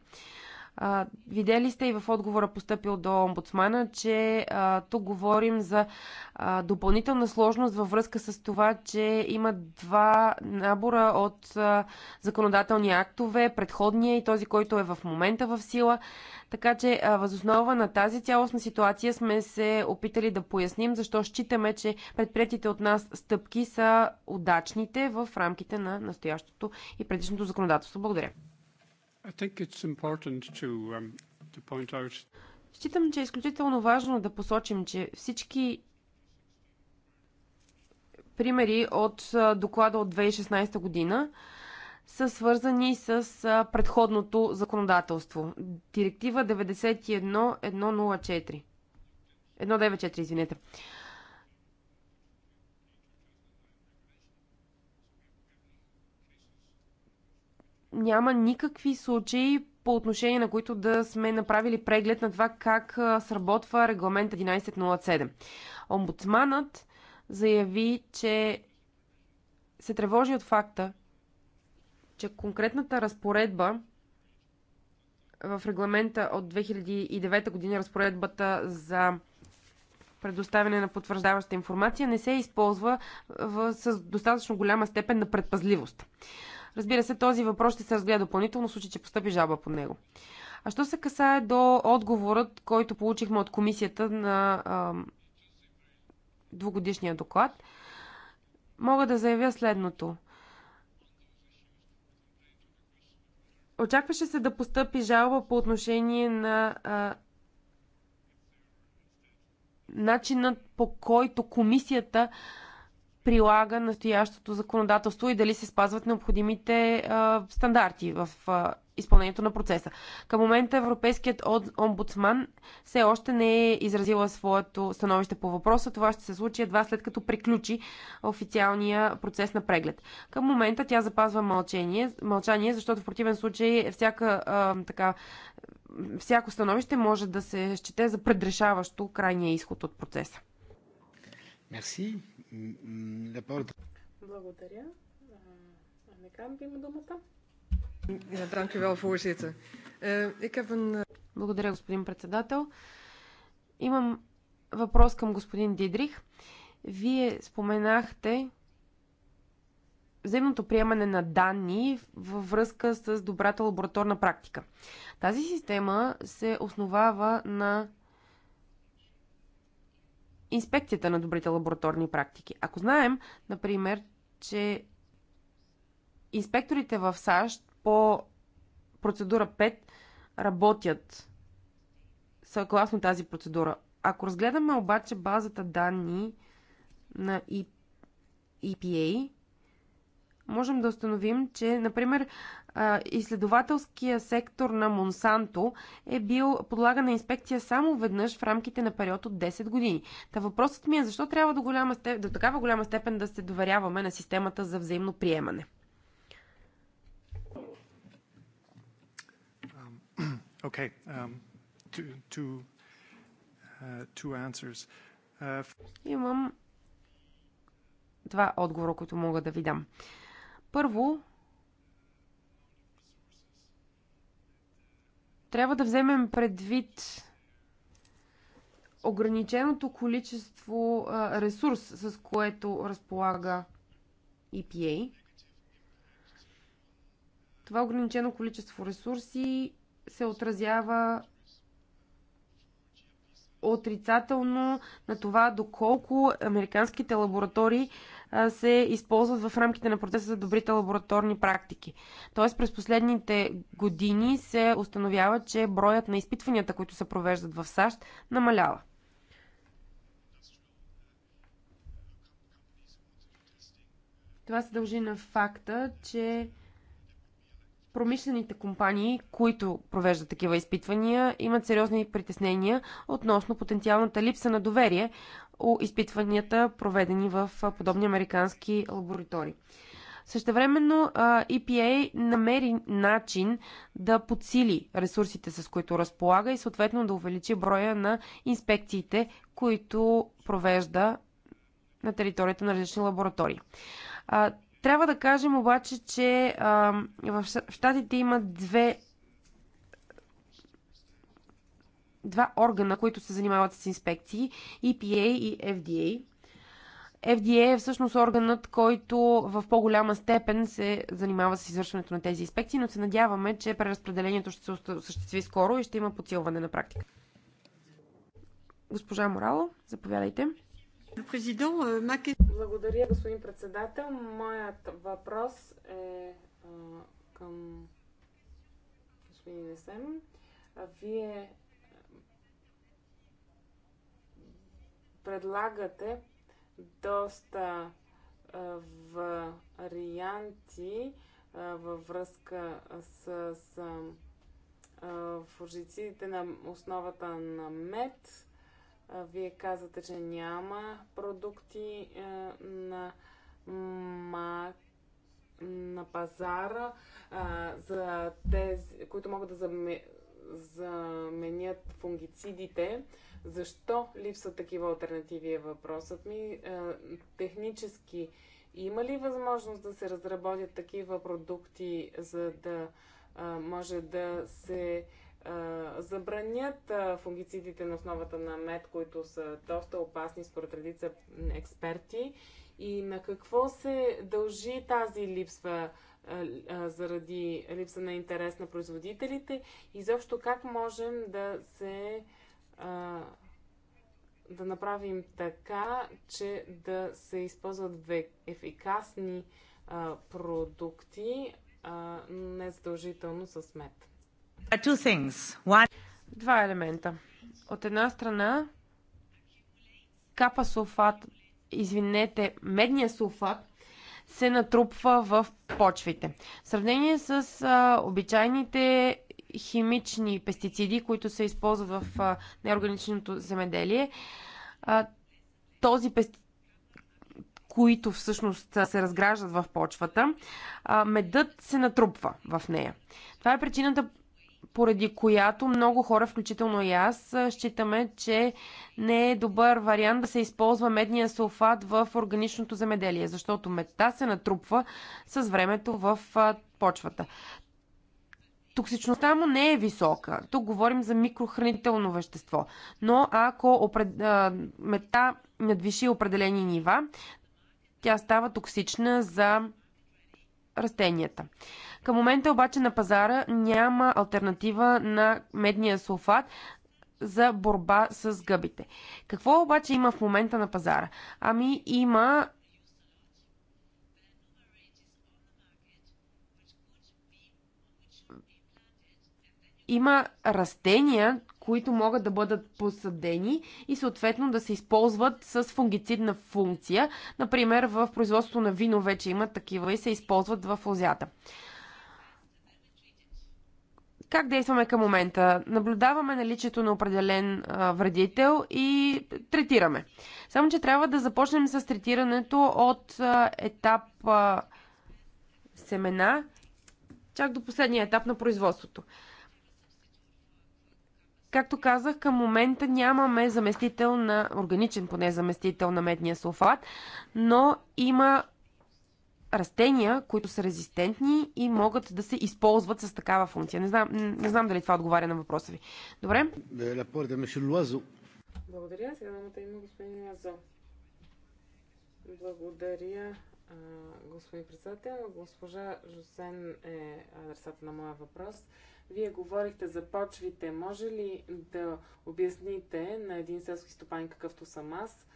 А, видели сте и в отговора поступил до омбудсмана, че а, тук говорим за а, допълнителна сложност във връзка с това, че има два набора от а, законодателни актове, предходния и този, който е в момента в сила. Така че а, възоснова на тази цялостна ситуация сме се опитали да поясним защо считаме, че предприятите от нас стъпки са удачните в рамките на настоящото и предишното законодателство. Благодаря. Um, Считам, че е изключително важно да посочим, че всички примери от доклада от 2016 година са свързани с предходното законодателство. Директива 91-104. 194, извинете. няма никакви случаи по отношение на които да сме направили преглед на това как сработва регламент 1107. Омбудсманът заяви, че се тревожи от факта, че конкретната разпоредба в регламента от 2009 година, разпоредбата за предоставяне на потвърждаваща информация, не се използва в, с достатъчно голяма степен на предпазливост. Разбира се, този въпрос ще се разгледа допълнително, в случай, че постъпи жалба по него. А що се касае до отговорът, който получихме от комисията на а, двугодишния доклад, мога да заявя следното. Очакваше се да постъпи жалба по отношение на а, начинът по който комисията прилага настоящото законодателство и дали се спазват необходимите а, стандарти в а, изпълнението на процеса. Към момента Европейският омбудсман все още не е изразила своето становище по въпроса. Това ще се случи едва след като приключи официалния процес на преглед. Към момента тя запазва мълчание, мълчание защото в противен случай всяка, а, така, всяко становище може да се счете за предрешаващо крайния изход от процеса. Мерси. Благодаря. Анекан има думата. Е е, е- Благодаря, господин председател. Имам въпрос към господин Дидрих. Вие споменахте взаимното приемане на данни във връзка с добрата лабораторна практика. Тази система се основава на инспекцията на добрите лабораторни практики. Ако знаем, например, че инспекторите в САЩ по процедура 5 работят съгласно тази процедура. Ако разгледаме обаче базата данни на EPA, можем да установим, че, например, изследователския сектор на Монсанто е бил подлаган на инспекция само веднъж в рамките на период от 10 години. Та въпросът ми е защо трябва до, голяма степ... до такава голяма степен да се доверяваме на системата за взаимно приемане. Um, <clears throat> okay, um, two, two, uh, two answers. Uh... Имам два отговора, които мога да ви дам. Първо, Трябва да вземем предвид ограниченото количество ресурс, с което разполага EPA. Това ограничено количество ресурси се отразява отрицателно на това доколко американските лаборатории се използват в рамките на процеса за добрите лабораторни практики. Тоест през последните години се установява, че броят на изпитванията, които се провеждат в САЩ, намалява. Това се дължи на факта, че промишлените компании, които провеждат такива изпитвания, имат сериозни притеснения относно потенциалната липса на доверие изпитванията, проведени в подобни американски лаборатории. Същевременно EPA намери начин да подсили ресурсите, с които разполага и съответно да увеличи броя на инспекциите, които провежда на територията на различни лаборатории. Трябва да кажем обаче, че в Штатите има две два органа, които се занимават с инспекции EPA и FDA. FDA е всъщност органът, който в по-голяма степен се занимава с извършването на тези инспекции, но се надяваме, че преразпределението ще се осъществи скоро и ще има подсилване на практика. Госпожа Морало, заповядайте. Е, Благодаря, господин председател. Моят въпрос е към господин Несем. Вие предлагате доста варианти във връзка с, с фуржицидите на основата на мед. Вие казвате, че няма продукти а, на, мак на пазара, а, за тези, които могат да заменят фунгицидите. Защо липсват такива альтернативи е въпросът ми. Е, технически има ли възможност да се разработят такива продукти, за да е, може да се е, забранят фунгицидите на основата на мед, които са доста опасни според редица експерти? И на какво се дължи тази липсва заради липса на интерес на производителите? Изобщо как можем да се а, да направим така, че да се използват ефикасни а, продукти, а, не задължително с мед. Два елемента. От една страна, капа сулфат, извинете, медния сулфат се натрупва в почвите. В сравнение с а, обичайните химични пестициди, които се използват в неорганичното земеделие. Този пестицид които всъщност се разграждат в почвата, медът се натрупва в нея. Това е причината, поради която много хора, включително и аз, считаме, че не е добър вариант да се използва медния сулфат в органичното земеделие, защото медта се натрупва с времето в почвата токсичността му не е висока. Тук говорим за микрохранително вещество. Но ако опред, а, мета надвиши определени нива, тя става токсична за растенията. Към момента обаче на пазара няма альтернатива на медния сулфат за борба с гъбите. Какво обаче има в момента на пазара? Ами има има растения, които могат да бъдат посадени и съответно да се използват с фунгицидна функция. Например, в производството на вино вече има такива и се използват в лозята. Как действаме към момента? Наблюдаваме наличието на определен а, вредител и третираме. Само, че трябва да започнем с третирането от а, етап а, семена, чак до последния етап на производството. Както казах, към момента нямаме заместител на, органичен поне заместител на медния сулфат, но има растения, които са резистентни и могат да се използват с такава функция. Не знам, не знам дали това отговаря на въпроса ви. Добре? Е, Благодаря. Сега имаме има господин Благодаря господин председател. Госпожа Жосен е адресата на моя въпрос. Вие говорихте за почвите. Може ли да обясните на един селски стопанин, какъвто съм аз,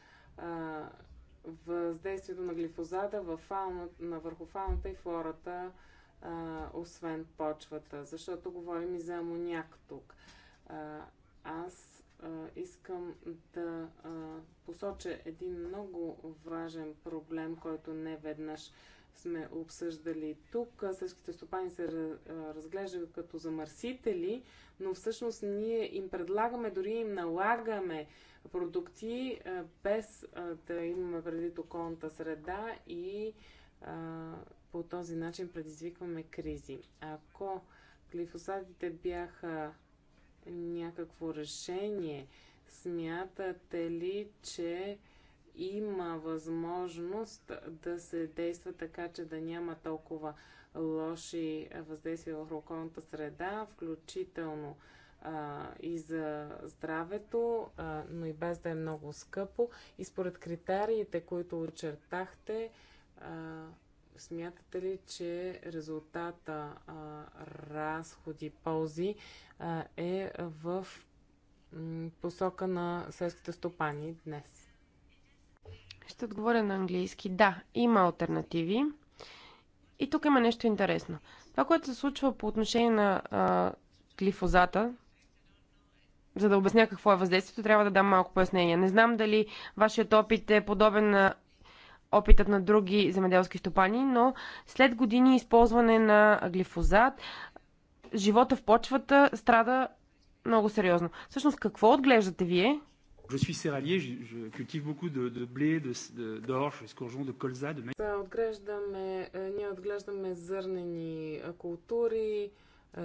въздействието на глифозада в фауна, на върху фауната и флората, а, освен почвата? Защото говорим и за амоняк тук. А, аз а, искам да а, посоча един много важен проблем, който не веднъж сме обсъждали тук. Сърските стопани се разглеждат като замърсители, но всъщност ние им предлагаме, дори им налагаме продукти без да имаме предвид околната среда и по този начин предизвикваме кризи. Ако глифосатите бяха някакво решение? Смятате ли, че има възможност да се действа така, че да няма толкова лоши въздействия върху околната среда, включително а, и за здравето, а, но и без да е много скъпо. И според критериите, които очертахте, а, смятате ли, че резултата а, разходи, ползи а, е в посока на селските стопани днес? Ще отговоря на английски. Да, има альтернативи. И тук има нещо интересно. Това, което се случва по отношение на а, глифозата, за да обясня какво е въздействието, трябва да дам малко пояснение. Не знам дали вашият опит е подобен на опитът на други земеделски стопани, но след години използване на глифозат, живота в почвата страда много сериозно. Всъщност, какво отглеждате вие? Je suis céréalier, je, je cultive beaucoup de, de blé, de, de, d'orge, de colza, de maïs. Е, ние отглеждаме зърнени е, култури,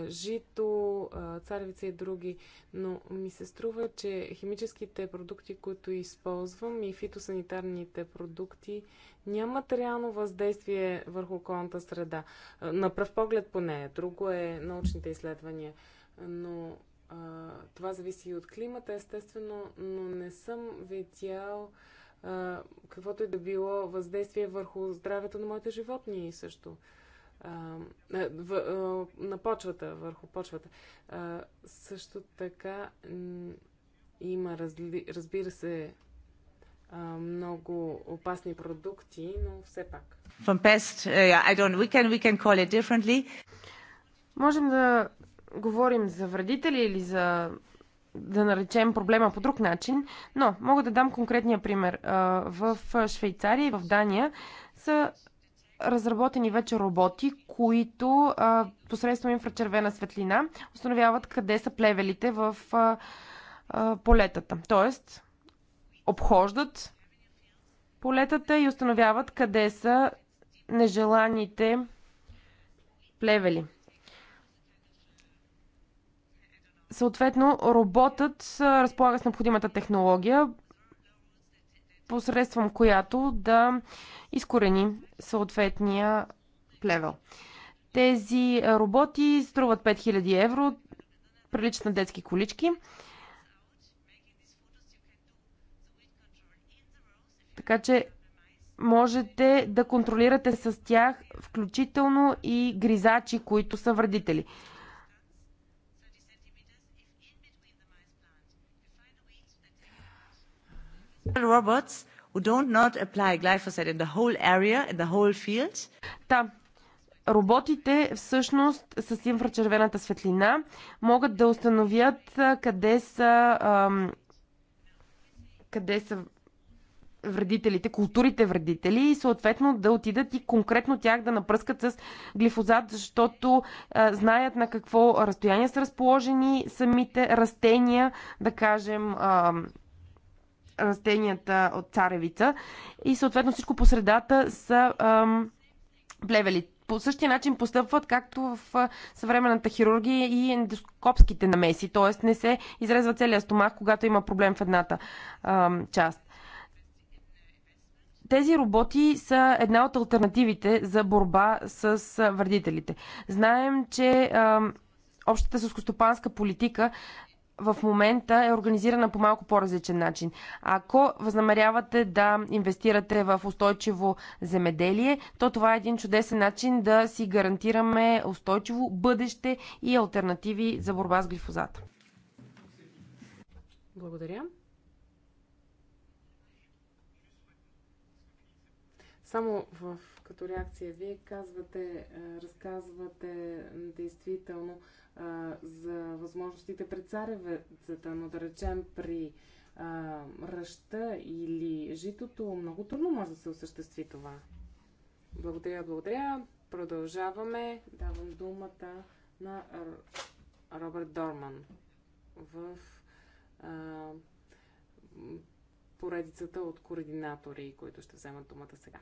жито, царевица и други. Но ми се струва, че химическите продукти, които използвам и фитосанитарните продукти нямат реално въздействие върху околната среда. На пръв поглед поне. Друго е научните изследвания. Но а, това зависи и от климата, естествено, но не съм видял а, каквото и е да било въздействие върху здравето на моите животни също. Е, в, е, на почвата, върху почвата. А, също така има, разли, разбира се, а, много опасни продукти, но все пак. From pest, uh, I don't, we can, we can call it differently. Можем да говорим за вредители или за да наречем проблема по друг начин, но мога да дам конкретния пример. В Швейцария и в Дания са разработени вече роботи, които а, посредством инфрачервена светлина установяват къде са плевелите в а, а, полетата. Тоест, обхождат полетата и установяват къде са нежеланите плевели. Съответно, роботът разполага с необходимата технология, посредством която да изкорени съответния плевел. Тези роботи струват 5000 евро, приличат детски колички. Така че можете да контролирате с тях включително и гризачи, които са вредители. Robots who don't not apply glyphosate in the whole area, in the whole field. Да. Роботите всъщност с инфрачервената светлина могат да установят къде са, ам, къде са вредителите, културите вредители и съответно да отидат и конкретно тях да напръскат с глифозат, защото а, знаят на какво разстояние са разположени самите растения, да кажем. Ам, растенията от царевица и съответно всичко по средата са ам, плевели. По същия начин постъпват както в съвременната хирургия и ендоскопските намеси, т.е. не се изрезва целият стомах, когато има проблем в едната ам, част тези роботи са една от альтернативите за борба с вредителите. Знаем, че а, общата сълскостопанска политика в момента е организирана по малко по-различен начин. Ако възнамерявате да инвестирате в устойчиво земеделие, то това е един чудесен начин да си гарантираме устойчиво бъдеще и альтернативи за борба с глифозата. Благодаря. Само в, като реакция, вие казвате, е, разказвате действително а, за възможностите пред царевецата, но да речем при а, ръща или житото, много трудно може да се осъществи това. Благодаря, благодаря. Продължаваме. Давам думата на Робърт Дорман в а, поредицата от координатори, които ще вземат думата сега.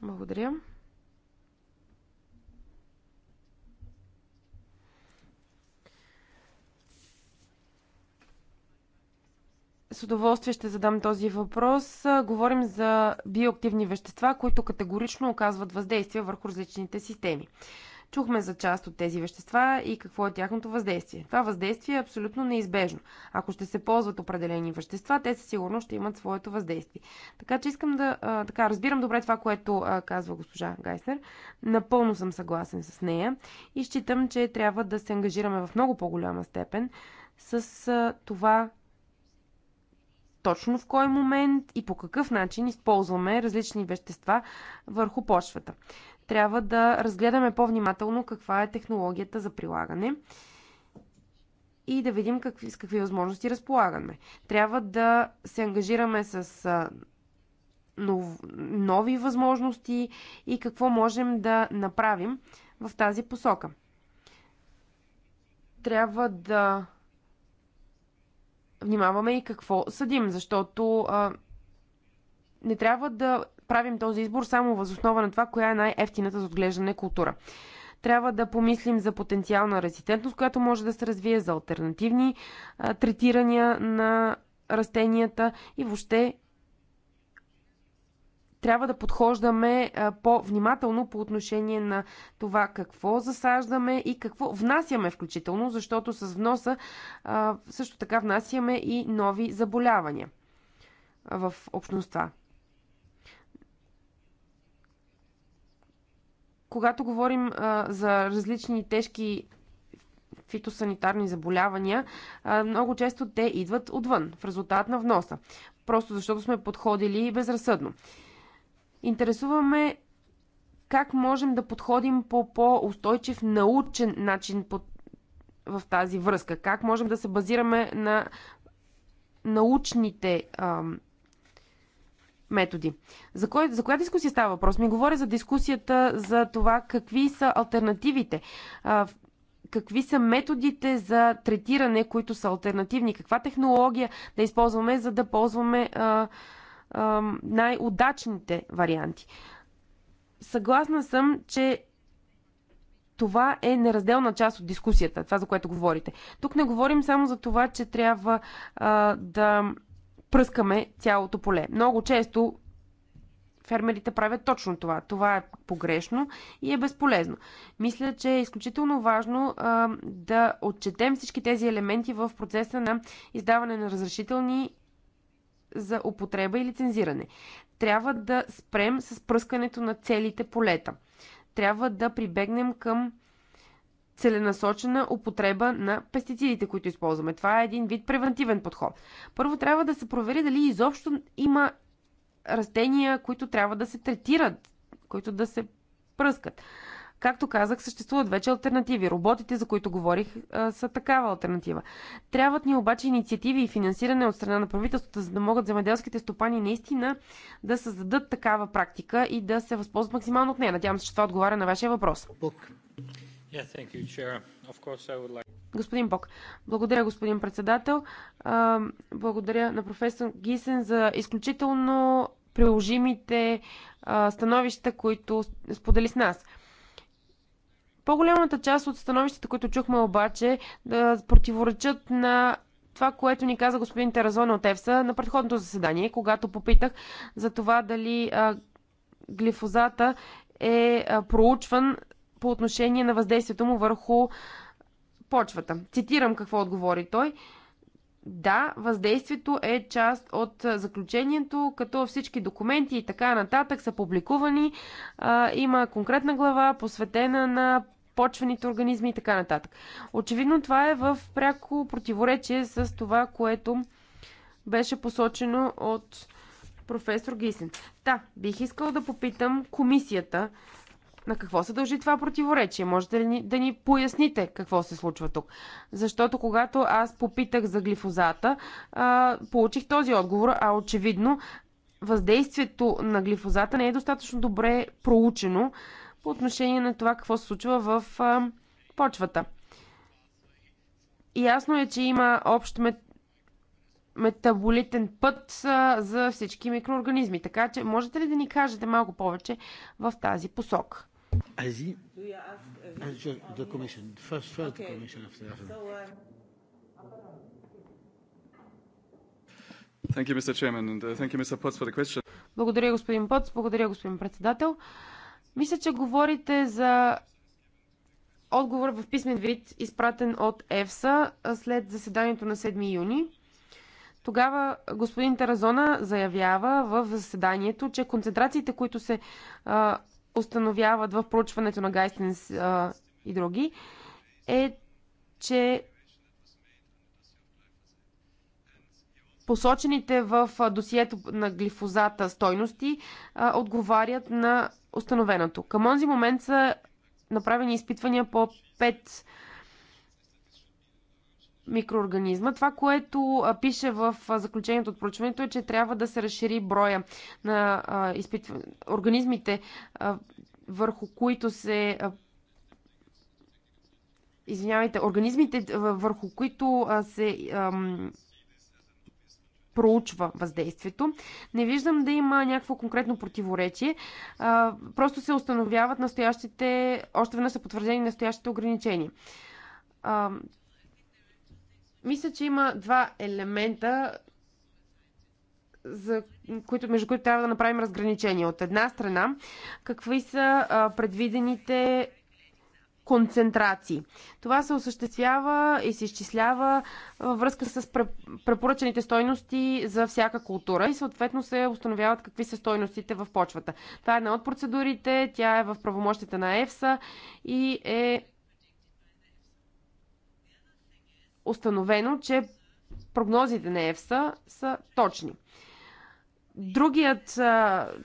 Благодаря. С удоволствие ще задам този въпрос. Говорим за биоактивни вещества, които категорично оказват въздействие върху различните системи. Чухме за част от тези вещества и какво е тяхното въздействие. Това въздействие е абсолютно неизбежно. Ако ще се ползват определени вещества, те със сигурност ще имат своето въздействие. Така че искам да. А, така, разбирам добре това, което а, казва госпожа Гайснер. Напълно съм съгласен с нея и считам, че трябва да се ангажираме в много по-голяма степен с а, това точно в кой момент и по какъв начин използваме различни вещества върху почвата трябва да разгледаме по-внимателно каква е технологията за прилагане и да видим какви, с какви възможности разполагаме. Трябва да се ангажираме с нов, нови възможности и какво можем да направим в тази посока. Трябва да внимаваме и какво съдим, защото а, не трябва да правим този избор само възоснова на това, коя е най-ефтината за отглеждане култура. Трябва да помислим за потенциална резистентност, която може да се развие за альтернативни а, третирания на растенията и въобще трябва да подхождаме по-внимателно по отношение на това какво засаждаме и какво внасяме включително, защото с вноса също така внасяме и нови заболявания в общността. когато говорим а, за различни тежки фитосанитарни заболявания, а, много често те идват отвън, в резултат на вноса. Просто защото сме подходили безразсъдно. Интересуваме как можем да подходим по по-устойчив научен начин под, в тази връзка. Как можем да се базираме на научните ам, методи. За, кой, за коя дискусия става въпрос? Ми говоря за дискусията за това какви са альтернативите, а, какви са методите за третиране, които са альтернативни, каква технология да използваме, за да ползваме най-удачните варианти. Съгласна съм, че това е неразделна част от дискусията, това за което говорите. Тук не говорим само за това, че трябва а, да пръскаме цялото поле. Много често фермерите правят точно това. Това е погрешно и е безполезно. Мисля, че е изключително важно а, да отчетем всички тези елементи в процеса на издаване на разрешителни за употреба и лицензиране. Трябва да спрем с пръскането на целите полета. Трябва да прибегнем към целенасочена употреба на пестицидите, които използваме. Това е един вид превентивен подход. Първо трябва да се провери дали изобщо има растения, които трябва да се третират, които да се пръскат. Както казах, съществуват вече альтернативи. Роботите, за които говорих, са такава альтернатива. Трябват ни обаче инициативи и финансиране от страна на правителството, за да могат земеделските стопани наистина да създадат такава практика и да се възползват максимално от нея. Надявам се, че това отговаря на вашия въпрос. Господин Бок, благодаря, господин председател. Благодаря на професор Гисен за изключително приложимите становища, които сподели с нас. По-голямата част от становищата, които чухме обаче, да противоречат на това, което ни каза господин Теразон от ЕФСА на предходното заседание, когато попитах за това дали глифозата е проучван по отношение на въздействието му върху почвата. Цитирам какво отговори той. Да, въздействието е част от заключението, като всички документи и така нататък са публикувани. А, има конкретна глава, посветена на почвените организми и така нататък. Очевидно това е в пряко противоречие с това, което беше посочено от професор Гисен. Та, бих искал да попитам комисията на какво се дължи това противоречие? Можете ли да ни поясните какво се случва тук? Защото когато аз попитах за глифозата, получих този отговор, а очевидно въздействието на глифозата не е достатъчно добре проучено по отношение на това какво се случва в почвата. Ясно е, че има общ мет... метаболитен път а, за всички микроорганизми. Така че можете ли да ни кажете малко повече в тази посока? Allez-y. Uh, the commission. First, first okay. the commission after. after. Um, thank you, Mr. Chairman, and uh, thank you, Mr. Potts, for the question. Благодаря, господин Потс. Благодаря, господин председател. Мисля, че говорите за отговор в писмен вид, изпратен от ЕФСА след заседанието на 7 юни. Тогава господин Таразона заявява в заседанието, че концентрациите, които се а, установяват в проучването на Гайстенс и други, е, че посочените в досието на глифозата стойности а, отговарят на установеното. Към онзи момент са направени изпитвания по 5 микроорганизма. Това, което пише в заключението от проучването е, че трябва да се разшири броя на изпитв... организмите, върху които се извинявайте, организмите, върху които се ам, проучва въздействието. Не виждам да има някакво конкретно противоречие. А, просто се установяват настоящите, още веднъж са потвърдени настоящите ограничения. А, мисля, че има два елемента, за които, между които трябва да направим разграничение. От една страна, какви са а, предвидените концентрации. Това се осъществява и се изчислява във връзка с препоръчените стойности за всяка култура и съответно се установяват какви са стойностите в почвата. Това е една от процедурите, тя е в правомощите на ЕФСА и е установено, че прогнозите на ЕФСА са точни. Другият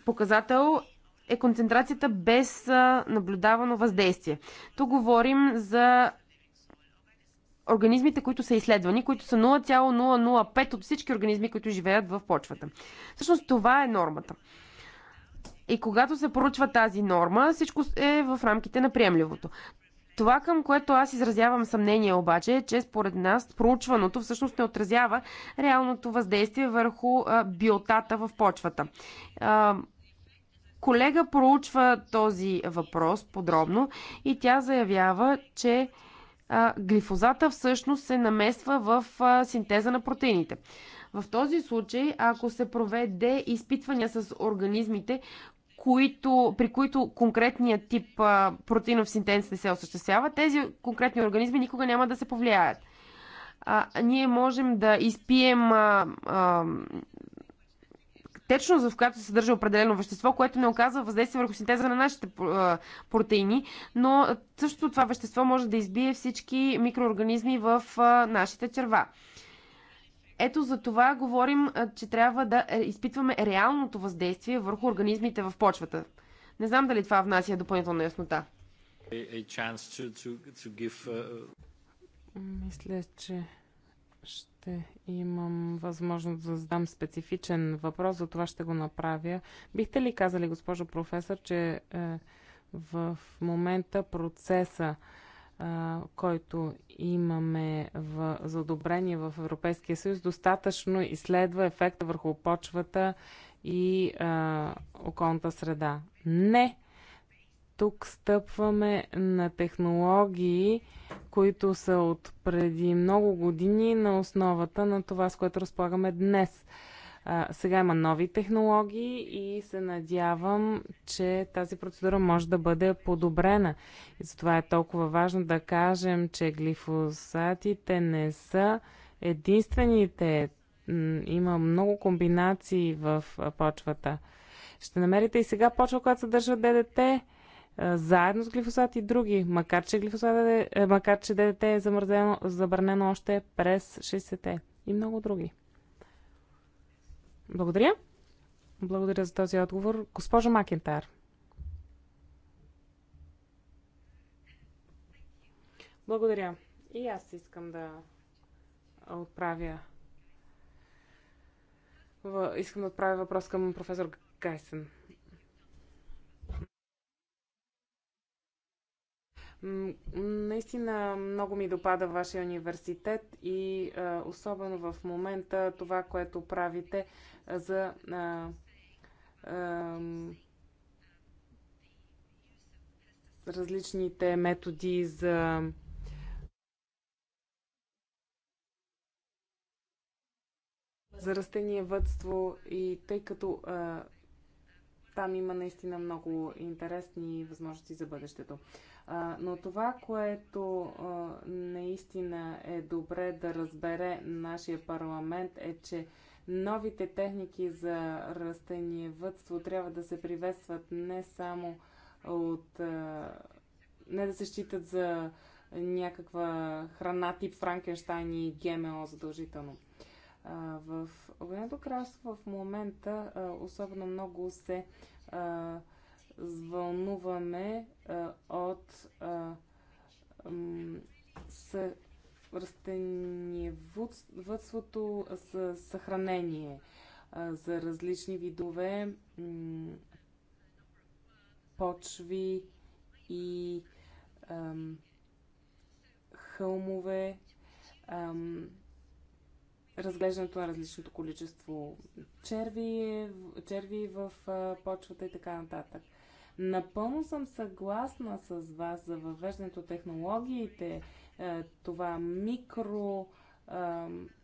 показател е концентрацията без наблюдавано въздействие. Тук говорим за организмите, които са изследвани, които са 0,005 от всички организми, които живеят в почвата. Всъщност това е нормата. И когато се поручва тази норма, всичко е в рамките на приемливото. Това, към което аз изразявам съмнение обаче, е, че според нас проучваното всъщност не отразява реалното въздействие върху биотата в почвата. Колега проучва този въпрос подробно и тя заявява, че глифозата всъщност се намесва в синтеза на протеините. В този случай, ако се проведе изпитвания с организмите, които, при които конкретният тип а, протеинов синтез не се осъществява, тези конкретни организми никога няма да се повлияят. А, ние можем да изпием а, а, течност, в която се съдържа определено вещество, което не оказва въздействие върху синтеза на нашите протеини, но също това вещество може да избие всички микроорганизми в нашите черва. Ето за това говорим, че трябва да е, изпитваме реалното въздействие върху организмите в почвата. Не знам дали това внася допълнителна яснота. To, to, to give, uh... Мисля, че ще имам възможност да задам специфичен въпрос, за това ще го направя. Бихте ли казали, госпожо професор, че е, в момента процеса който имаме в, за одобрение в Европейския съюз, достатъчно изследва ефекта върху почвата и а, околната среда. Не! Тук стъпваме на технологии, които са от преди много години на основата на това, с което разполагаме днес – а, сега има нови технологии и се надявам, че тази процедура може да бъде подобрена. И затова е толкова важно да кажем, че глифосатите не са единствените. Има много комбинации в почвата. Ще намерите и сега почва, която съдържа ДДТ заедно с глифосат и други, макар че, глифосат е, макар че ДДТ е замързено, забранено още през 60-те и много други. Благодаря. Благодаря за този отговор. Госпожо Макентар. Благодаря. И аз искам да отправя искам да отправя въпрос към професор Гайсен. Наистина много ми допада вашия университет и а, особено в момента това, което правите за а, а, различните методи за за растениевътство и тъй като а, там има наистина много интересни възможности за бъдещето но това, което наистина е добре да разбере нашия парламент е, че новите техники за растениевътство трябва да се приветстват не само от. не да се считат за някаква храна тип Франкенштайн и ГМО задължително. В Огненото кралство в момента особено много се вълнуваме а, от а, с растениевътството с съхранение а, за различни видове почви и а, хълмове, а, разглеждането на различното количество черви, е черви в а, почвата и така нататък. Напълно съм съгласна с вас за въвеждането технологиите, е, това микро е,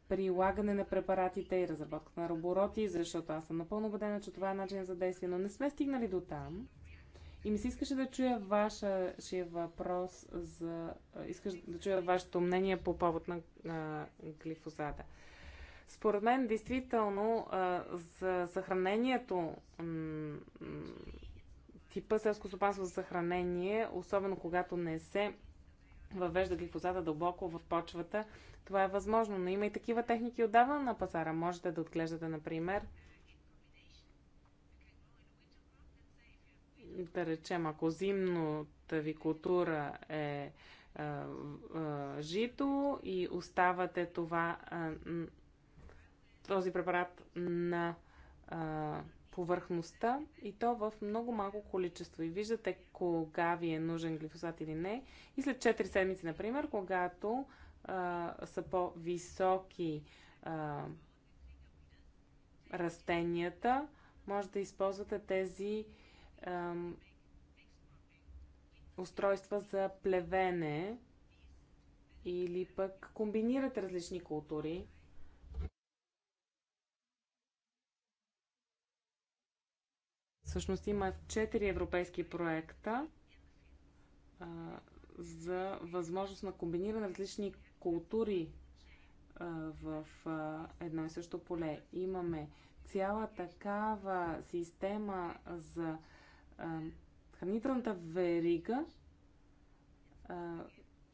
прилагане на препаратите и разработка на робороти, защото аз съм напълно убедена, че това е начин за действие, но не сме стигнали до там. И ми се искаше да чуя вашия въпрос за... Е, искаш да чуя вашето мнение по повод на а, глифозата. Според мен, действително, за съхранението типа селско стопанство за съхранение, особено когато не се въвежда глифозата дълбоко в почвата, това е възможно. Но има и такива техники отдавна на пазара. Можете да отглеждате, например, да речем, ако зимната ви култура е, е, е жито и оставате това, е, този препарат на повърхността и то в много малко количество. И виждате кога ви е нужен глифосат или не. И след 4 седмици, например, когато а, са по-високи растенията, може да използвате тези а, устройства за плевене или пък комбинирате различни култури Всъщност има четири европейски проекта а, за възможност на комбиниране различни култури а, в а, едно и също поле. Имаме цяла такава система за а, хранителната верига, а,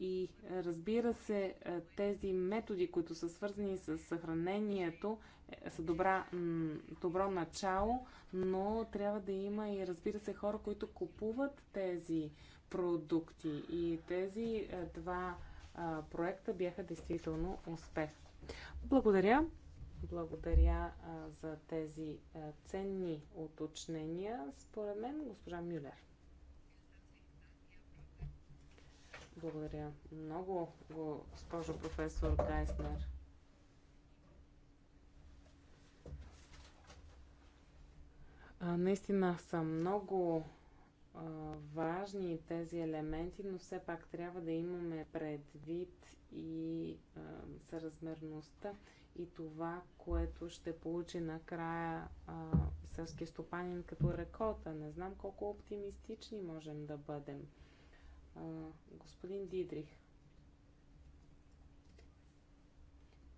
и разбира се, е, тези методи, които са свързани с съхранението, е, са добра, добро начало, но трябва да има и, разбира се, хора, които купуват тези продукти. И тези е, два проекта бяха действително успех. Благодаря. Благодаря за тези ценни уточнения. Според мен, госпожа Мюлер. Благодаря много, госпожо професор Гайснер. наистина са много а, важни тези елементи, но все пак трябва да имаме предвид и а, съразмерността и това, което ще получи накрая сърски стопанин като рекота. Не знам колко оптимистични можем да бъдем господин Дидрих.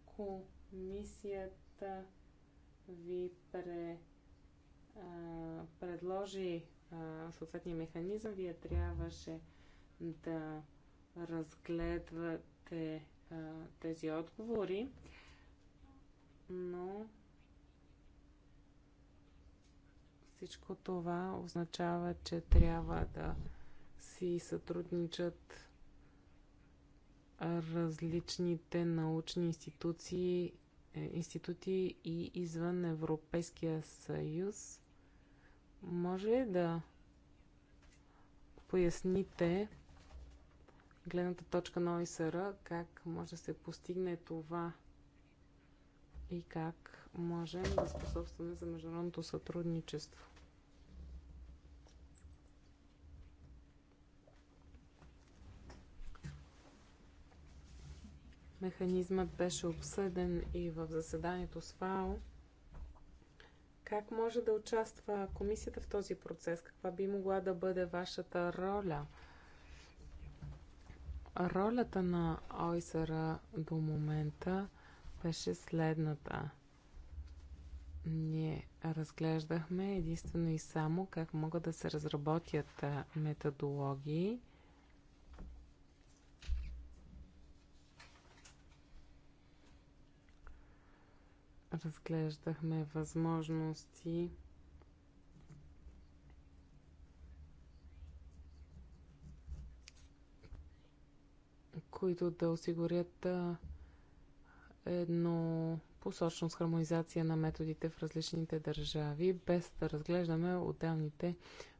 Комисията ви пре, а, предложи а, съответния механизъм. Вие трябваше да разгледвате а, тези отговори, но всичко това означава, че трябва да си сътрудничат различните научни институции, е, институти и извън Европейския съюз. Може ли да поясните гледната точка на ОИСР, как може да се постигне това и как можем да способстваме за международното сътрудничество? Механизмът беше обсъден и в заседанието с ФАО. Как може да участва комисията в този процес? Каква би могла да бъде вашата роля? Ролята на ОИСР до момента беше следната. Ние разглеждахме единствено и само как могат да се разработят методологии – разглеждахме възможности които да осигурят едно посочност хармонизация на методите в различните държави, без да разглеждаме отделните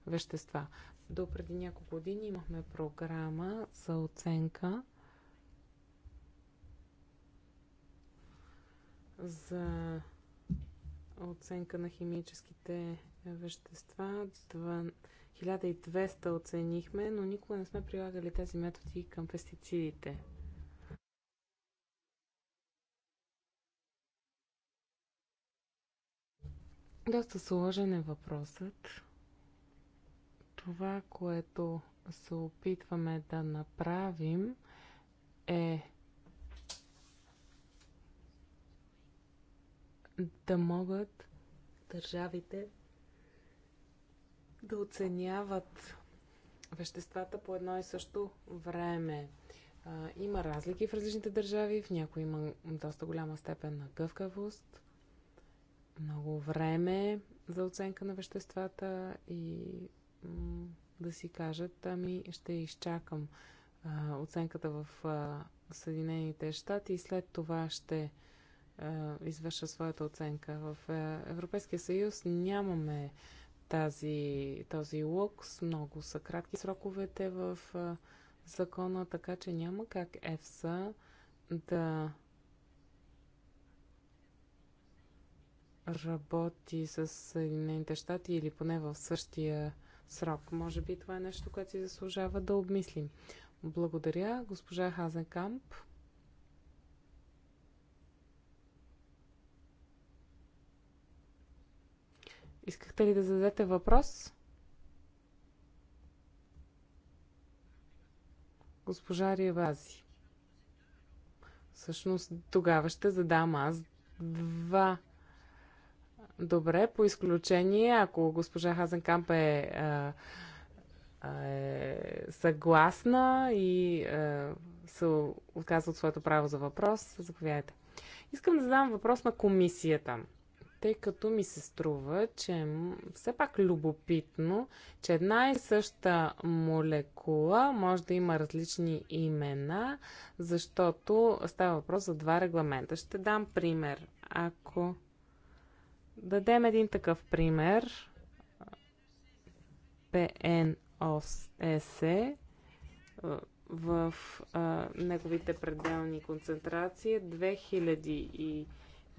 вещества. До преди няколко години имахме програма за оценка за оценка на химическите вещества. 1200 оценихме, но никога не сме прилагали тези методи към пестицидите. Доста сложен е въпросът. Това, което се опитваме да направим е да могат държавите да оценяват веществата по едно и също време. А, има разлики в различните държави, в някои има доста голяма степен на гъвкавост, много време за оценка на веществата и да си кажат, ами ще изчакам а, оценката в а, Съединените щати и след това ще извърша своята оценка. В Европейския съюз нямаме тази, този лукс, много са кратки сроковете в закона, така че няма как ЕФСА да работи с Съединените щати или поне в същия срок. Може би това е нещо, което си заслужава да обмислим. Благодаря, госпожа Хазенкамп. Искахте ли да зададете въпрос? Госпожа Риевази. Всъщност тогава ще задам аз два. Добре, по изключение, ако госпожа Хазенкамп е, е, е съгласна и е, се отказва от своето право за въпрос, заповядайте. Искам да задам въпрос на комисията тъй като ми се струва, че е все пак любопитно, че една и съща молекула може да има различни имена, защото става въпрос за два регламента. Ще дам пример. Ако дадем един такъв пример, PNOS е, в а, неговите пределни концентрации 2000 е и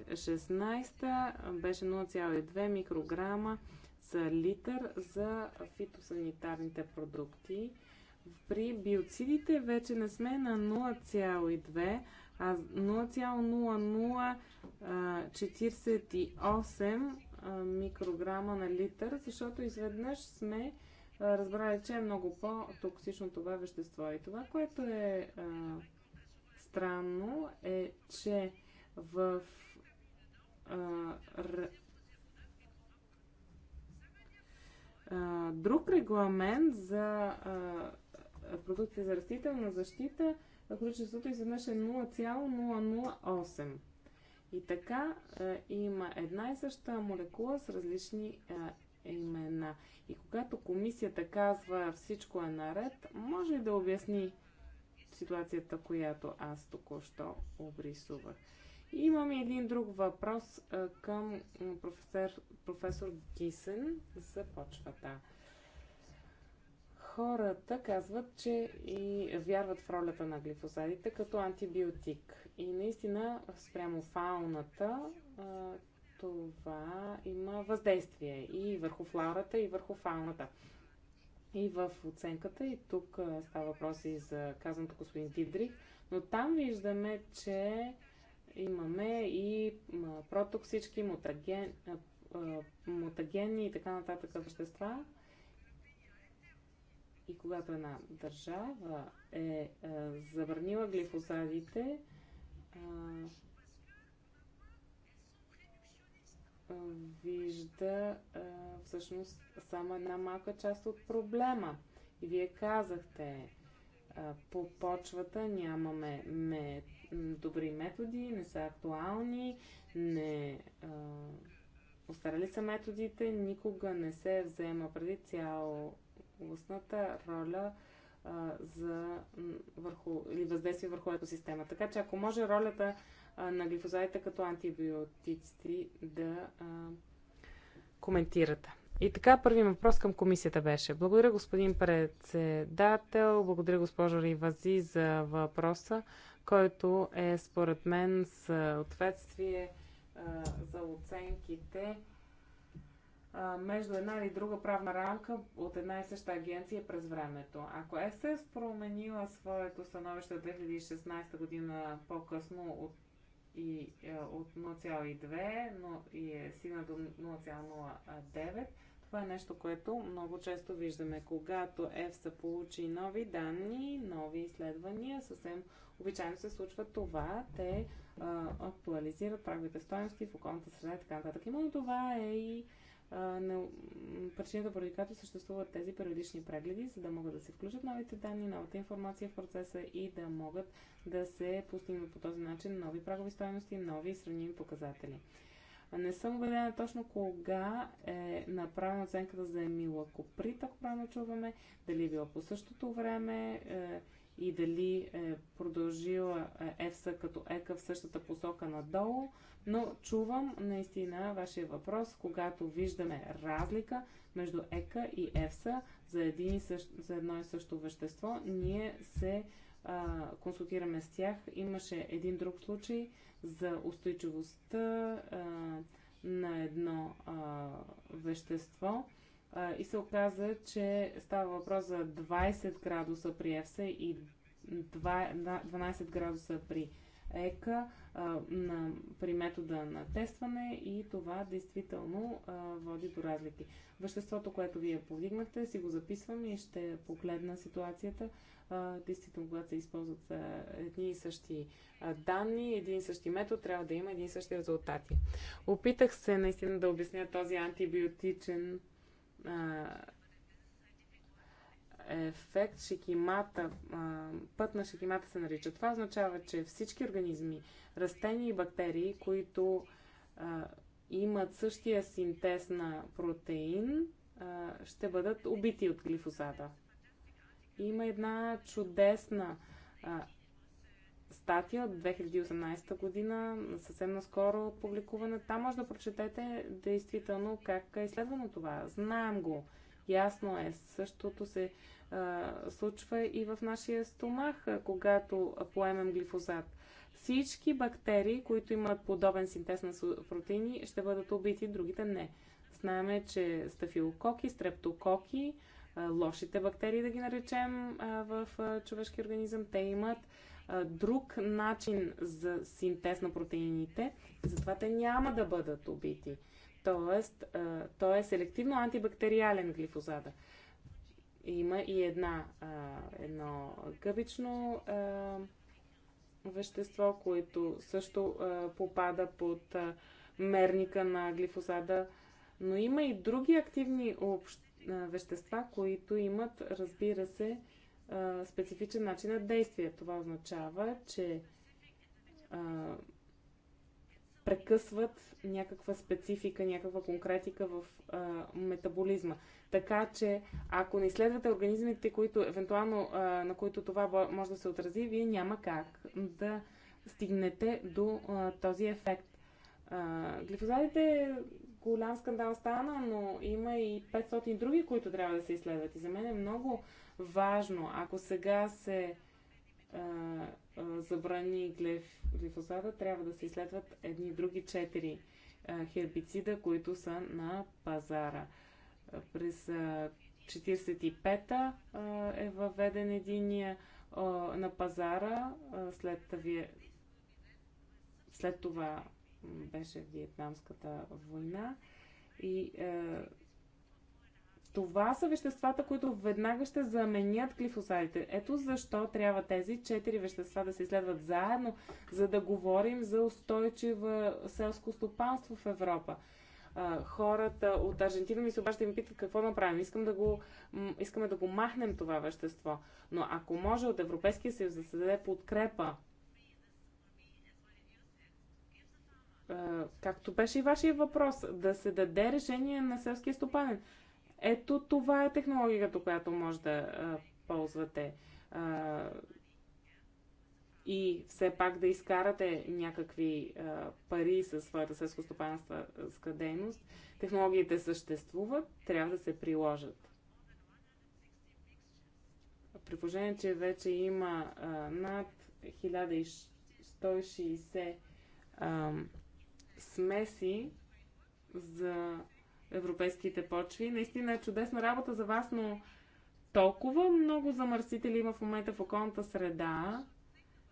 2016 беше 0,2 микрограма за литър за фитосанитарните продукти. При биоцидите вече не сме на 0,2, а 0,0048 микрограма на литър, защото изведнъж сме разбрали, че е много по-токсично това вещество. И това, което е а, странно, е, че в друг регламент за продукти за растителна защита, количеството изведнъж е 0,008. И така има една и съща молекула с различни имена. И когато комисията казва всичко е наред, може и да обясни ситуацията, която аз току-що обрисувах. Имам един друг въпрос а, към професор, професор Гисен Започва почвата. Хората казват, че и вярват в ролята на глифозадите като антибиотик. И наистина спрямо фауната а, това има въздействие и върху флората, и върху фауната. И в оценката, и тук става въпрос и за казаното господин Дидрих, но там виждаме, че имаме и протоксички, мутаген, мутагенни и така нататък вещества. И когато една държава е, е забранила глифосадите, вижда всъщност само една малка част от проблема. И вие казахте, по почвата нямаме мед, добри методи, не са актуални, не а, остарали са методите, никога не се взема преди цялостната роля а, за, върху, или въздействие върху екосистема. Така че ако може ролята а, на глифозаите като антибиотици да а, коментирате. И така, първи въпрос към комисията беше. Благодаря, господин председател, благодаря, госпожо Ривази, за въпроса който е според мен съответствие за оценките между една или друга правна рамка от една и съща агенция през времето. Ако ЕСЕС променила своето становище от 2016 година по-късно от, и, е, от 0,2 но и е стигна до 0,09, това е нещо, което много често виждаме. Когато ЕФСА получи нови данни, нови изследвания, съвсем обичайно се случва това. Те а, актуализират праговите стоености в околната среда и така нататък. Именно това е и а, не, причината, поради която съществуват тези периодични прегледи, за да могат да се включат новите данни, новата информация в процеса и да могат да се постигнат по този начин нови прагови стоености, нови сравними показатели. Не съм убедена точно кога е направена оценката за Емила Коприт, ако правилно чуваме, дали е била по същото време е, и дали е продължила е, ЕФСА като ЕКА в същата посока надолу. Но чувам наистина вашия въпрос, когато виждаме разлика между ЕКА и ЕФСА за, един и същ, за едно и също вещество, ние се а, консултираме с тях. Имаше един друг случай, за устойчивостта а, на едно а, вещество. А, и се оказа, че става въпрос за 20 градуса при ЕФСА и 2, 12 градуса при ЕКА на, при метода на тестване и това действително а, води до разлики. Веществото, което вие повдигнахте, си го записвам и ще погледна ситуацията. А, действително, когато се използват а, едни и същи а, данни, един и същи метод, трябва да има един и същи резултати. Опитах се наистина да обясня този антибиотичен ефект шикимата, път на шикимата се нарича. Това означава, че всички организми, растения и бактерии, които имат същия синтез на протеин, ще бъдат убити от глифосата. Има една чудесна статия от 2018 година, съвсем наскоро публикувана. Там може да прочетете действително как е изследвано това. Знаем го Ясно е, същото се а, случва и в нашия стомах, когато поемем глифозат. Всички бактерии, които имат подобен синтез на протеини, ще бъдат убити, другите не. Знаеме, че стафилококи, стрептококи, лошите бактерии, да ги наречем, в човешки организъм, те имат друг начин за синтез на протеините, затова те няма да бъдат убити. Тоест, а, той е селективно антибактериален глифозада. Има и една, а, едно гъбично а, вещество, което също а, попада под а, мерника на глифозада. Но има и други активни общ, а, вещества, които имат, разбира се, а, специфичен начин на действие. Това означава, че а, прекъсват някаква специфика, някаква конкретика в а, метаболизма. Така че, ако не изследвате организмите, които евентуално а, на които това може да се отрази, вие няма как да стигнете до а, този ефект. А, глифозадите голям скандал стана, но има и 500 други, които трябва да се изследват. И за мен е много важно, ако сега се забрани глифозата, трябва да се изследват едни други четири хербицида, които са на пазара. През 1945- та е въведен единия на пазара, след, след това беше Виетнамската война и това са веществата, които веднага ще заменят глифосатите. Ето защо трябва тези четири вещества да се изследват заедно, за да говорим за устойчиво селско стопанство в Европа. хората от Аржентина ми се и ми питат какво направим. Искам да го, искаме да го махнем това вещество. Но ако може от Европейския съюз да се даде подкрепа както беше и вашия въпрос, да се даде решение на селския стопанен. Ето това е технологията, която може да а, ползвате. А, и все пак да изкарате някакви а, пари със своята селскостопанска дейност. Технологиите съществуват, трябва да се приложат. При положение, че вече има а, над 1160 а, смеси за европейските почви. Наистина е чудесна работа за вас, но толкова много замърсители има в момента в околната среда,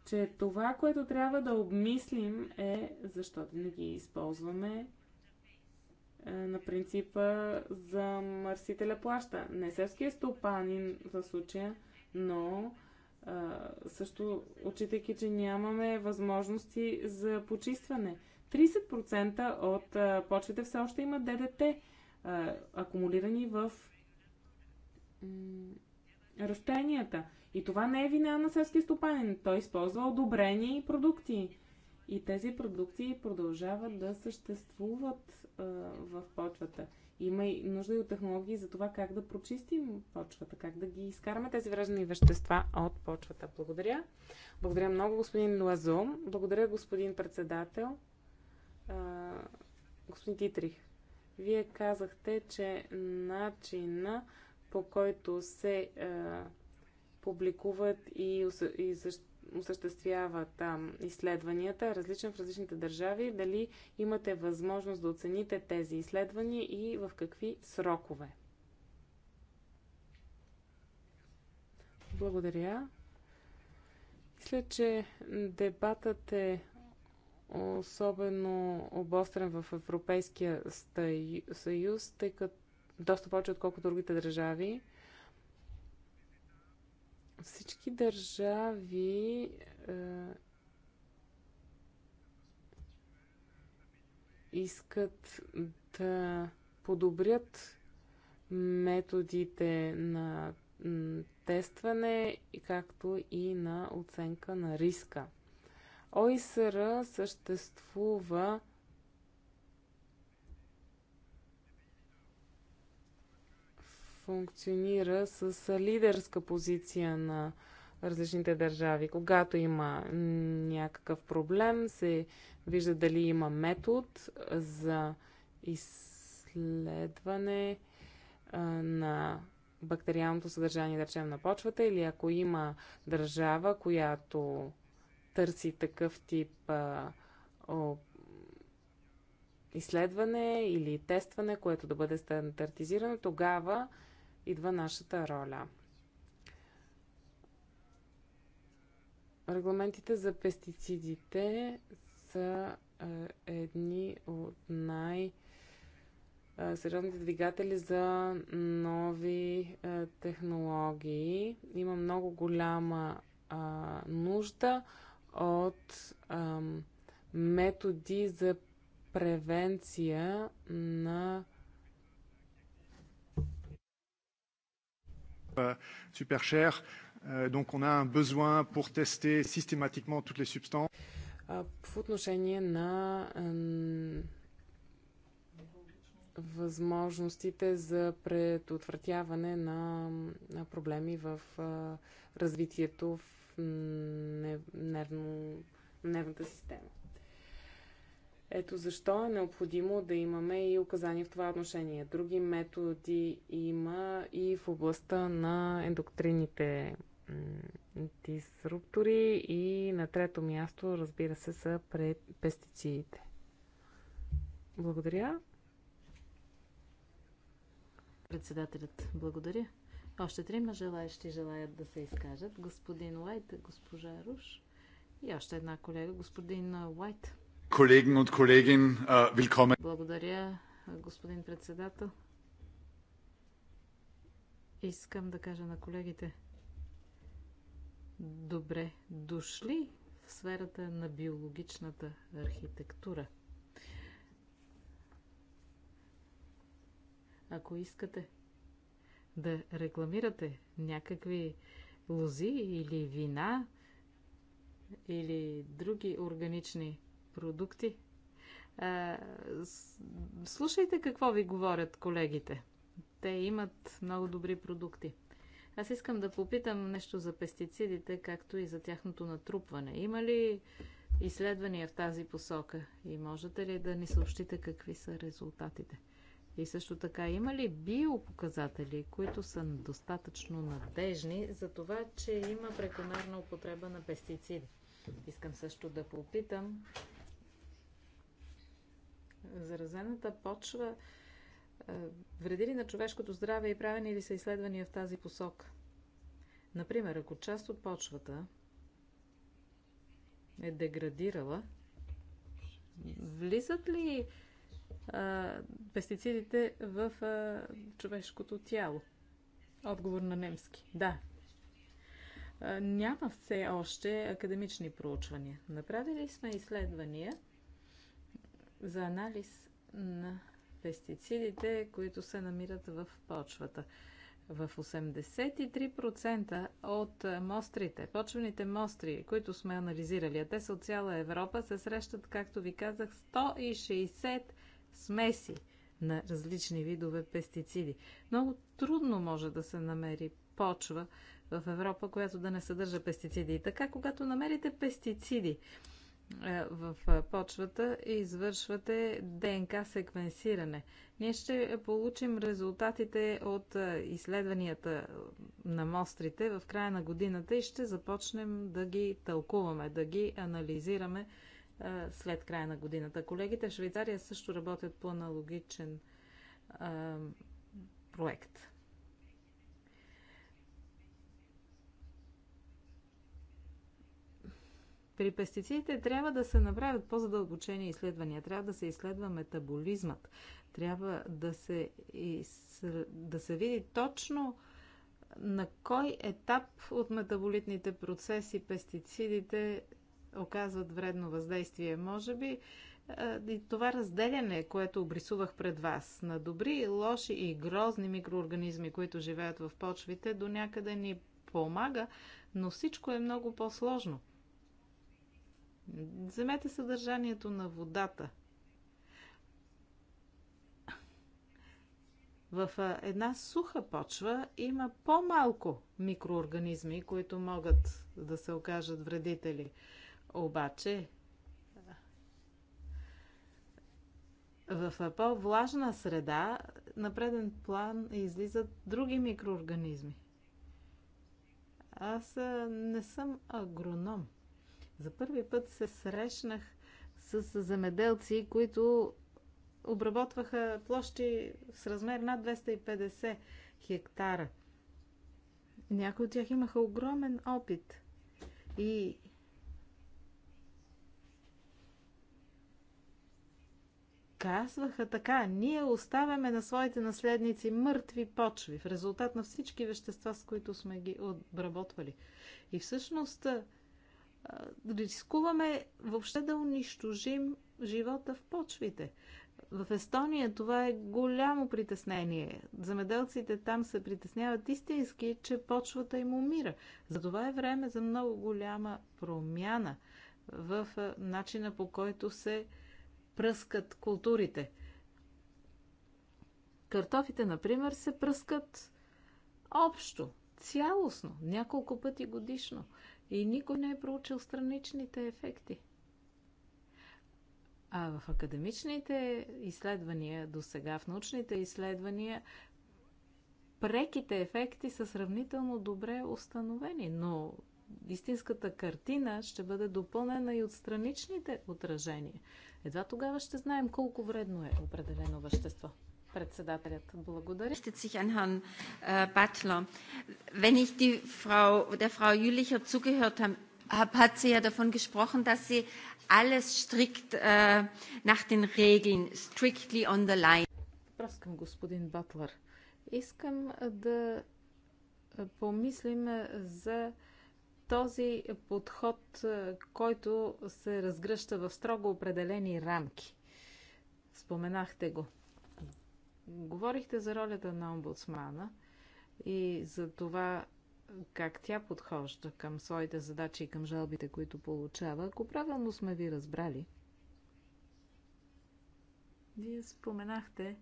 че това, което трябва да обмислим е защо да не ги използваме е, на принципа замърсителя плаща. Не селския стопанин за случая, но е, също отчитайки, че нямаме възможности за почистване. 30% от почвите все още имат ДДТ, акумулирани в растенията. И това не е вина на селски стопанин. Той използва одобрени продукти. И тези продукти продължават да съществуват а, в почвата. Има и нужда и от технологии за това как да прочистим почвата, как да ги изкараме тези вредни вещества от почвата. Благодаря. Благодаря много, господин Лазо. Благодаря, господин председател господин Титрих, вие казахте, че начина по който се а, публикуват и, и осъществява там изследванията, е различен в различните държави, дали имате възможност да оцените тези изследвания и в какви срокове? Благодаря. Мисля, че дебатът е особено обострен в Европейския съюз, тъй като доста повече отколкото другите държави. Всички държави е, искат да подобрят методите на тестване, както и на оценка на риска. ОИСР съществува функционира с лидерска позиция на различните държави. Когато има някакъв проблем, се вижда дали има метод за изследване на бактериалното съдържание, да речем, на почвата, или ако има държава, която търси такъв тип а, о, изследване или тестване, което да бъде стандартизирано, тогава идва нашата роля. Регламентите за пестицидите са едни от най- сериозните двигатели за нови технологии. Има много голяма нужда от ам, методи за превенция на Супер cher. Euh, donc on a un besoin pour tester systématiquement toutes les substances. В отношение на възможностите за предотвратяване на проблеми в развитието в нерв, нервно, нервната система. Ето защо е необходимо да имаме и указания в това отношение. Други методи има и в областта на ендоктрините дисруптори и на трето място, разбира се, са пестицидите. Благодаря. Председателят, благодаря. Още трима желаящи желаят да се изкажат. Господин Уайт, госпожа Руш и още една колега, господин Уайт. Колеги от колегин, вилкомен. Благодаря, господин председател. Искам да кажа на колегите. Добре дошли в сферата на биологичната архитектура. Ако искате да рекламирате някакви лози или вина или други органични продукти, слушайте какво ви говорят колегите. Те имат много добри продукти. Аз искам да попитам нещо за пестицидите, както и за тяхното натрупване. Има ли изследвания в тази посока и можете ли да ни съобщите какви са резултатите? И също така, има ли биопоказатели, които са достатъчно надежни за това, че има прекомерна употреба на пестициди? Искам също да попитам. Заразената почва е, вреди ли на човешкото здраве и правени ли са изследвания в тази посока? Например, ако част от почвата е деградирала, влизат ли пестицидите в а, човешкото тяло? Отговор на немски. Да. А, няма все още академични проучвания. Направили сме изследвания за анализ на пестицидите, които се намират в почвата. В 83% от мострите, почвените мостри, които сме анализирали, а те са от цяла Европа, се срещат, както ви казах, 160 смеси на различни видове пестициди. Много трудно може да се намери почва в Европа, която да не съдържа пестициди. И така, когато намерите пестициди е, в почвата и извършвате ДНК секвенсиране, ние ще получим резултатите от е, изследванията на мострите в края на годината и ще започнем да ги тълкуваме, да ги анализираме е, след края на годината. Колегите в Швейцария също работят по аналогичен а, е, проект. При пестицидите трябва да се направят по-задълбочени изследвания, трябва да се изследва метаболизмът, трябва да се, из... да се види точно на кой етап от метаболитните процеси пестицидите оказват вредно въздействие. Може би и това разделяне, което обрисувах пред вас на добри, лоши и грозни микроорганизми, които живеят в почвите, до някъде ни помага, но всичко е много по-сложно. Вземете съдържанието на водата. В една суха почва има по-малко микроорганизми, които могат да се окажат вредители. Обаче, в по-влажна среда на преден план излизат други микроорганизми. Аз не съм агроном. За първи път се срещнах с земеделци, които обработваха площи с размер над 250 хектара. Някои от тях имаха огромен опит и казваха така, ние оставяме на своите наследници мъртви почви в резултат на всички вещества, с които сме ги обработвали. И всъщност рискуваме въобще да унищожим живота в почвите. В Естония това е голямо притеснение. Замеделците там се притесняват истински, че почвата им умира. Затова е време за много голяма промяна в начина по който се пръскат културите. Картофите, например, се пръскат общо, цялостно, няколко пъти годишно. И никой не е проучил страничните ефекти. А в академичните изследвания до сега, в научните изследвания, преките ефекти са сравнително добре установени, но истинската картина ще бъде допълнена и от страничните отражения. Едва тогава ще знаем колко вредно е определено вещество. Председателят, благодаря. Sich an Herrn Butler. Wenn ich die Frau, der Frau Jülicher zugehört habe, hat sie ja davon gesprochen, dass sie alles strikt äh, nach den Regeln, strictly on the line. Въпрос към господин Батлер. Искам да помислим за този подход, е, който се разгръща в строго определени рамки. Споменахте го. Говорихте за ролята на омбудсмана и за това как тя подхожда към своите задачи и към жалбите, които получава. Ако правилно сме ви разбрали, вие споменахте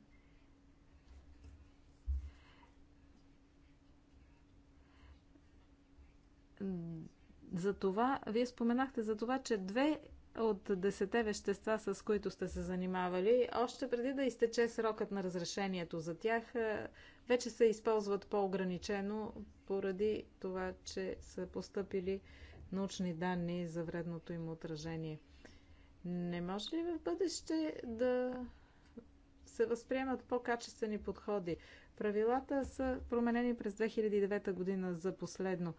За това, вие споменахте за това, че две от десете вещества, с които сте се занимавали, още преди да изтече срокът на разрешението за тях, е, вече се използват по-ограничено поради това, че са поступили научни данни за вредното им отражение. Не може ли в бъдеще да се възприемат по-качествени подходи? Правилата са променени през 2009 година за последно.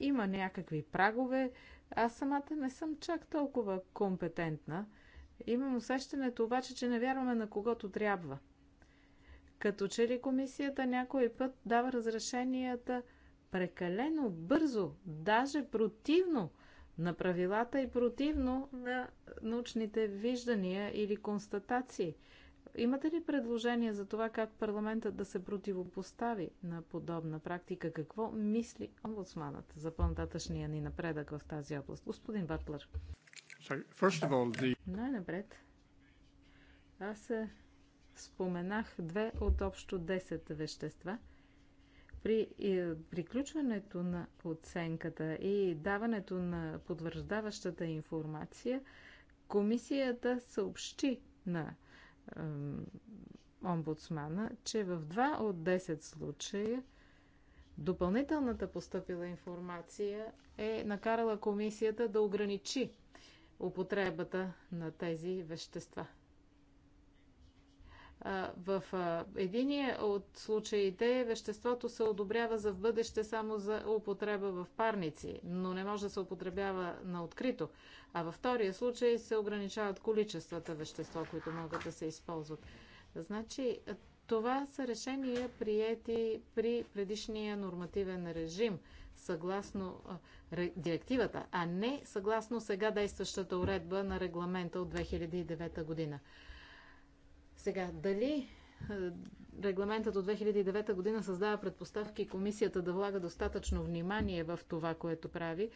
Има някакви прагове. Аз самата не съм чак толкова компетентна. Имам усещането обаче, че не вярваме на когото трябва. Като че ли комисията някой път дава разрешенията прекалено бързо, даже противно на правилата и противно на научните виждания или констатации – Имате ли предложение за това как парламентът да се противопостави на подобна практика? Какво мисли омбудсманът за по-нататъчния ни напредък в тази област? Господин Батлер. The... Най-напред. Аз споменах две от общо 10 вещества. При приключването на оценката и даването на подвърждаващата информация, комисията съобщи на омбудсмана, че в два от 10 случая допълнителната поступила информация е накарала комисията да ограничи употребата на тези вещества. В единия от случаите веществото се одобрява за в бъдеще само за употреба в парници, но не може да се употребява на открито. А във втория случай се ограничават количествата вещества, които могат да се използват. Значи, това са решения приети при предишния нормативен режим, съгласно директивата, а не съгласно сега действащата уредба на регламента от 2009 година. Сега, дали е, регламентът от 2009 година създава предпоставки комисията да влага достатъчно внимание в това, което прави.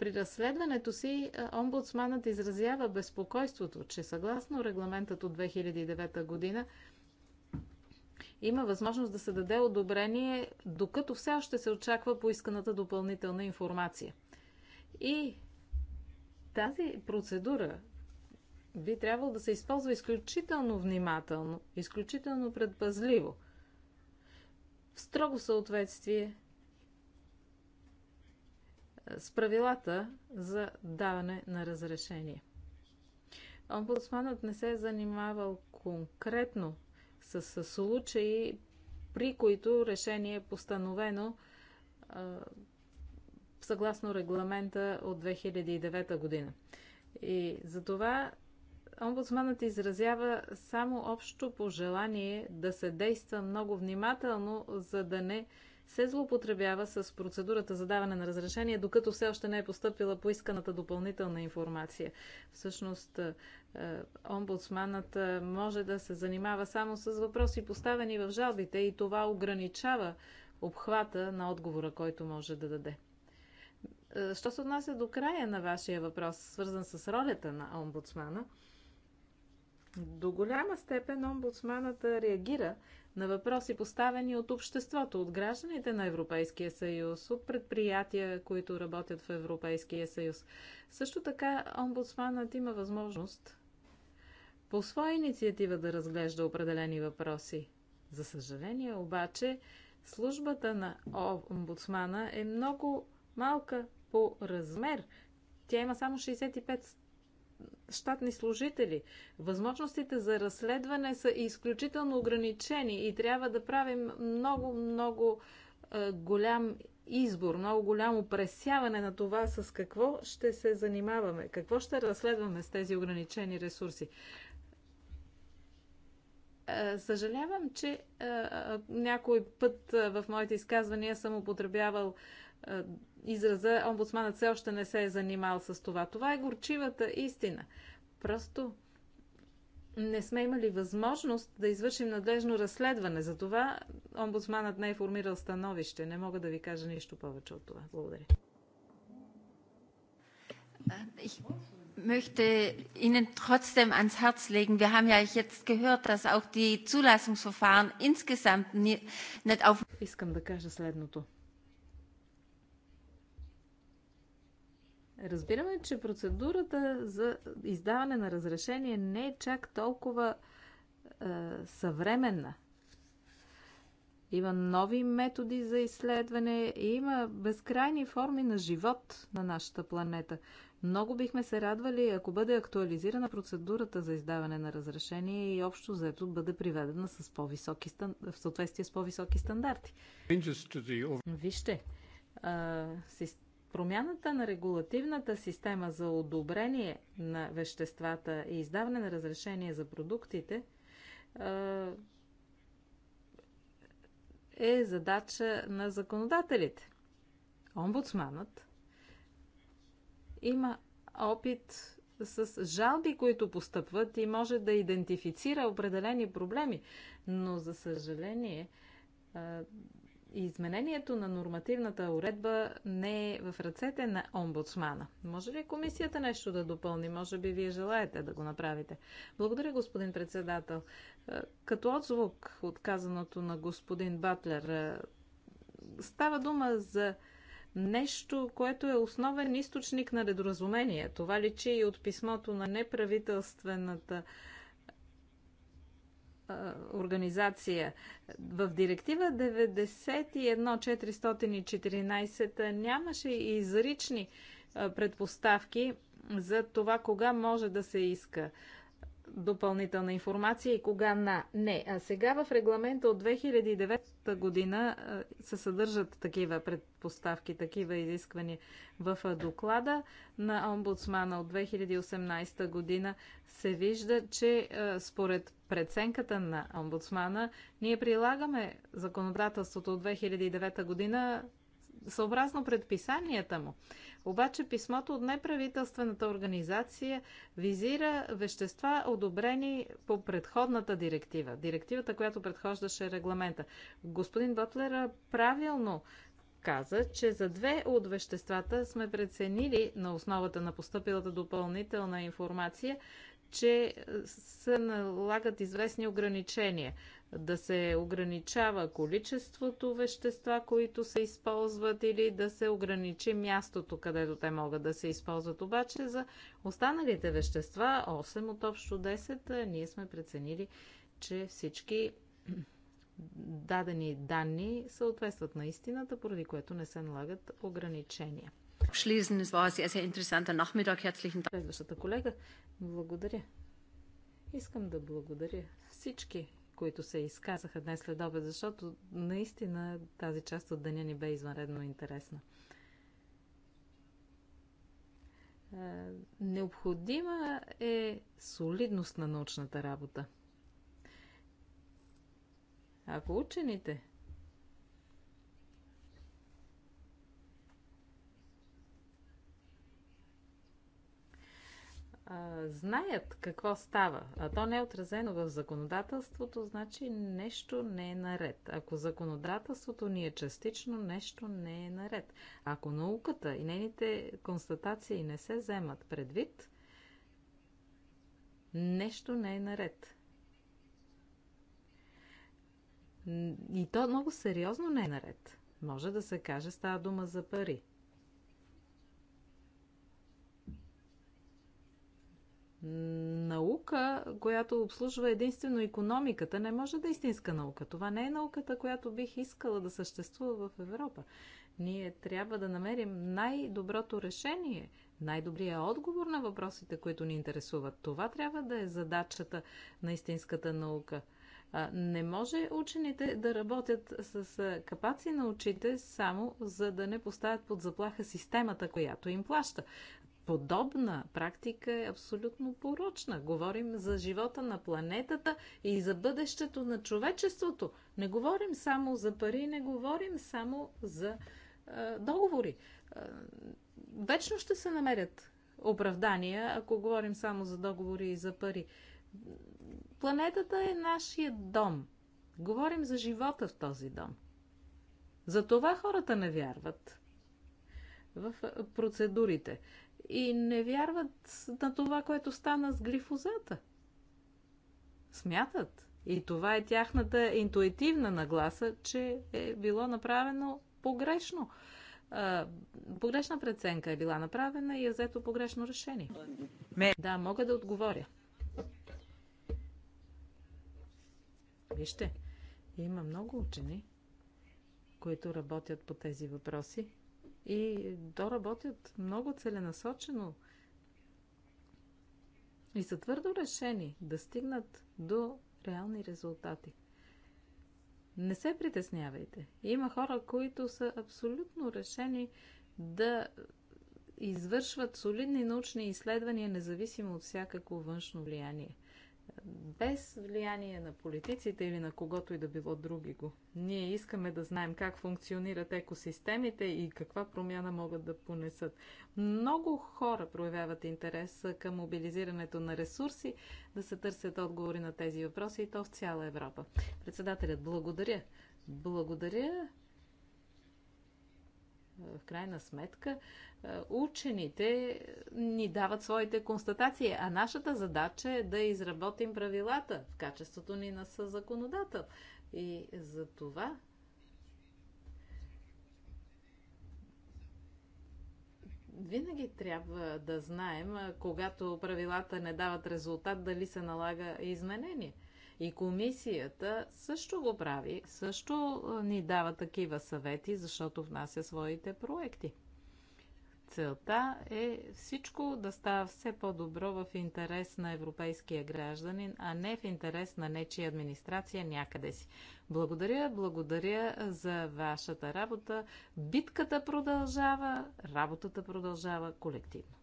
При разследването си е, омбудсманът изразява безпокойството, че съгласно регламентът от 2009 година има възможност да се даде одобрение, докато все още се очаква поисканата допълнителна информация. И тази процедура би трябвало да се използва изключително внимателно, изключително предпазливо, в строго съответствие е, с правилата за даване на разрешение. Омбудсманът не се е занимавал конкретно с, с случаи, при които решение е постановено а, съгласно регламента от 2009 година. И за това омбудсманът изразява само общо пожелание да се действа много внимателно, за да не се злоупотребява с процедурата за даване на разрешение, докато все още не е поступила поисканата допълнителна информация. Всъщност, е, омбудсманът е, може да се занимава само с въпроси поставени в жалбите и това ограничава обхвата на отговора, който може да даде. Е, що се отнася до края на вашия въпрос, свързан с ролята на омбудсмана, до голяма степен омбудсманата реагира на въпроси поставени от обществото, от гражданите на Европейския съюз, от предприятия, които работят в Европейския съюз. Също така омбудсманът има възможност по своя инициатива да разглежда определени въпроси. За съжаление обаче, службата на омбудсмана е много малка по размер. Тя има само 65 щатни служители. Възможностите за разследване са изключително ограничени и трябва да правим много, много е, голям избор, много голямо пресяване на това с какво ще се занимаваме, какво ще разследваме с тези ограничени ресурси. Е, съжалявам, че е, е, някой път в моите изказвания съм употребявал израза омбудсманът все още не се е занимал с това. Това е горчивата истина. Просто не сме имали възможност да извършим надлежно разследване. За това омбудсманът не е формирал становище. Не мога да ви кажа нищо повече от това. Благодаря. möchte Ihnen trotzdem ans Herz legen, wir haben ja jetzt gehört, dass auch die Zulassungsverfahren insgesamt nicht auf... Ich Искам да кажа следното. Разбираме, че процедурата за издаване на разрешение не е чак толкова е, съвременна. Има нови методи за изследване и има безкрайни форми на живот на нашата планета. Много бихме се радвали, ако бъде актуализирана процедурата за издаване на разрешение и общо заето бъде приведена с по-високи стан... в съответствие с по-високи стандарти. Вижте, а, Промяната на регулативната система за одобрение на веществата и издаване на разрешение за продуктите е задача на законодателите. Омбудсманът има опит с жалби, които постъпват и може да идентифицира определени проблеми, но за съжаление Изменението на нормативната уредба не е в ръцете на омбудсмана. Може ли комисията нещо да допълни? Може би вие желаете да го направите. Благодаря, господин председател. Е, като отзвук от казаното на господин Батлер, е, става дума за нещо, което е основен източник на недоразумение. Това личи и от писмото на неправителствената организация. В директива 91414 нямаше изрични предпоставки за това кога може да се иска допълнителна информация и кога на не. А сега в регламента от 2009 година се съдържат такива предпоставки, такива изисквания в доклада на омбудсмана от 2018 година се вижда, че според преценката на омбудсмана ние прилагаме законодателството от 2009 година съобразно предписанията му. Обаче писмото от неправителствената организация визира вещества, одобрени по предходната директива. Директивата, която предхождаше регламента. Господин Ботлер правилно каза, че за две от веществата сме преценили на основата на поступилата допълнителна информация, че е, се налагат известни ограничения. Да се ограничава количеството вещества, които се използват или да се ограничи мястото, където те могат да се използват. Обаче за останалите вещества, 8 от общо 10, е, ние сме преценили, че всички дадени данни съответстват на истината, поради което не се налагат ограничения abschließen. Es war ein sehr, sehr interessanter Nachmittag. Herzlichen Dank. Следващата колега, благодаря. Искам да благодаря всички, които се изказаха днес след обед, защото наистина тази част от деня ни бе извънредно интересна. Е, необходима е солидност на научната работа. Ако учените а, знаят какво става, а то не е отразено в законодателството, значи нещо не е наред. Ако законодателството ни е частично, нещо не е наред. Ако науката и нейните констатации не се вземат предвид, нещо не е наред. И то много сериозно не е наред. Може да се каже, става дума за пари. наука, която обслужва единствено економиката, не може да е истинска наука. Това не е науката, която бих искала да съществува в Европа. Ние трябва да намерим най-доброто решение, най-добрия отговор на въпросите, които ни интересуват. Това трябва да е задачата на истинската наука. Не може учените да работят с капаци на очите само за да не поставят под заплаха системата, която им плаща подобна практика е абсолютно порочна. Говорим за живота на планетата и за бъдещето на човечеството. Не говорим само за пари, не говорим само за е, договори. Е, вечно ще се намерят оправдания, ако говорим само за договори и за пари. Планетата е нашия дом. Говорим за живота в този дом. Затова хората не вярват в процедурите и не вярват на това, което стана с глифозата. Смятат. И това е тяхната интуитивна нагласа, че е било направено погрешно. Погрешна преценка е била направена и е взето погрешно решение. Ме... Да, мога да отговоря. Вижте, има много учени, които работят по тези въпроси и то работят много целенасочено и са твърдо решени да стигнат до реални резултати. Не се притеснявайте. Има хора, които са абсолютно решени да извършват солидни научни изследвания, независимо от всякакво външно влияние без влияние на политиците или на когото и да било други го. Ние искаме да знаем как функционират екосистемите и каква промяна могат да понесат. Много хора проявяват интерес към мобилизирането на ресурси, да се търсят отговори на тези въпроси и то в цяла Европа. Председателят, благодаря. Благодаря в крайна сметка е, учените ни дават своите констатации, а нашата задача е да изработим правилата в качеството ни на съзаконодател. И за това винаги трябва да знаем, е, когато правилата не дават резултат, дали се налага изменение. И комисията също го прави, също ни дава такива съвети, защото внася своите проекти. Целта е всичко да става все по-добро в интерес на европейския гражданин, а не в интерес на нечия администрация някъде си. Благодаря, благодаря за вашата работа. Битката продължава, работата продължава колективно.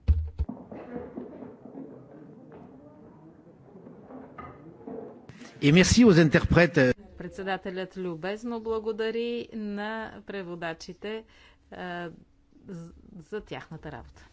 И мерси aux euh, Председателят любезно благодари на преводачите за тяхната работа.